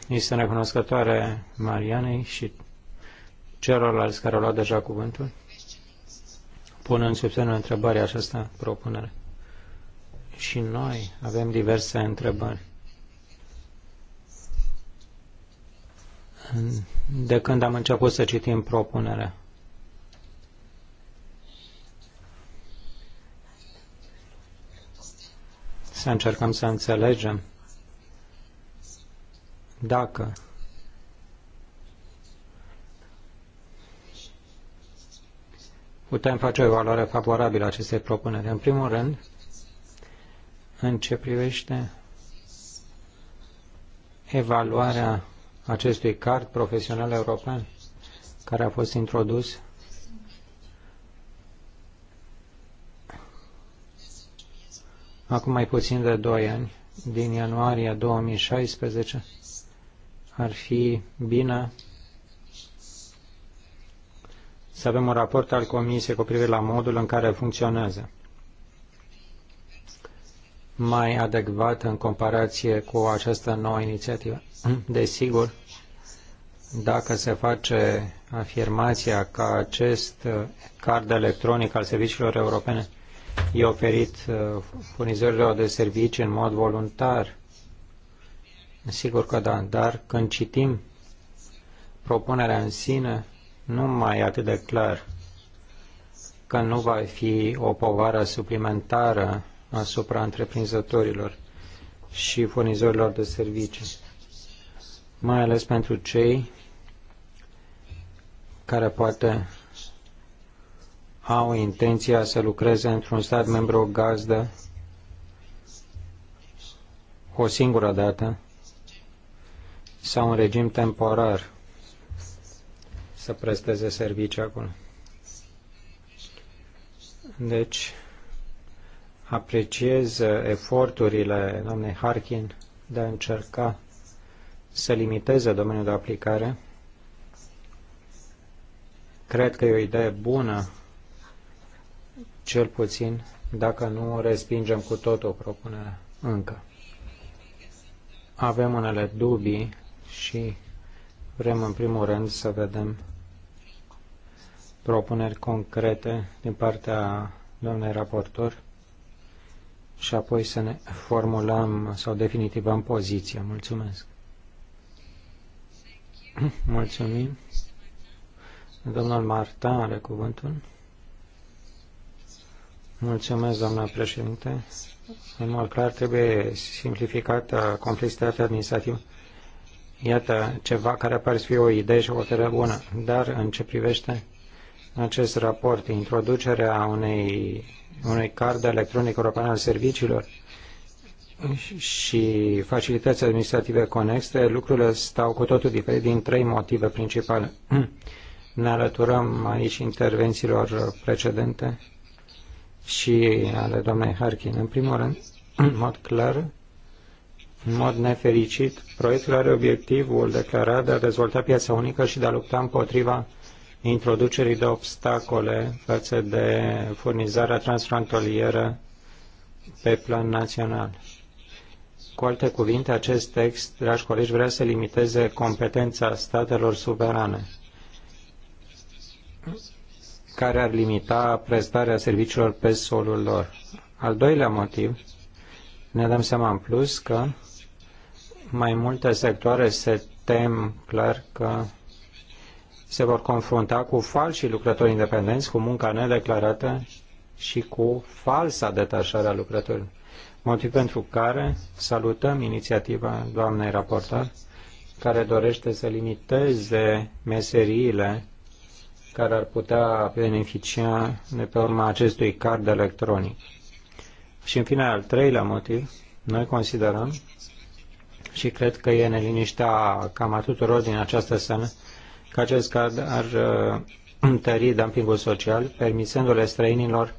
Este recunoscătoare Marianei și celorlalți care au luat deja cuvântul, punând sub semnul întrebării această propunere. Și noi avem diverse întrebări. De când am început să citim propunerea, să încercăm să înțelegem dacă putem face o evaluare favorabilă acestei propuneri. În primul rând, în ce privește evaluarea acestui card profesional european care a fost introdus acum mai puțin de 2 ani, din ianuarie 2016, ar fi bine să avem un raport al Comisiei cu privire la modul în care funcționează mai adecvat în comparație cu această nouă inițiativă. Desigur, dacă se face afirmația că acest card electronic al serviciilor europene e oferit uh, furnizorilor de servicii în mod voluntar. Sigur că da, dar când citim propunerea în sine, nu mai e atât de clar că nu va fi o povară suplimentară asupra întreprinzătorilor și furnizorilor de servicii, mai ales pentru cei care poate au intenția să lucreze într-un stat membru gazdă o singură dată sau un regim temporar să presteze servicii acolo. Deci, apreciez eforturile doamnei Harkin de a încerca să limiteze domeniul de aplicare. Cred că e o idee bună cel puțin dacă nu respingem cu totul propunerea încă. Avem unele dubii și vrem în primul rând să vedem propuneri concrete din partea domnului raportor și apoi să ne formulăm sau definitivăm poziția. Mulțumesc. Mulțumim. Domnul Marta are cuvântul. Mulțumesc, doamna președinte. În mod clar, trebuie simplificată complexitatea administrativă. Iată ceva care pare să fie o idee și o hotărâre bună, dar în ce privește acest raport, introducerea unei, unei card electronic european al serviciilor și facilități administrative conexe, lucrurile stau cu totul diferit din trei motive principale. Ne alăturăm aici intervențiilor precedente și ale doamnei Harkin. În primul rând, în mod clar, în mod nefericit, proiectul are obiectivul declarat de a dezvolta piața unică și de a lupta împotriva introducerii de obstacole față de furnizarea transfrontalieră pe plan național. Cu alte cuvinte, acest text, dragi colegi, vrea să limiteze competența statelor suverane care ar limita prestarea serviciilor pe solul lor. Al doilea motiv, ne dăm seama în plus că mai multe sectoare se tem clar că se vor confrunta cu falsi lucrători independenți, cu munca nedeclarată și cu falsa detașare a lucrătorilor. Motiv pentru care salutăm inițiativa doamnei raportor care dorește să limiteze meseriile care ar putea beneficia de pe urma acestui card electronic. Și în final, al treilea motiv, noi considerăm și cred că e neliniștea cam a tuturor din această scenă, că acest card ar uh, întări dumpingul social, permisându-le străinilor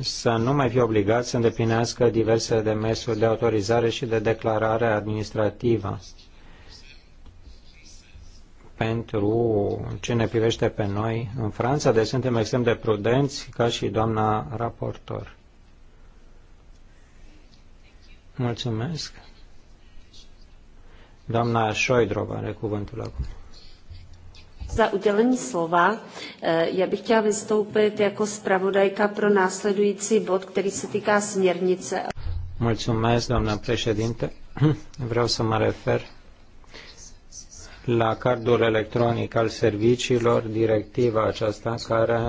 să nu mai fie obligați să îndeplinească diverse demersuri de autorizare și de declarare administrativă pentru ce ne privește pe noi în Franța, deci suntem extrem de prudenți ca și doamna raportor. Mulțumesc. Doamna Șoidrova are cuvântul acum. Za udělení slova. Eh, já bych chtěla vystoupit jako zpravodajka pro následující bod, který se týká směrnice. Mulțumesc, doamna președinte. Vreau să mă refer la cardul electronic al serviciilor, directiva aceasta, care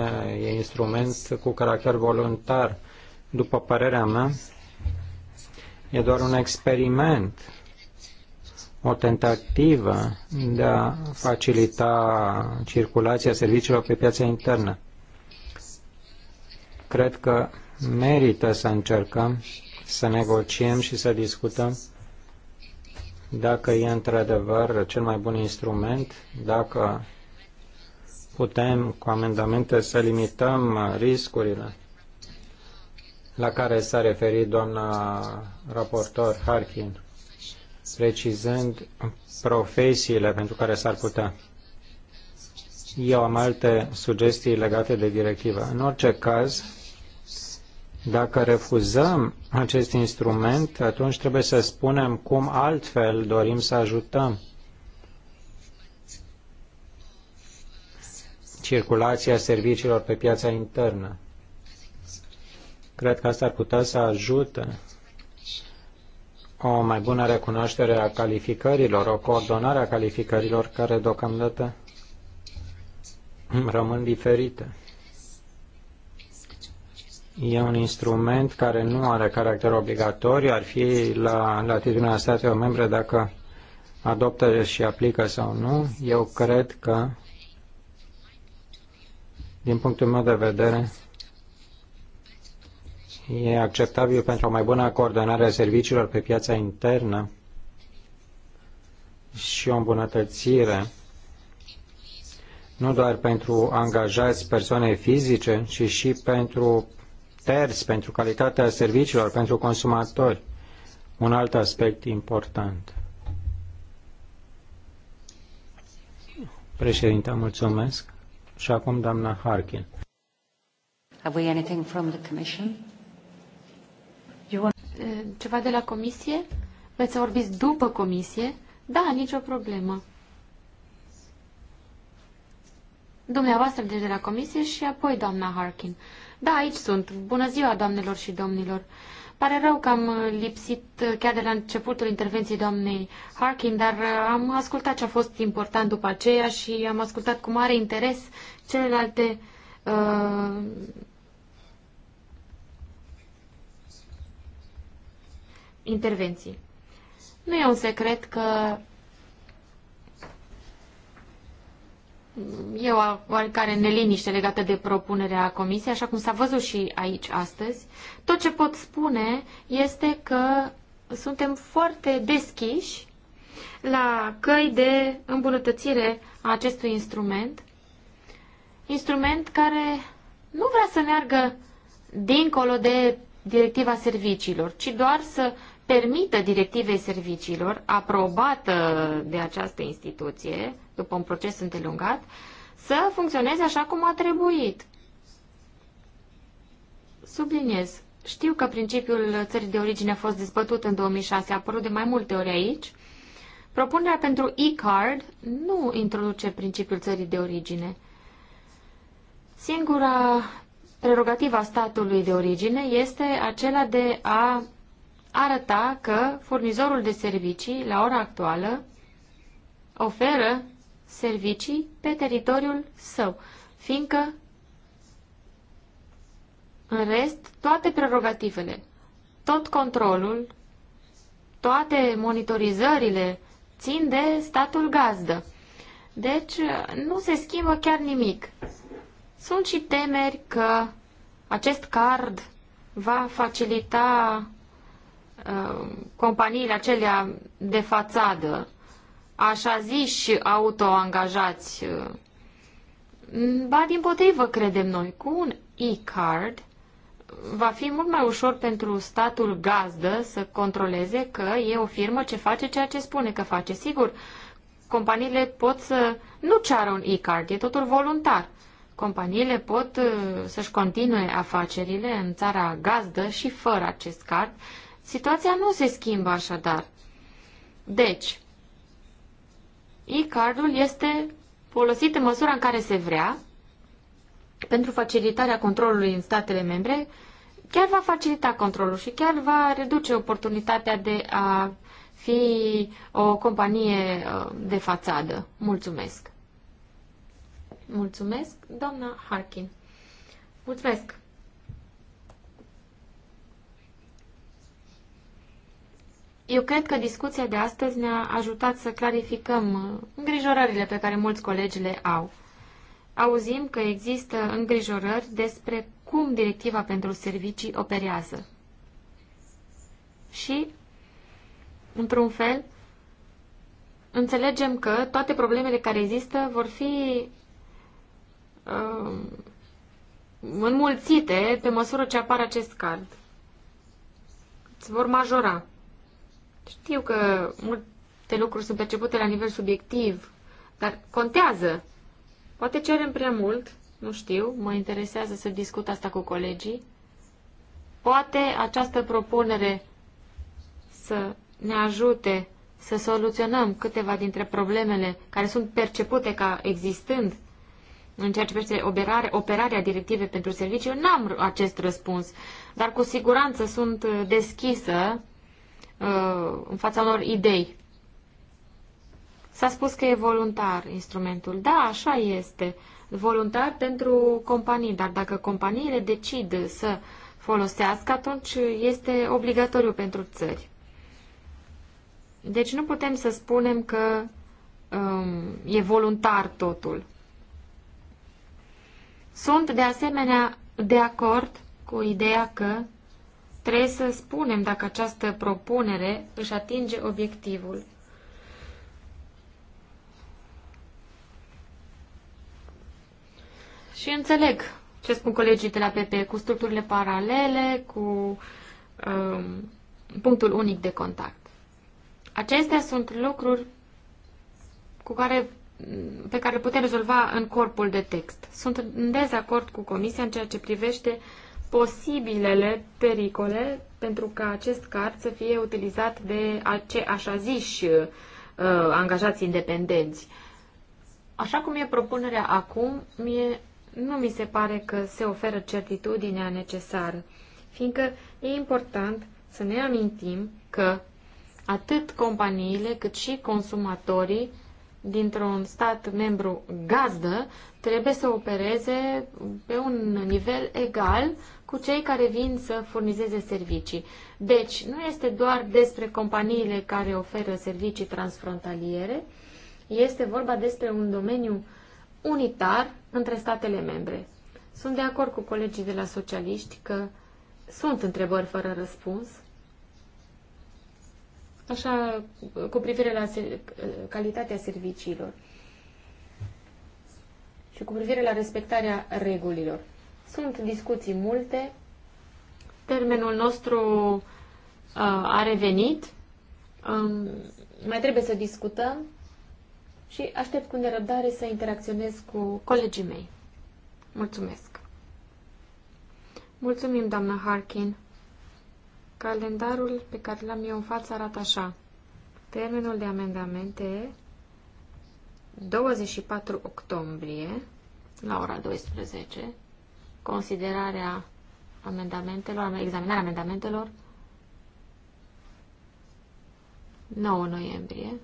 e instrument cu caracter voluntar. După părerea mea, e doar un experiment, o tentativă de a facilita circulația serviciilor pe piața internă. Cred că merită să încercăm să negociem și să discutăm dacă e într-adevăr cel mai bun instrument, dacă putem cu amendamente să limităm riscurile la care s-a referit doamna raportor Harkin, precizând profesiile pentru care s-ar putea. Eu am alte sugestii legate de directivă. În orice caz, dacă refuzăm acest instrument, atunci trebuie să spunem cum altfel dorim să ajutăm circulația serviciilor pe piața internă. Cred că asta ar putea să ajute o mai bună recunoaștere a calificărilor, o coordonare a calificărilor care deocamdată rămân diferite. E un instrument care nu are caracter obligatoriu, ar fi la latitudinea statelor membre dacă adoptă și aplică sau nu. Eu cred că, din punctul meu de vedere, e acceptabil pentru o mai bună coordonare a serviciilor pe piața internă și o îmbunătățire nu doar pentru angajați persoane fizice, ci și pentru terți, pentru calitatea serviciilor, pentru consumatori. Un alt aspect important. Președinte, mulțumesc. Și acum doamna Harkin. Have we anything from the commission? You want... Ceva de la comisie? Veți să vorbiți după comisie? Da, nicio problemă. Dumneavoastră, deci de la comisie și apoi doamna Harkin. Da, aici sunt. Bună ziua, doamnelor și domnilor. Pare rău că am uh, lipsit uh, chiar de la începutul intervenției doamnei Harkin, dar uh, am ascultat ce a fost important după aceea și am ascultat cu mare interes celelalte uh, intervenții. Nu e un secret că e o oarecare neliniște legată de propunerea comisiei, așa cum s-a văzut și aici astăzi. Tot ce pot spune este că suntem foarte deschiși la căi de îmbunătățire a acestui instrument, instrument care nu vrea să meargă dincolo de directiva serviciilor, ci doar să uh, permită directivei serviciilor, aprobată de această instituție, după un proces întelungat, să funcționeze așa cum a trebuit. Subliniez. Știu că principiul țării de origine a fost dezbătut în 2006, a apărut de mai multe ori aici. Propunerea pentru e-card nu introduce principiul țării de origine. Singura prerogativa statului de origine este acela de a arăta că furnizorul de servicii, la ora actuală, oferă servicii pe teritoriul său, fiindcă, în rest, toate prerogativele, tot controlul, toate monitorizările țin de statul gazdă. Deci nu se schimbă chiar nimic. Sunt și temeri că acest card va facilita Uh, companiile acelea de fațadă, așa ziși autoangajați. Uh, ba, din potrivă, credem noi, cu un e-card va fi mult mai ușor pentru statul gazdă să controleze că e o firmă ce face ceea ce spune că face. Sigur, companiile pot să nu ceară un e-card, e totul voluntar. Companiile pot uh, să-și continue afacerile în țara gazdă și fără acest card Situația nu se schimbă așadar. Deci, e-cardul este folosit în măsura în care se vrea pentru facilitarea controlului în statele membre, chiar va facilita controlul și chiar va reduce oportunitatea de a fi o companie uh, de fațadă. Mulțumesc! Mulțumesc, doamna Harkin! Mulțumesc! Eu cred că discuția de astăzi ne-a ajutat să clarificăm uh, îngrijorările pe care mulți colegi le au. Auzim că există îngrijorări despre cum directiva pentru servicii operează. Și, într-un fel, înțelegem că toate problemele care există vor fi uh, înmulțite pe măsură ce apare acest card. Se vor majora. Știu că multe lucruri sunt percepute la nivel subiectiv, dar contează. Poate cerem prea mult, nu știu, mă interesează să discut asta cu colegii. Poate această propunere să ne ajute să soluționăm câteva dintre problemele care sunt percepute ca existând în ceea ce privește operare, operarea directivei pentru serviciu. n-am acest răspuns, dar cu siguranță sunt deschisă Uh, în fața unor idei. S-a spus că e voluntar instrumentul. Da, așa este. Voluntar pentru companii, dar dacă companiile decid să folosească, atunci este obligatoriu pentru țări. Deci nu putem să spunem că um, e voluntar totul. Sunt de asemenea de acord cu ideea că Trebuie să spunem dacă această propunere își atinge obiectivul. Și înțeleg ce spun colegii de la PP cu structurile paralele, cu um, punctul unic de contact. Acestea sunt lucruri cu care, pe care putem rezolva în corpul de text. Sunt în dezacord cu Comisia în ceea ce privește uh, posibilele pericole pentru ca acest card să fie utilizat de ce așa ziși uh, angajați independenți. Așa cum e propunerea acum, mie, nu mi se pare că se oferă certitudinea necesară, fiindcă e important să ne amintim că atât companiile cât și consumatorii dintr-un stat membru gazdă trebuie să opereze pe un nivel egal cu cei care vin să furnizeze servicii. Deci, nu este doar despre companiile care oferă servicii transfrontaliere, este vorba despre un domeniu unitar între statele membre. Sunt de acord cu colegii de la socialiști că sunt întrebări fără răspuns așa cu privire la calitatea serviciilor și cu privire la respectarea regulilor. Sunt discuții multe, termenul nostru uh, a revenit, um, mai trebuie să discutăm și aștept cu nerăbdare să interacționez cu colegii mei. Mulțumesc! Mulțumim, doamna Harkin! Calendarul pe care l-am eu în față arată așa. Termenul de amendamente 24 octombrie la ora 12, considerarea amendamentelor, examinarea amendamentelor 9 noiembrie,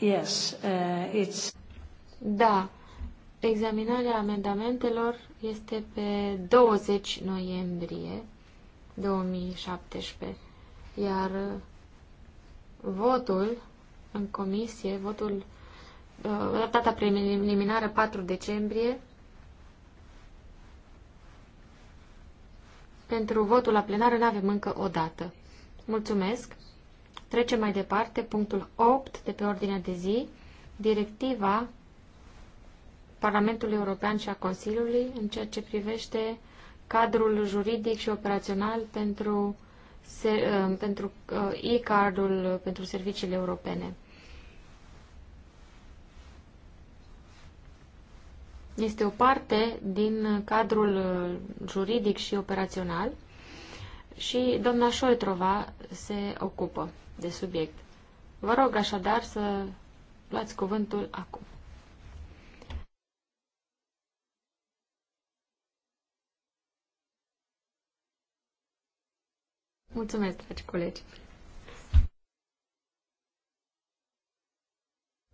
Yes, uh, it's da, examinarea amendamentelor este pe 20 noiembrie 2017, iar uh, votul în comisie, votul uh, data preliminară 4 decembrie Pentru votul la plenară nu avem încă o dată. Mulțumesc. Trecem mai departe, punctul 8 de pe ordinea de zi, directiva Parlamentului European și a Consiliului în ceea ce privește cadrul juridic și operațional pentru, uh, pentru uh, e-cardul pentru serviciile europene. Este o parte din cadrul juridic și operațional și doamna Șoitrova se ocupă de subiect. Vă rog așadar să luați cuvântul acum. Mulțumesc, dragi colegi.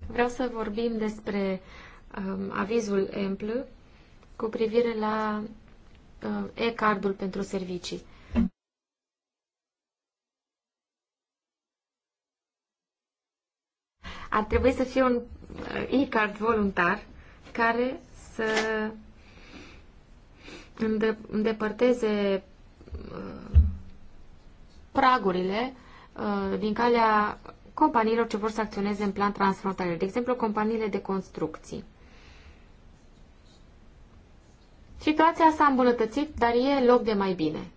Vreau să vorbim despre um, avizul EMPL cu privire la um, e-cardul pentru servicii. Ar trebui să fie un uh, e-card voluntar care să îndepărteze uh, pragurile uh, din calea companiilor ce vor să acționeze în plan transfrontalier, de exemplu companiile de construcții. Situația s-a îmbunătățit, dar e loc de mai bine.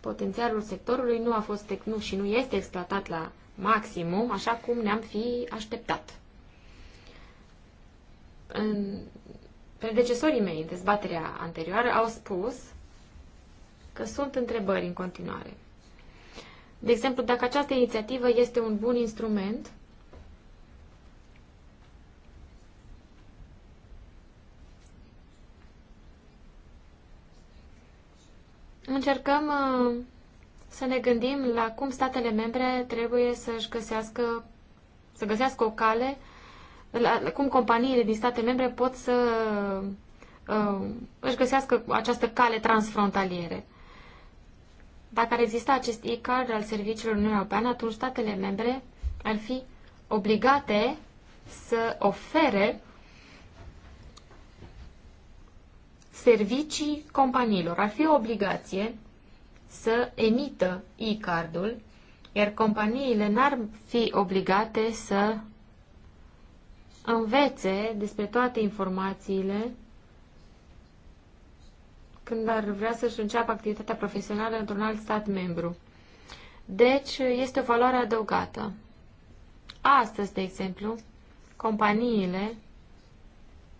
Potențialul sectorului nu a fost nu și nu este exploatat la maximum, așa cum ne-am fi așteptat. În predecesorii mei în dezbaterea anterioară au spus că sunt întrebări în continuare. De exemplu, dacă această inițiativă este un bun instrument, încercăm uh, să ne gândim la cum statele membre trebuie să-și găsească, să găsească o cale, la, cum companiile din state membre pot să uh, își găsească această cale transfrontaliere. Dacă ar exista acest e-card al serviciilor Uniunii Europene, atunci statele membre ar fi obligate să ofere servicii companiilor. Ar fi o obligație să emită e-cardul, iar companiile n-ar fi obligate să învețe despre toate informațiile când ar vrea să-și înceapă activitatea profesională într-un alt stat membru. Deci, este o valoare adăugată. Astăzi, de exemplu, companiile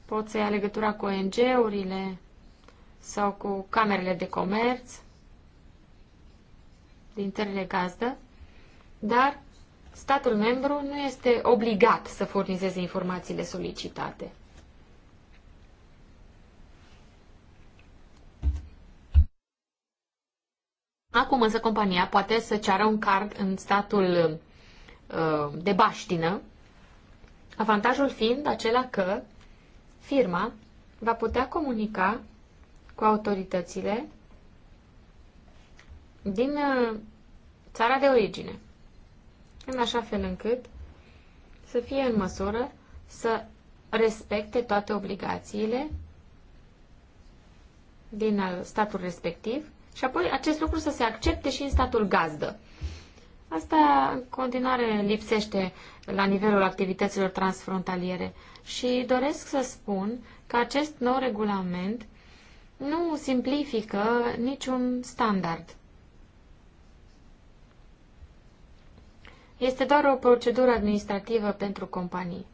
pot să ia legătura cu ONG-urile sau cu camerele de comerț din țările gazdă, dar statul membru nu este obligat să furnizeze informațiile solicitate. Acum însă compania poate să ceară un card în statul uh, de baștină, avantajul fiind acela că firma va putea comunica cu autoritățile din uh, țara de origine, în așa fel încât să fie în măsură să respecte toate obligațiile din uh, statul respectiv și apoi acest lucru să se accepte și în statul gazdă. Asta în continuare lipsește la nivelul activităților transfrontaliere și doresc să spun că acest nou regulament nu simplifică niciun standard. Este doar o procedură administrativă pentru companii.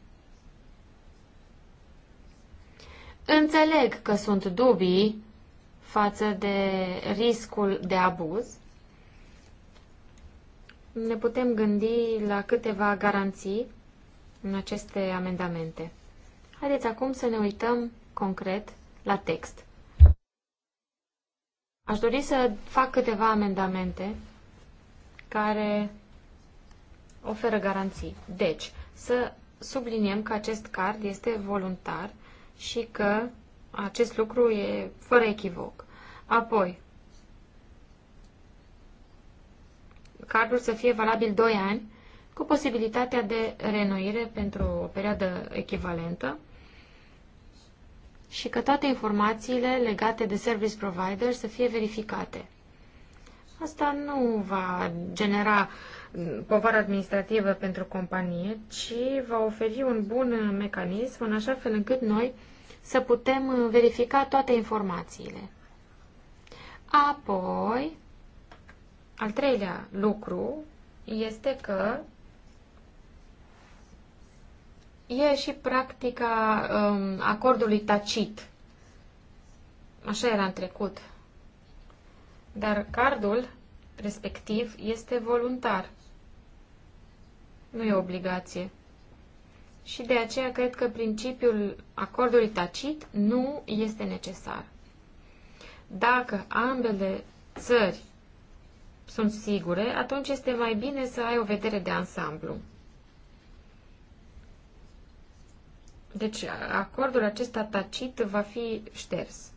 Înțeleg că sunt dubii față de riscul de abuz, ne putem gândi la câteva garanții în aceste amendamente. Haideți acum să ne uităm concret la text. Aș dori să fac câteva amendamente care oferă garanții. Deci, să subliniem că acest card este voluntar și că acest lucru e fără echivoc. Apoi, cardul să fie valabil 2 ani, cu posibilitatea de renoire pentru o perioadă echivalentă și că toate informațiile legate de service provider să fie verificate. Asta nu va genera mm, povară administrativă pentru companie, ci va oferi un bun mecanism în așa fel încât noi să putem uh, verifica toate informațiile. Apoi, al treilea lucru este că e și practica um, acordului tacit. Așa era în trecut. Dar cardul respectiv este voluntar. Nu e obligație și de aceea cred că principiul acordului tacit nu este necesar. Dacă ambele țări sunt sigure, atunci este mai bine să ai o vedere de ansamblu. Deci acordul acesta tacit va fi șters.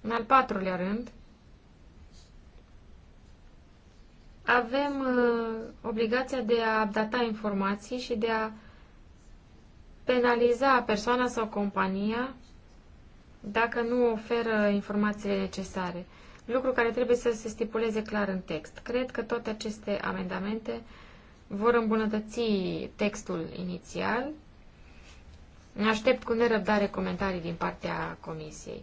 În al patrulea rând, avem uh, obligația de a data informații și de a penaliza persoana sau compania dacă nu oferă informațiile necesare, lucru care trebuie să se stipuleze clar în text. Cred că toate aceste amendamente vor îmbunătăți textul inițial. Aștept cu nerăbdare comentarii din partea Comisiei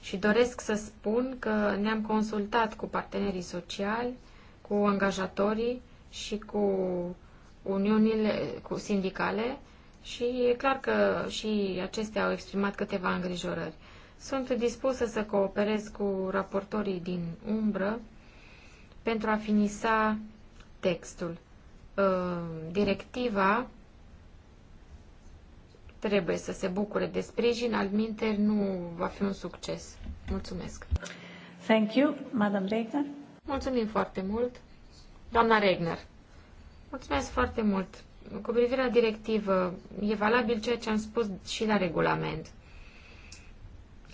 și doresc să spun că ne-am consultat cu partenerii sociali, cu angajatorii și cu uniunile cu sindicale și e clar că și acestea au exprimat câteva îngrijorări. Sunt dispusă să cooperez cu raportorii din umbră pentru a finisa textul. Ă, directiva trebuie să se bucure de sprijin, altminteri nu va fi un succes. Mulțumesc. Thank you, Madam Regner. Mulțumim foarte mult, doamna Regner. Mulțumesc foarte mult cu privire la directivă, e valabil ceea ce am spus și la regulament.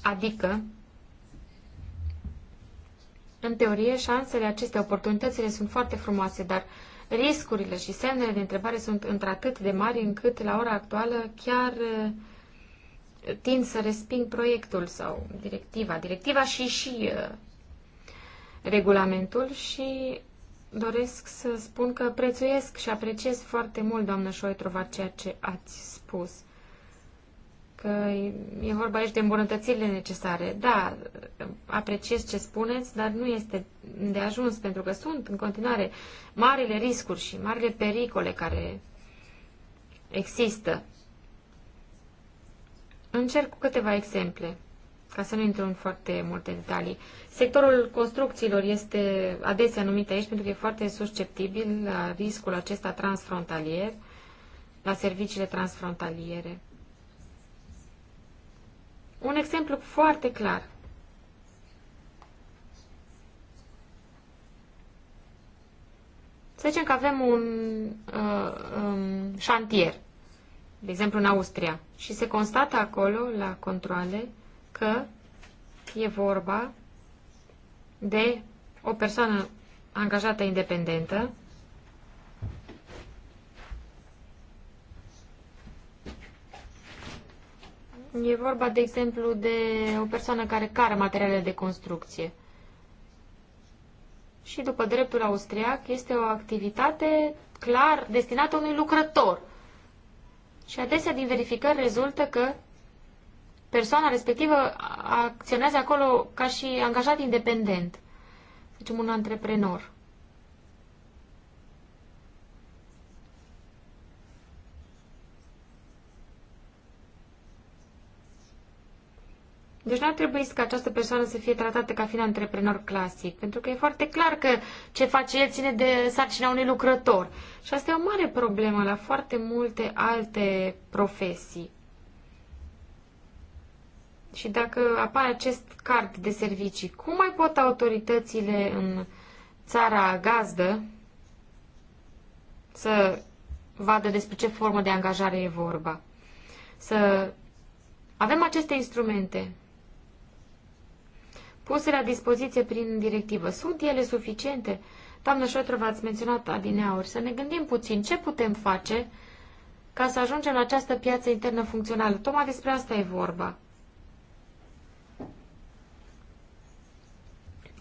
Adică, în teorie, șansele acestea, oportunitățile sunt foarte frumoase, dar riscurile și semnele de întrebare sunt într-atât de mari încât, la ora actuală, chiar uh, tind să resping proiectul sau directiva. Directiva și și uh, regulamentul și doresc să spun că prețuiesc și apreciez foarte mult, doamnă Șoetrova, ceea ce ați spus. Că e vorba aici de îmbunătățirile necesare. Da, apreciez ce spuneți, dar nu este de ajuns, pentru că sunt în continuare marile riscuri și marile pericole care există. Încerc cu câteva exemple ca să nu intru în foarte multe detalii. Sectorul construcțiilor este adesea numit aici pentru că e foarte susceptibil la riscul acesta transfrontalier, la serviciile transfrontaliere. Un exemplu foarte clar. Să zicem că avem un uh, um, șantier, de exemplu în Austria, și se constată acolo, la controle, că e vorba de o persoană angajată independentă E vorba, de exemplu, de o persoană care cară materiale de construcție. Și după dreptul austriac este o activitate clar destinată unui lucrător. Și adesea din verificări rezultă că persoana respectivă acționează acolo ca și angajat independent, să un antreprenor. Deci nu ar trebui ca această persoană să fie tratată ca fiind antreprenor clasic, pentru că e foarte clar că ce face el ține de sarcina unui lucrător. Și asta e o mare problemă la foarte multe alte profesii. Și dacă apare acest card de servicii, cum mai pot autoritățile în țara gazdă să vadă despre ce formă de angajare e vorba? Să avem aceste instrumente puse la dispoziție prin directivă. Sunt ele suficiente? Doamnă v ați menționat adineauri. Să ne gândim puțin ce putem face ca să ajungem la această piață internă funcțională. Tocmai despre asta e vorba.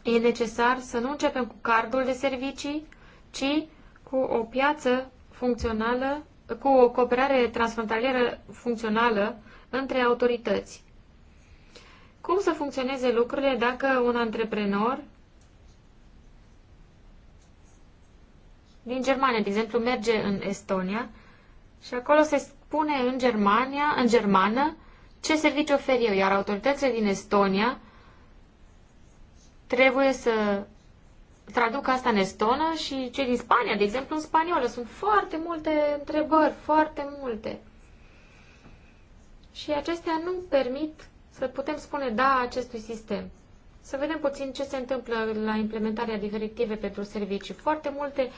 e necesar să nu începem cu cardul de servicii, ci cu o piață funcțională, cu o cooperare transfrontalieră funcțională între autorități. Cum să funcționeze lucrurile dacă un antreprenor din Germania, de exemplu, merge în Estonia și acolo se spune în Germania, în germană, ce servicii ofer eu, iar autoritățile din Estonia trebuie să traduc asta în estonă și cei din Spania, de exemplu, în spaniolă. Sunt foarte multe întrebări, foarte multe. Și acestea nu permit să putem spune da acestui sistem. Să vedem puțin ce se întâmplă la implementarea directivei pentru servicii. Foarte multe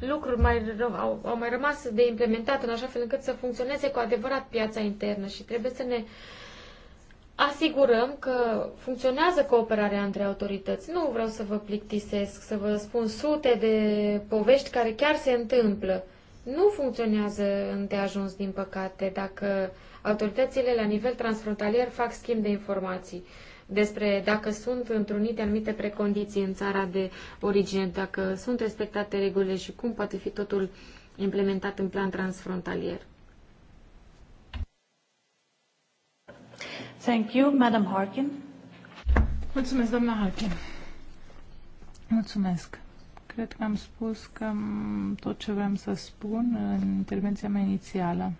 lucruri mai, au, au mai rămas de implementat în așa fel încât să funcționeze cu adevărat piața internă și trebuie să ne uh, asigurăm că funcționează cooperarea între autorități. Nu vreau să vă plictisesc, să vă spun sute de povești care chiar se întâmplă. Nu funcționează îndeajuns, din păcate, dacă autoritățile la nivel transfrontalier fac schimb de informații despre dacă sunt întrunite anumite precondiții în țara de origine, dacă sunt respectate regulile și cum poate fi totul implementat în plan transfrontalier. Thank you, Madam Harkin. Mulțumesc, doamna Harkin. Mulțumesc. Cred că am spus că tot ce vreau să spun în intervenția mea inițială.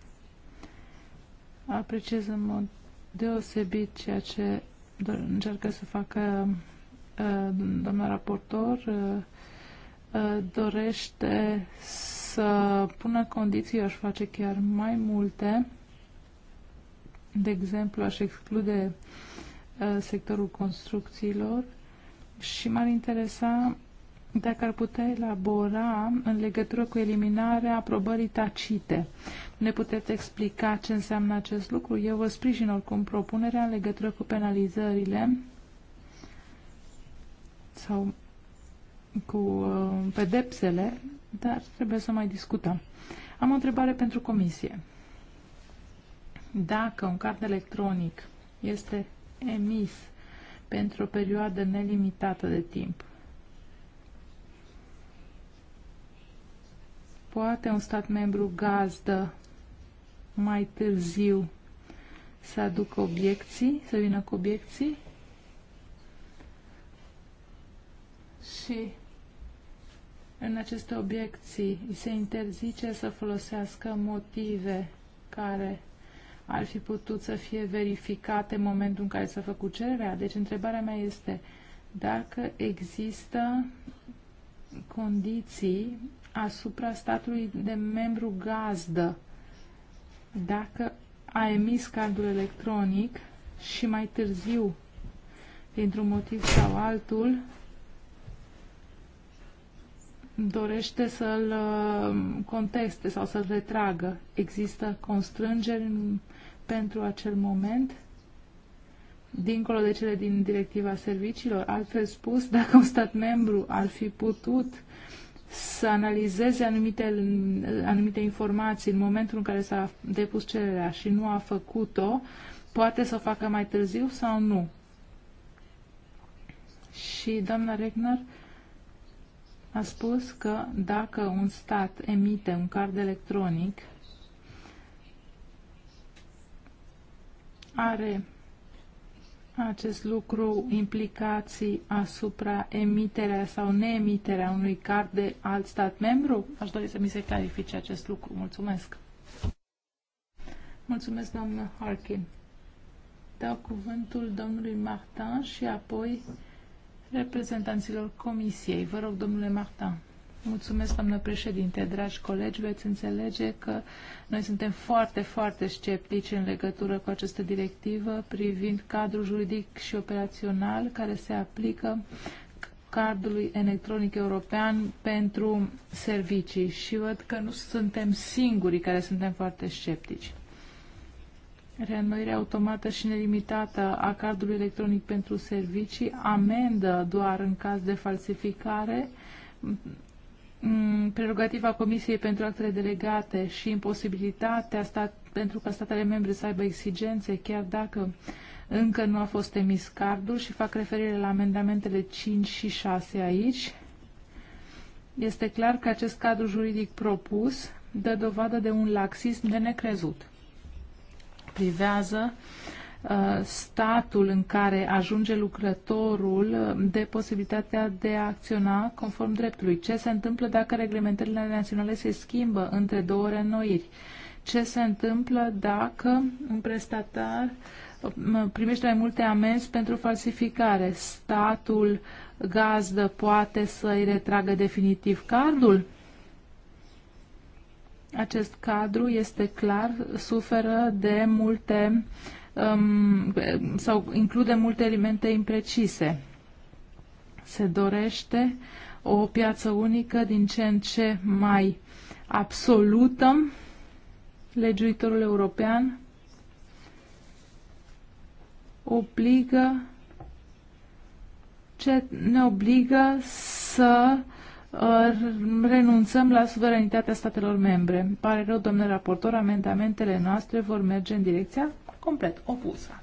Apreciez în mod deosebit ceea ce încearcă să facă uh, doamna raportor. Uh, uh, dorește să pună condiții, aș face chiar mai multe de exemplu, aș exclude uh, sectorul construcțiilor și m-ar interesa dacă ar putea elabora în legătură cu eliminarea aprobării tacite. Ne puteți explica ce înseamnă acest lucru? Eu vă sprijin oricum propunerea în legătură cu penalizările sau cu uh, pedepsele, dar trebuie să mai discutăm. Am o întrebare pentru comisie. Dacă un card electronic este emis pentru o perioadă nelimitată de timp, poate un stat membru gazdă mai târziu să aducă obiecții, să vină cu obiecții și în aceste obiecții se interzice să folosească motive care ar fi putut să fie verificate în momentul în care s-a făcut cererea. Deci întrebarea mea este dacă există condiții asupra statului de membru gazdă, dacă a emis cardul electronic și mai târziu, dintr-un motiv sau altul, dorește să-l uh, conteste sau să-l retragă. Există constrângeri în pentru acel moment, dincolo de cele din directiva serviciilor. Altfel spus, dacă un stat membru ar fi putut să analizeze anumite, anumite informații în momentul în care s-a depus cererea și nu a făcut-o, poate să o facă mai târziu sau nu. Și doamna Regner a spus că dacă un stat emite un card electronic are acest lucru implicații asupra emiterea sau neemiterea unui card de alt stat membru? Aș dori să mi se clarifice acest lucru. Mulțumesc. Mulțumesc, doamnă Harkin. Dau cuvântul domnului Martin și apoi reprezentanților comisiei. Vă rog, domnule Martin. Mulțumesc, doamnă președinte, dragi colegi, veți înțelege că noi suntem foarte, foarte sceptici în legătură cu această directivă privind cadrul juridic și operațional care se aplică cardului electronic european pentru servicii și văd că nu suntem singurii care suntem foarte sceptici. Reînnoirea automată și nelimitată a cardului electronic pentru servicii, amendă doar în caz de falsificare, Mm, prerogativa Comisiei pentru actele delegate și imposibilitatea stat, pentru ca statele membre să aibă exigențe, chiar dacă încă nu a fost emis cardul și fac referire la amendamentele 5 și 6 aici. Este clar că acest cadru juridic propus dă dovadă de un laxism de necrezut. Privează Uh, statul în care ajunge lucrătorul de posibilitatea de a acționa conform dreptului. Ce se întâmplă dacă reglementările naționale se schimbă între două reînnoiri? Ce se întâmplă dacă un prestatar uh, primește mai multe amenzi pentru falsificare? Statul gazdă poate să-i retragă definitiv cardul? Acest cadru este clar, suferă de multe uh, um, sau include multe elemente imprecise. Se dorește o piață unică din ce în ce mai absolută. Legiuitorul european obligă ce ne obligă să uh, renunțăm la suveranitatea statelor membre. Pare rău, domnule raportor, amendamentele noastre vor merge în direcția complet opusă.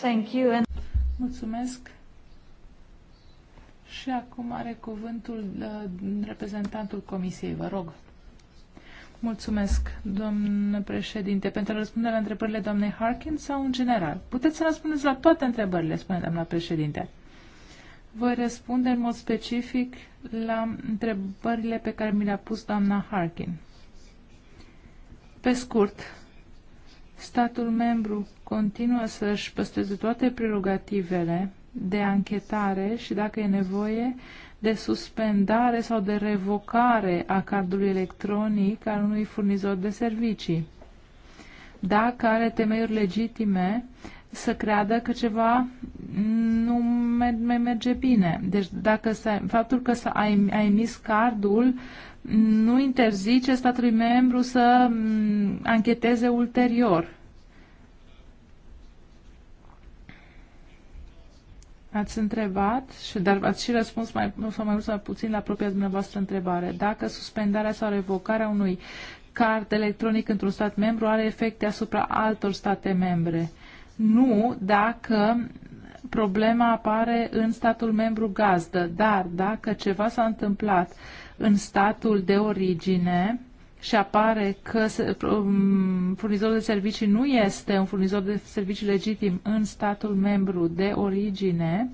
Thank you and... Mulțumesc. Și acum are cuvântul uh, reprezentantul Comisiei, vă rog. Mulțumesc, domnule președinte, pentru răspunderea la întrebările doamnei Harkin sau în general. Puteți să răspundeți la toate întrebările, spune doamna președinte. Voi răspunde în mod specific la întrebările pe care mi le-a pus doamna Harkin. Pe scurt, statul membru continuă să-și păstreze toate prerogativele de anchetare și, dacă e nevoie, de suspendare sau de revocare a cardului electronic al unui furnizor de servicii. Dacă are temeiuri legitime să creadă că ceva nu mai merge bine. Deci dacă faptul că s-a, ai, emis cardul nu interzice statului membru să ancheteze ulterior. Ați întrebat, și dar ați și răspuns mai, sau mai mult sau mai puțin la propria dumneavoastră întrebare. Dacă suspendarea sau revocarea unui card electronic într-un stat membru are efecte asupra altor state membre. Nu dacă problema apare în statul membru gazdă, dar dacă ceva s-a întâmplat uh, în statul de origine și apare că um, furnizorul de servicii nu este un furnizor de servicii legitim în statul membru de origine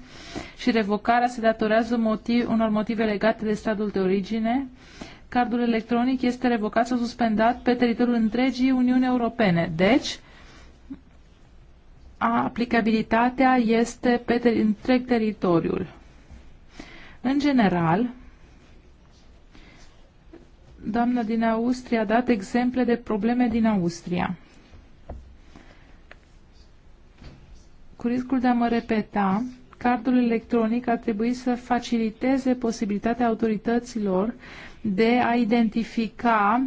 și revocarea se datorează motiv, unor motive legate de statul de origine, cardul electronic este revocat sau suspendat pe teritoriul întregii Uniuni Europene. Deci, aplicabilitatea este pe ter întreg teritoriul. În general, doamna din Austria a dat exemple de probleme din Austria. Cu riscul de a mă repeta, cardul electronic ar trebui să faciliteze posibilitatea autorităților de a identifica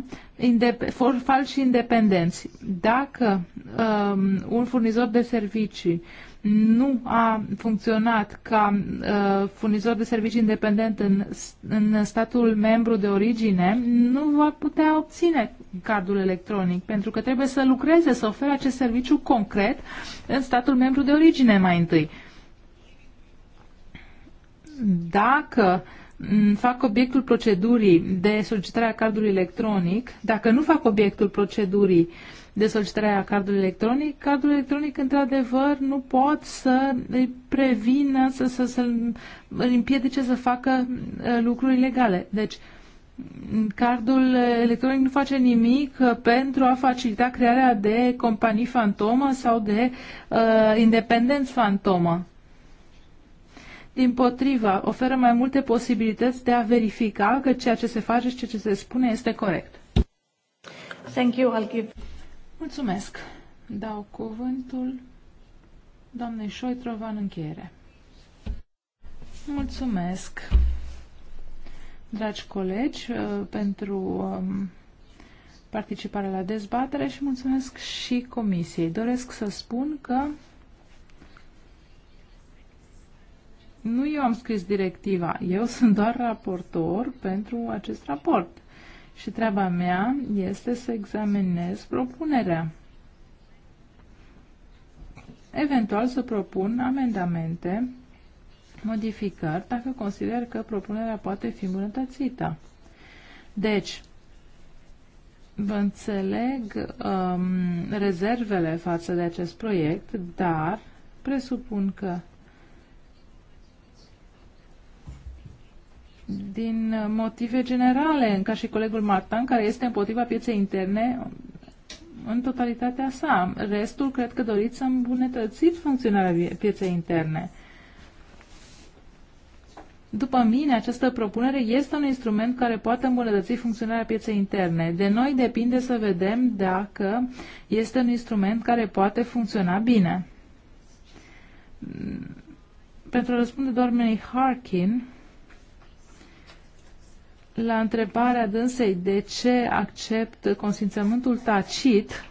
falși independenți. Dacă um, un furnizor de servicii nu a funcționat ca uh, furnizor de servicii independent în, în statul membru de origine, nu va putea obține cardul electronic, pentru că trebuie să lucreze, să ofere acest serviciu concret în statul membru de origine mai întâi. Dacă mm, fac obiectul procedurii de solicitare a cardului electronic, dacă nu fac obiectul procedurii uh, de solicitare a cardului electronic, cardul electronic, într-adevăr, nu pot să îi prevină, să, să, să îl împiedice să facă uh, lucruri ilegale. Deci, cardul electronic nu face nimic uh, pentru a facilita crearea de companii fantomă sau de uh, independenți fantomă. Din potriva, oferă mai multe posibilități de a verifica că ceea ce se face și ceea ce se spune este corect. Thank you. I'll give... Mulțumesc. Dau cuvântul doamnei Șoitrova în încheiere. Mulțumesc, dragi colegi, uh, pentru um, participarea la dezbatere și mulțumesc și comisiei. Doresc să spun că nu eu am scris directiva, eu sunt doar raportor pentru acest raport. Și treaba mea este să examinez propunerea. Eventual să propun amendamente, modificări, dacă consider că propunerea poate fi îmbunătățită. Deci, Vă înțeleg um, rezervele față de acest proiect, dar presupun că din motive generale, ca și colegul Martan, care este împotriva pieței interne în totalitatea sa. Restul, cred că doriți să îmbunătățiți funcționarea pieței interne. După mine, această propunere este un instrument care poate îmbunătăți funcționarea pieței interne. De noi depinde să vedem dacă este un instrument care poate funcționa bine. Pentru a răspunde doamnei Harkin, la întrebarea dânsei de ce accept consimțământul tacit,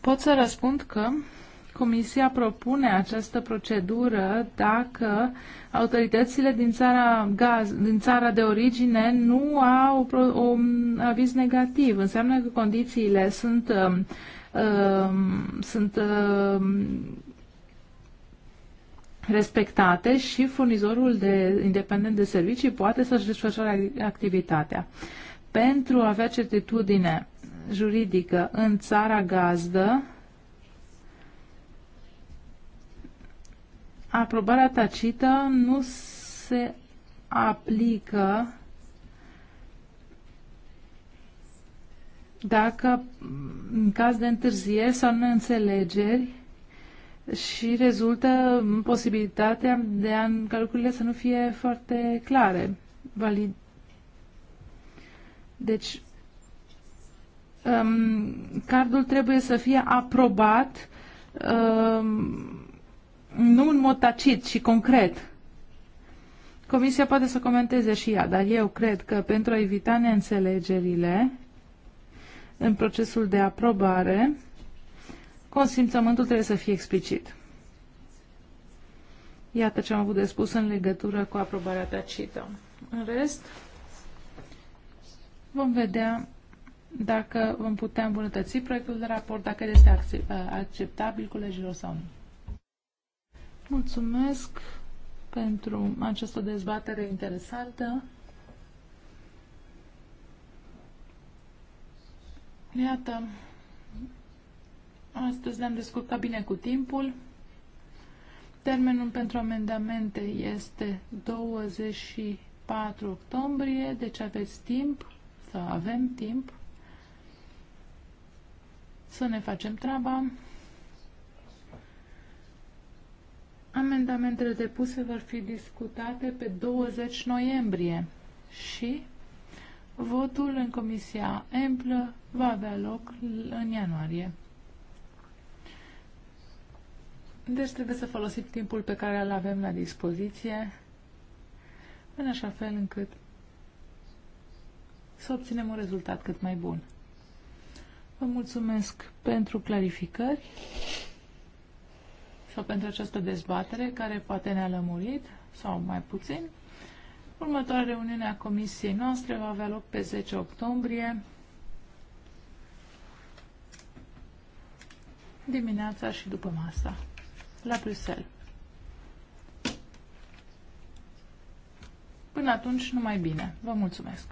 pot să răspund că Comisia propune această procedură dacă autoritățile din țara, gaz, din țara de origine nu au un aviz negativ. Înseamnă că condițiile sunt, uh, sunt uh, respectate și furnizorul de, independent de servicii poate să-și desfășoare activitatea. Pentru a avea certitudine juridică în țara gazdă, aprobarea tacită nu se aplică dacă în caz de întârzieri sau neînțelegeri și rezultă posibilitatea de a calculele să nu fie foarte clare. Valid. Deci, um, cardul trebuie să fie aprobat um, nu în mod tacit, ci concret. Comisia poate să comenteze și ea, dar eu cred că pentru a evita neînțelegerile în procesul de aprobare, Consimțământul trebuie să fie explicit. Iată ce am avut de spus în legătură cu aprobarea tacită. În rest, vom vedea dacă vom putea îmbunătăți proiectul de raport, dacă este acceptabil colegilor sau nu. Mulțumesc pentru această dezbatere interesantă. Iată. Astăzi le-am descurcat bine cu timpul. Termenul pentru amendamente este 24 octombrie, deci aveți timp, să avem timp, să ne facem treaba. Amendamentele depuse vor fi discutate pe 20 noiembrie și votul în Comisia Amplă va avea loc în ianuarie. Deci trebuie să folosim timpul pe care îl avem la dispoziție în așa fel încât să obținem un rezultat cât mai bun. Vă mulțumesc pentru clarificări sau pentru această dezbatere care poate ne-a lămurit sau mai puțin. Următoarea reuniune a comisiei noastre va avea loc pe 10 octombrie dimineața și după masa la Bruxelles. Până atunci, numai bine. Vă mulțumesc!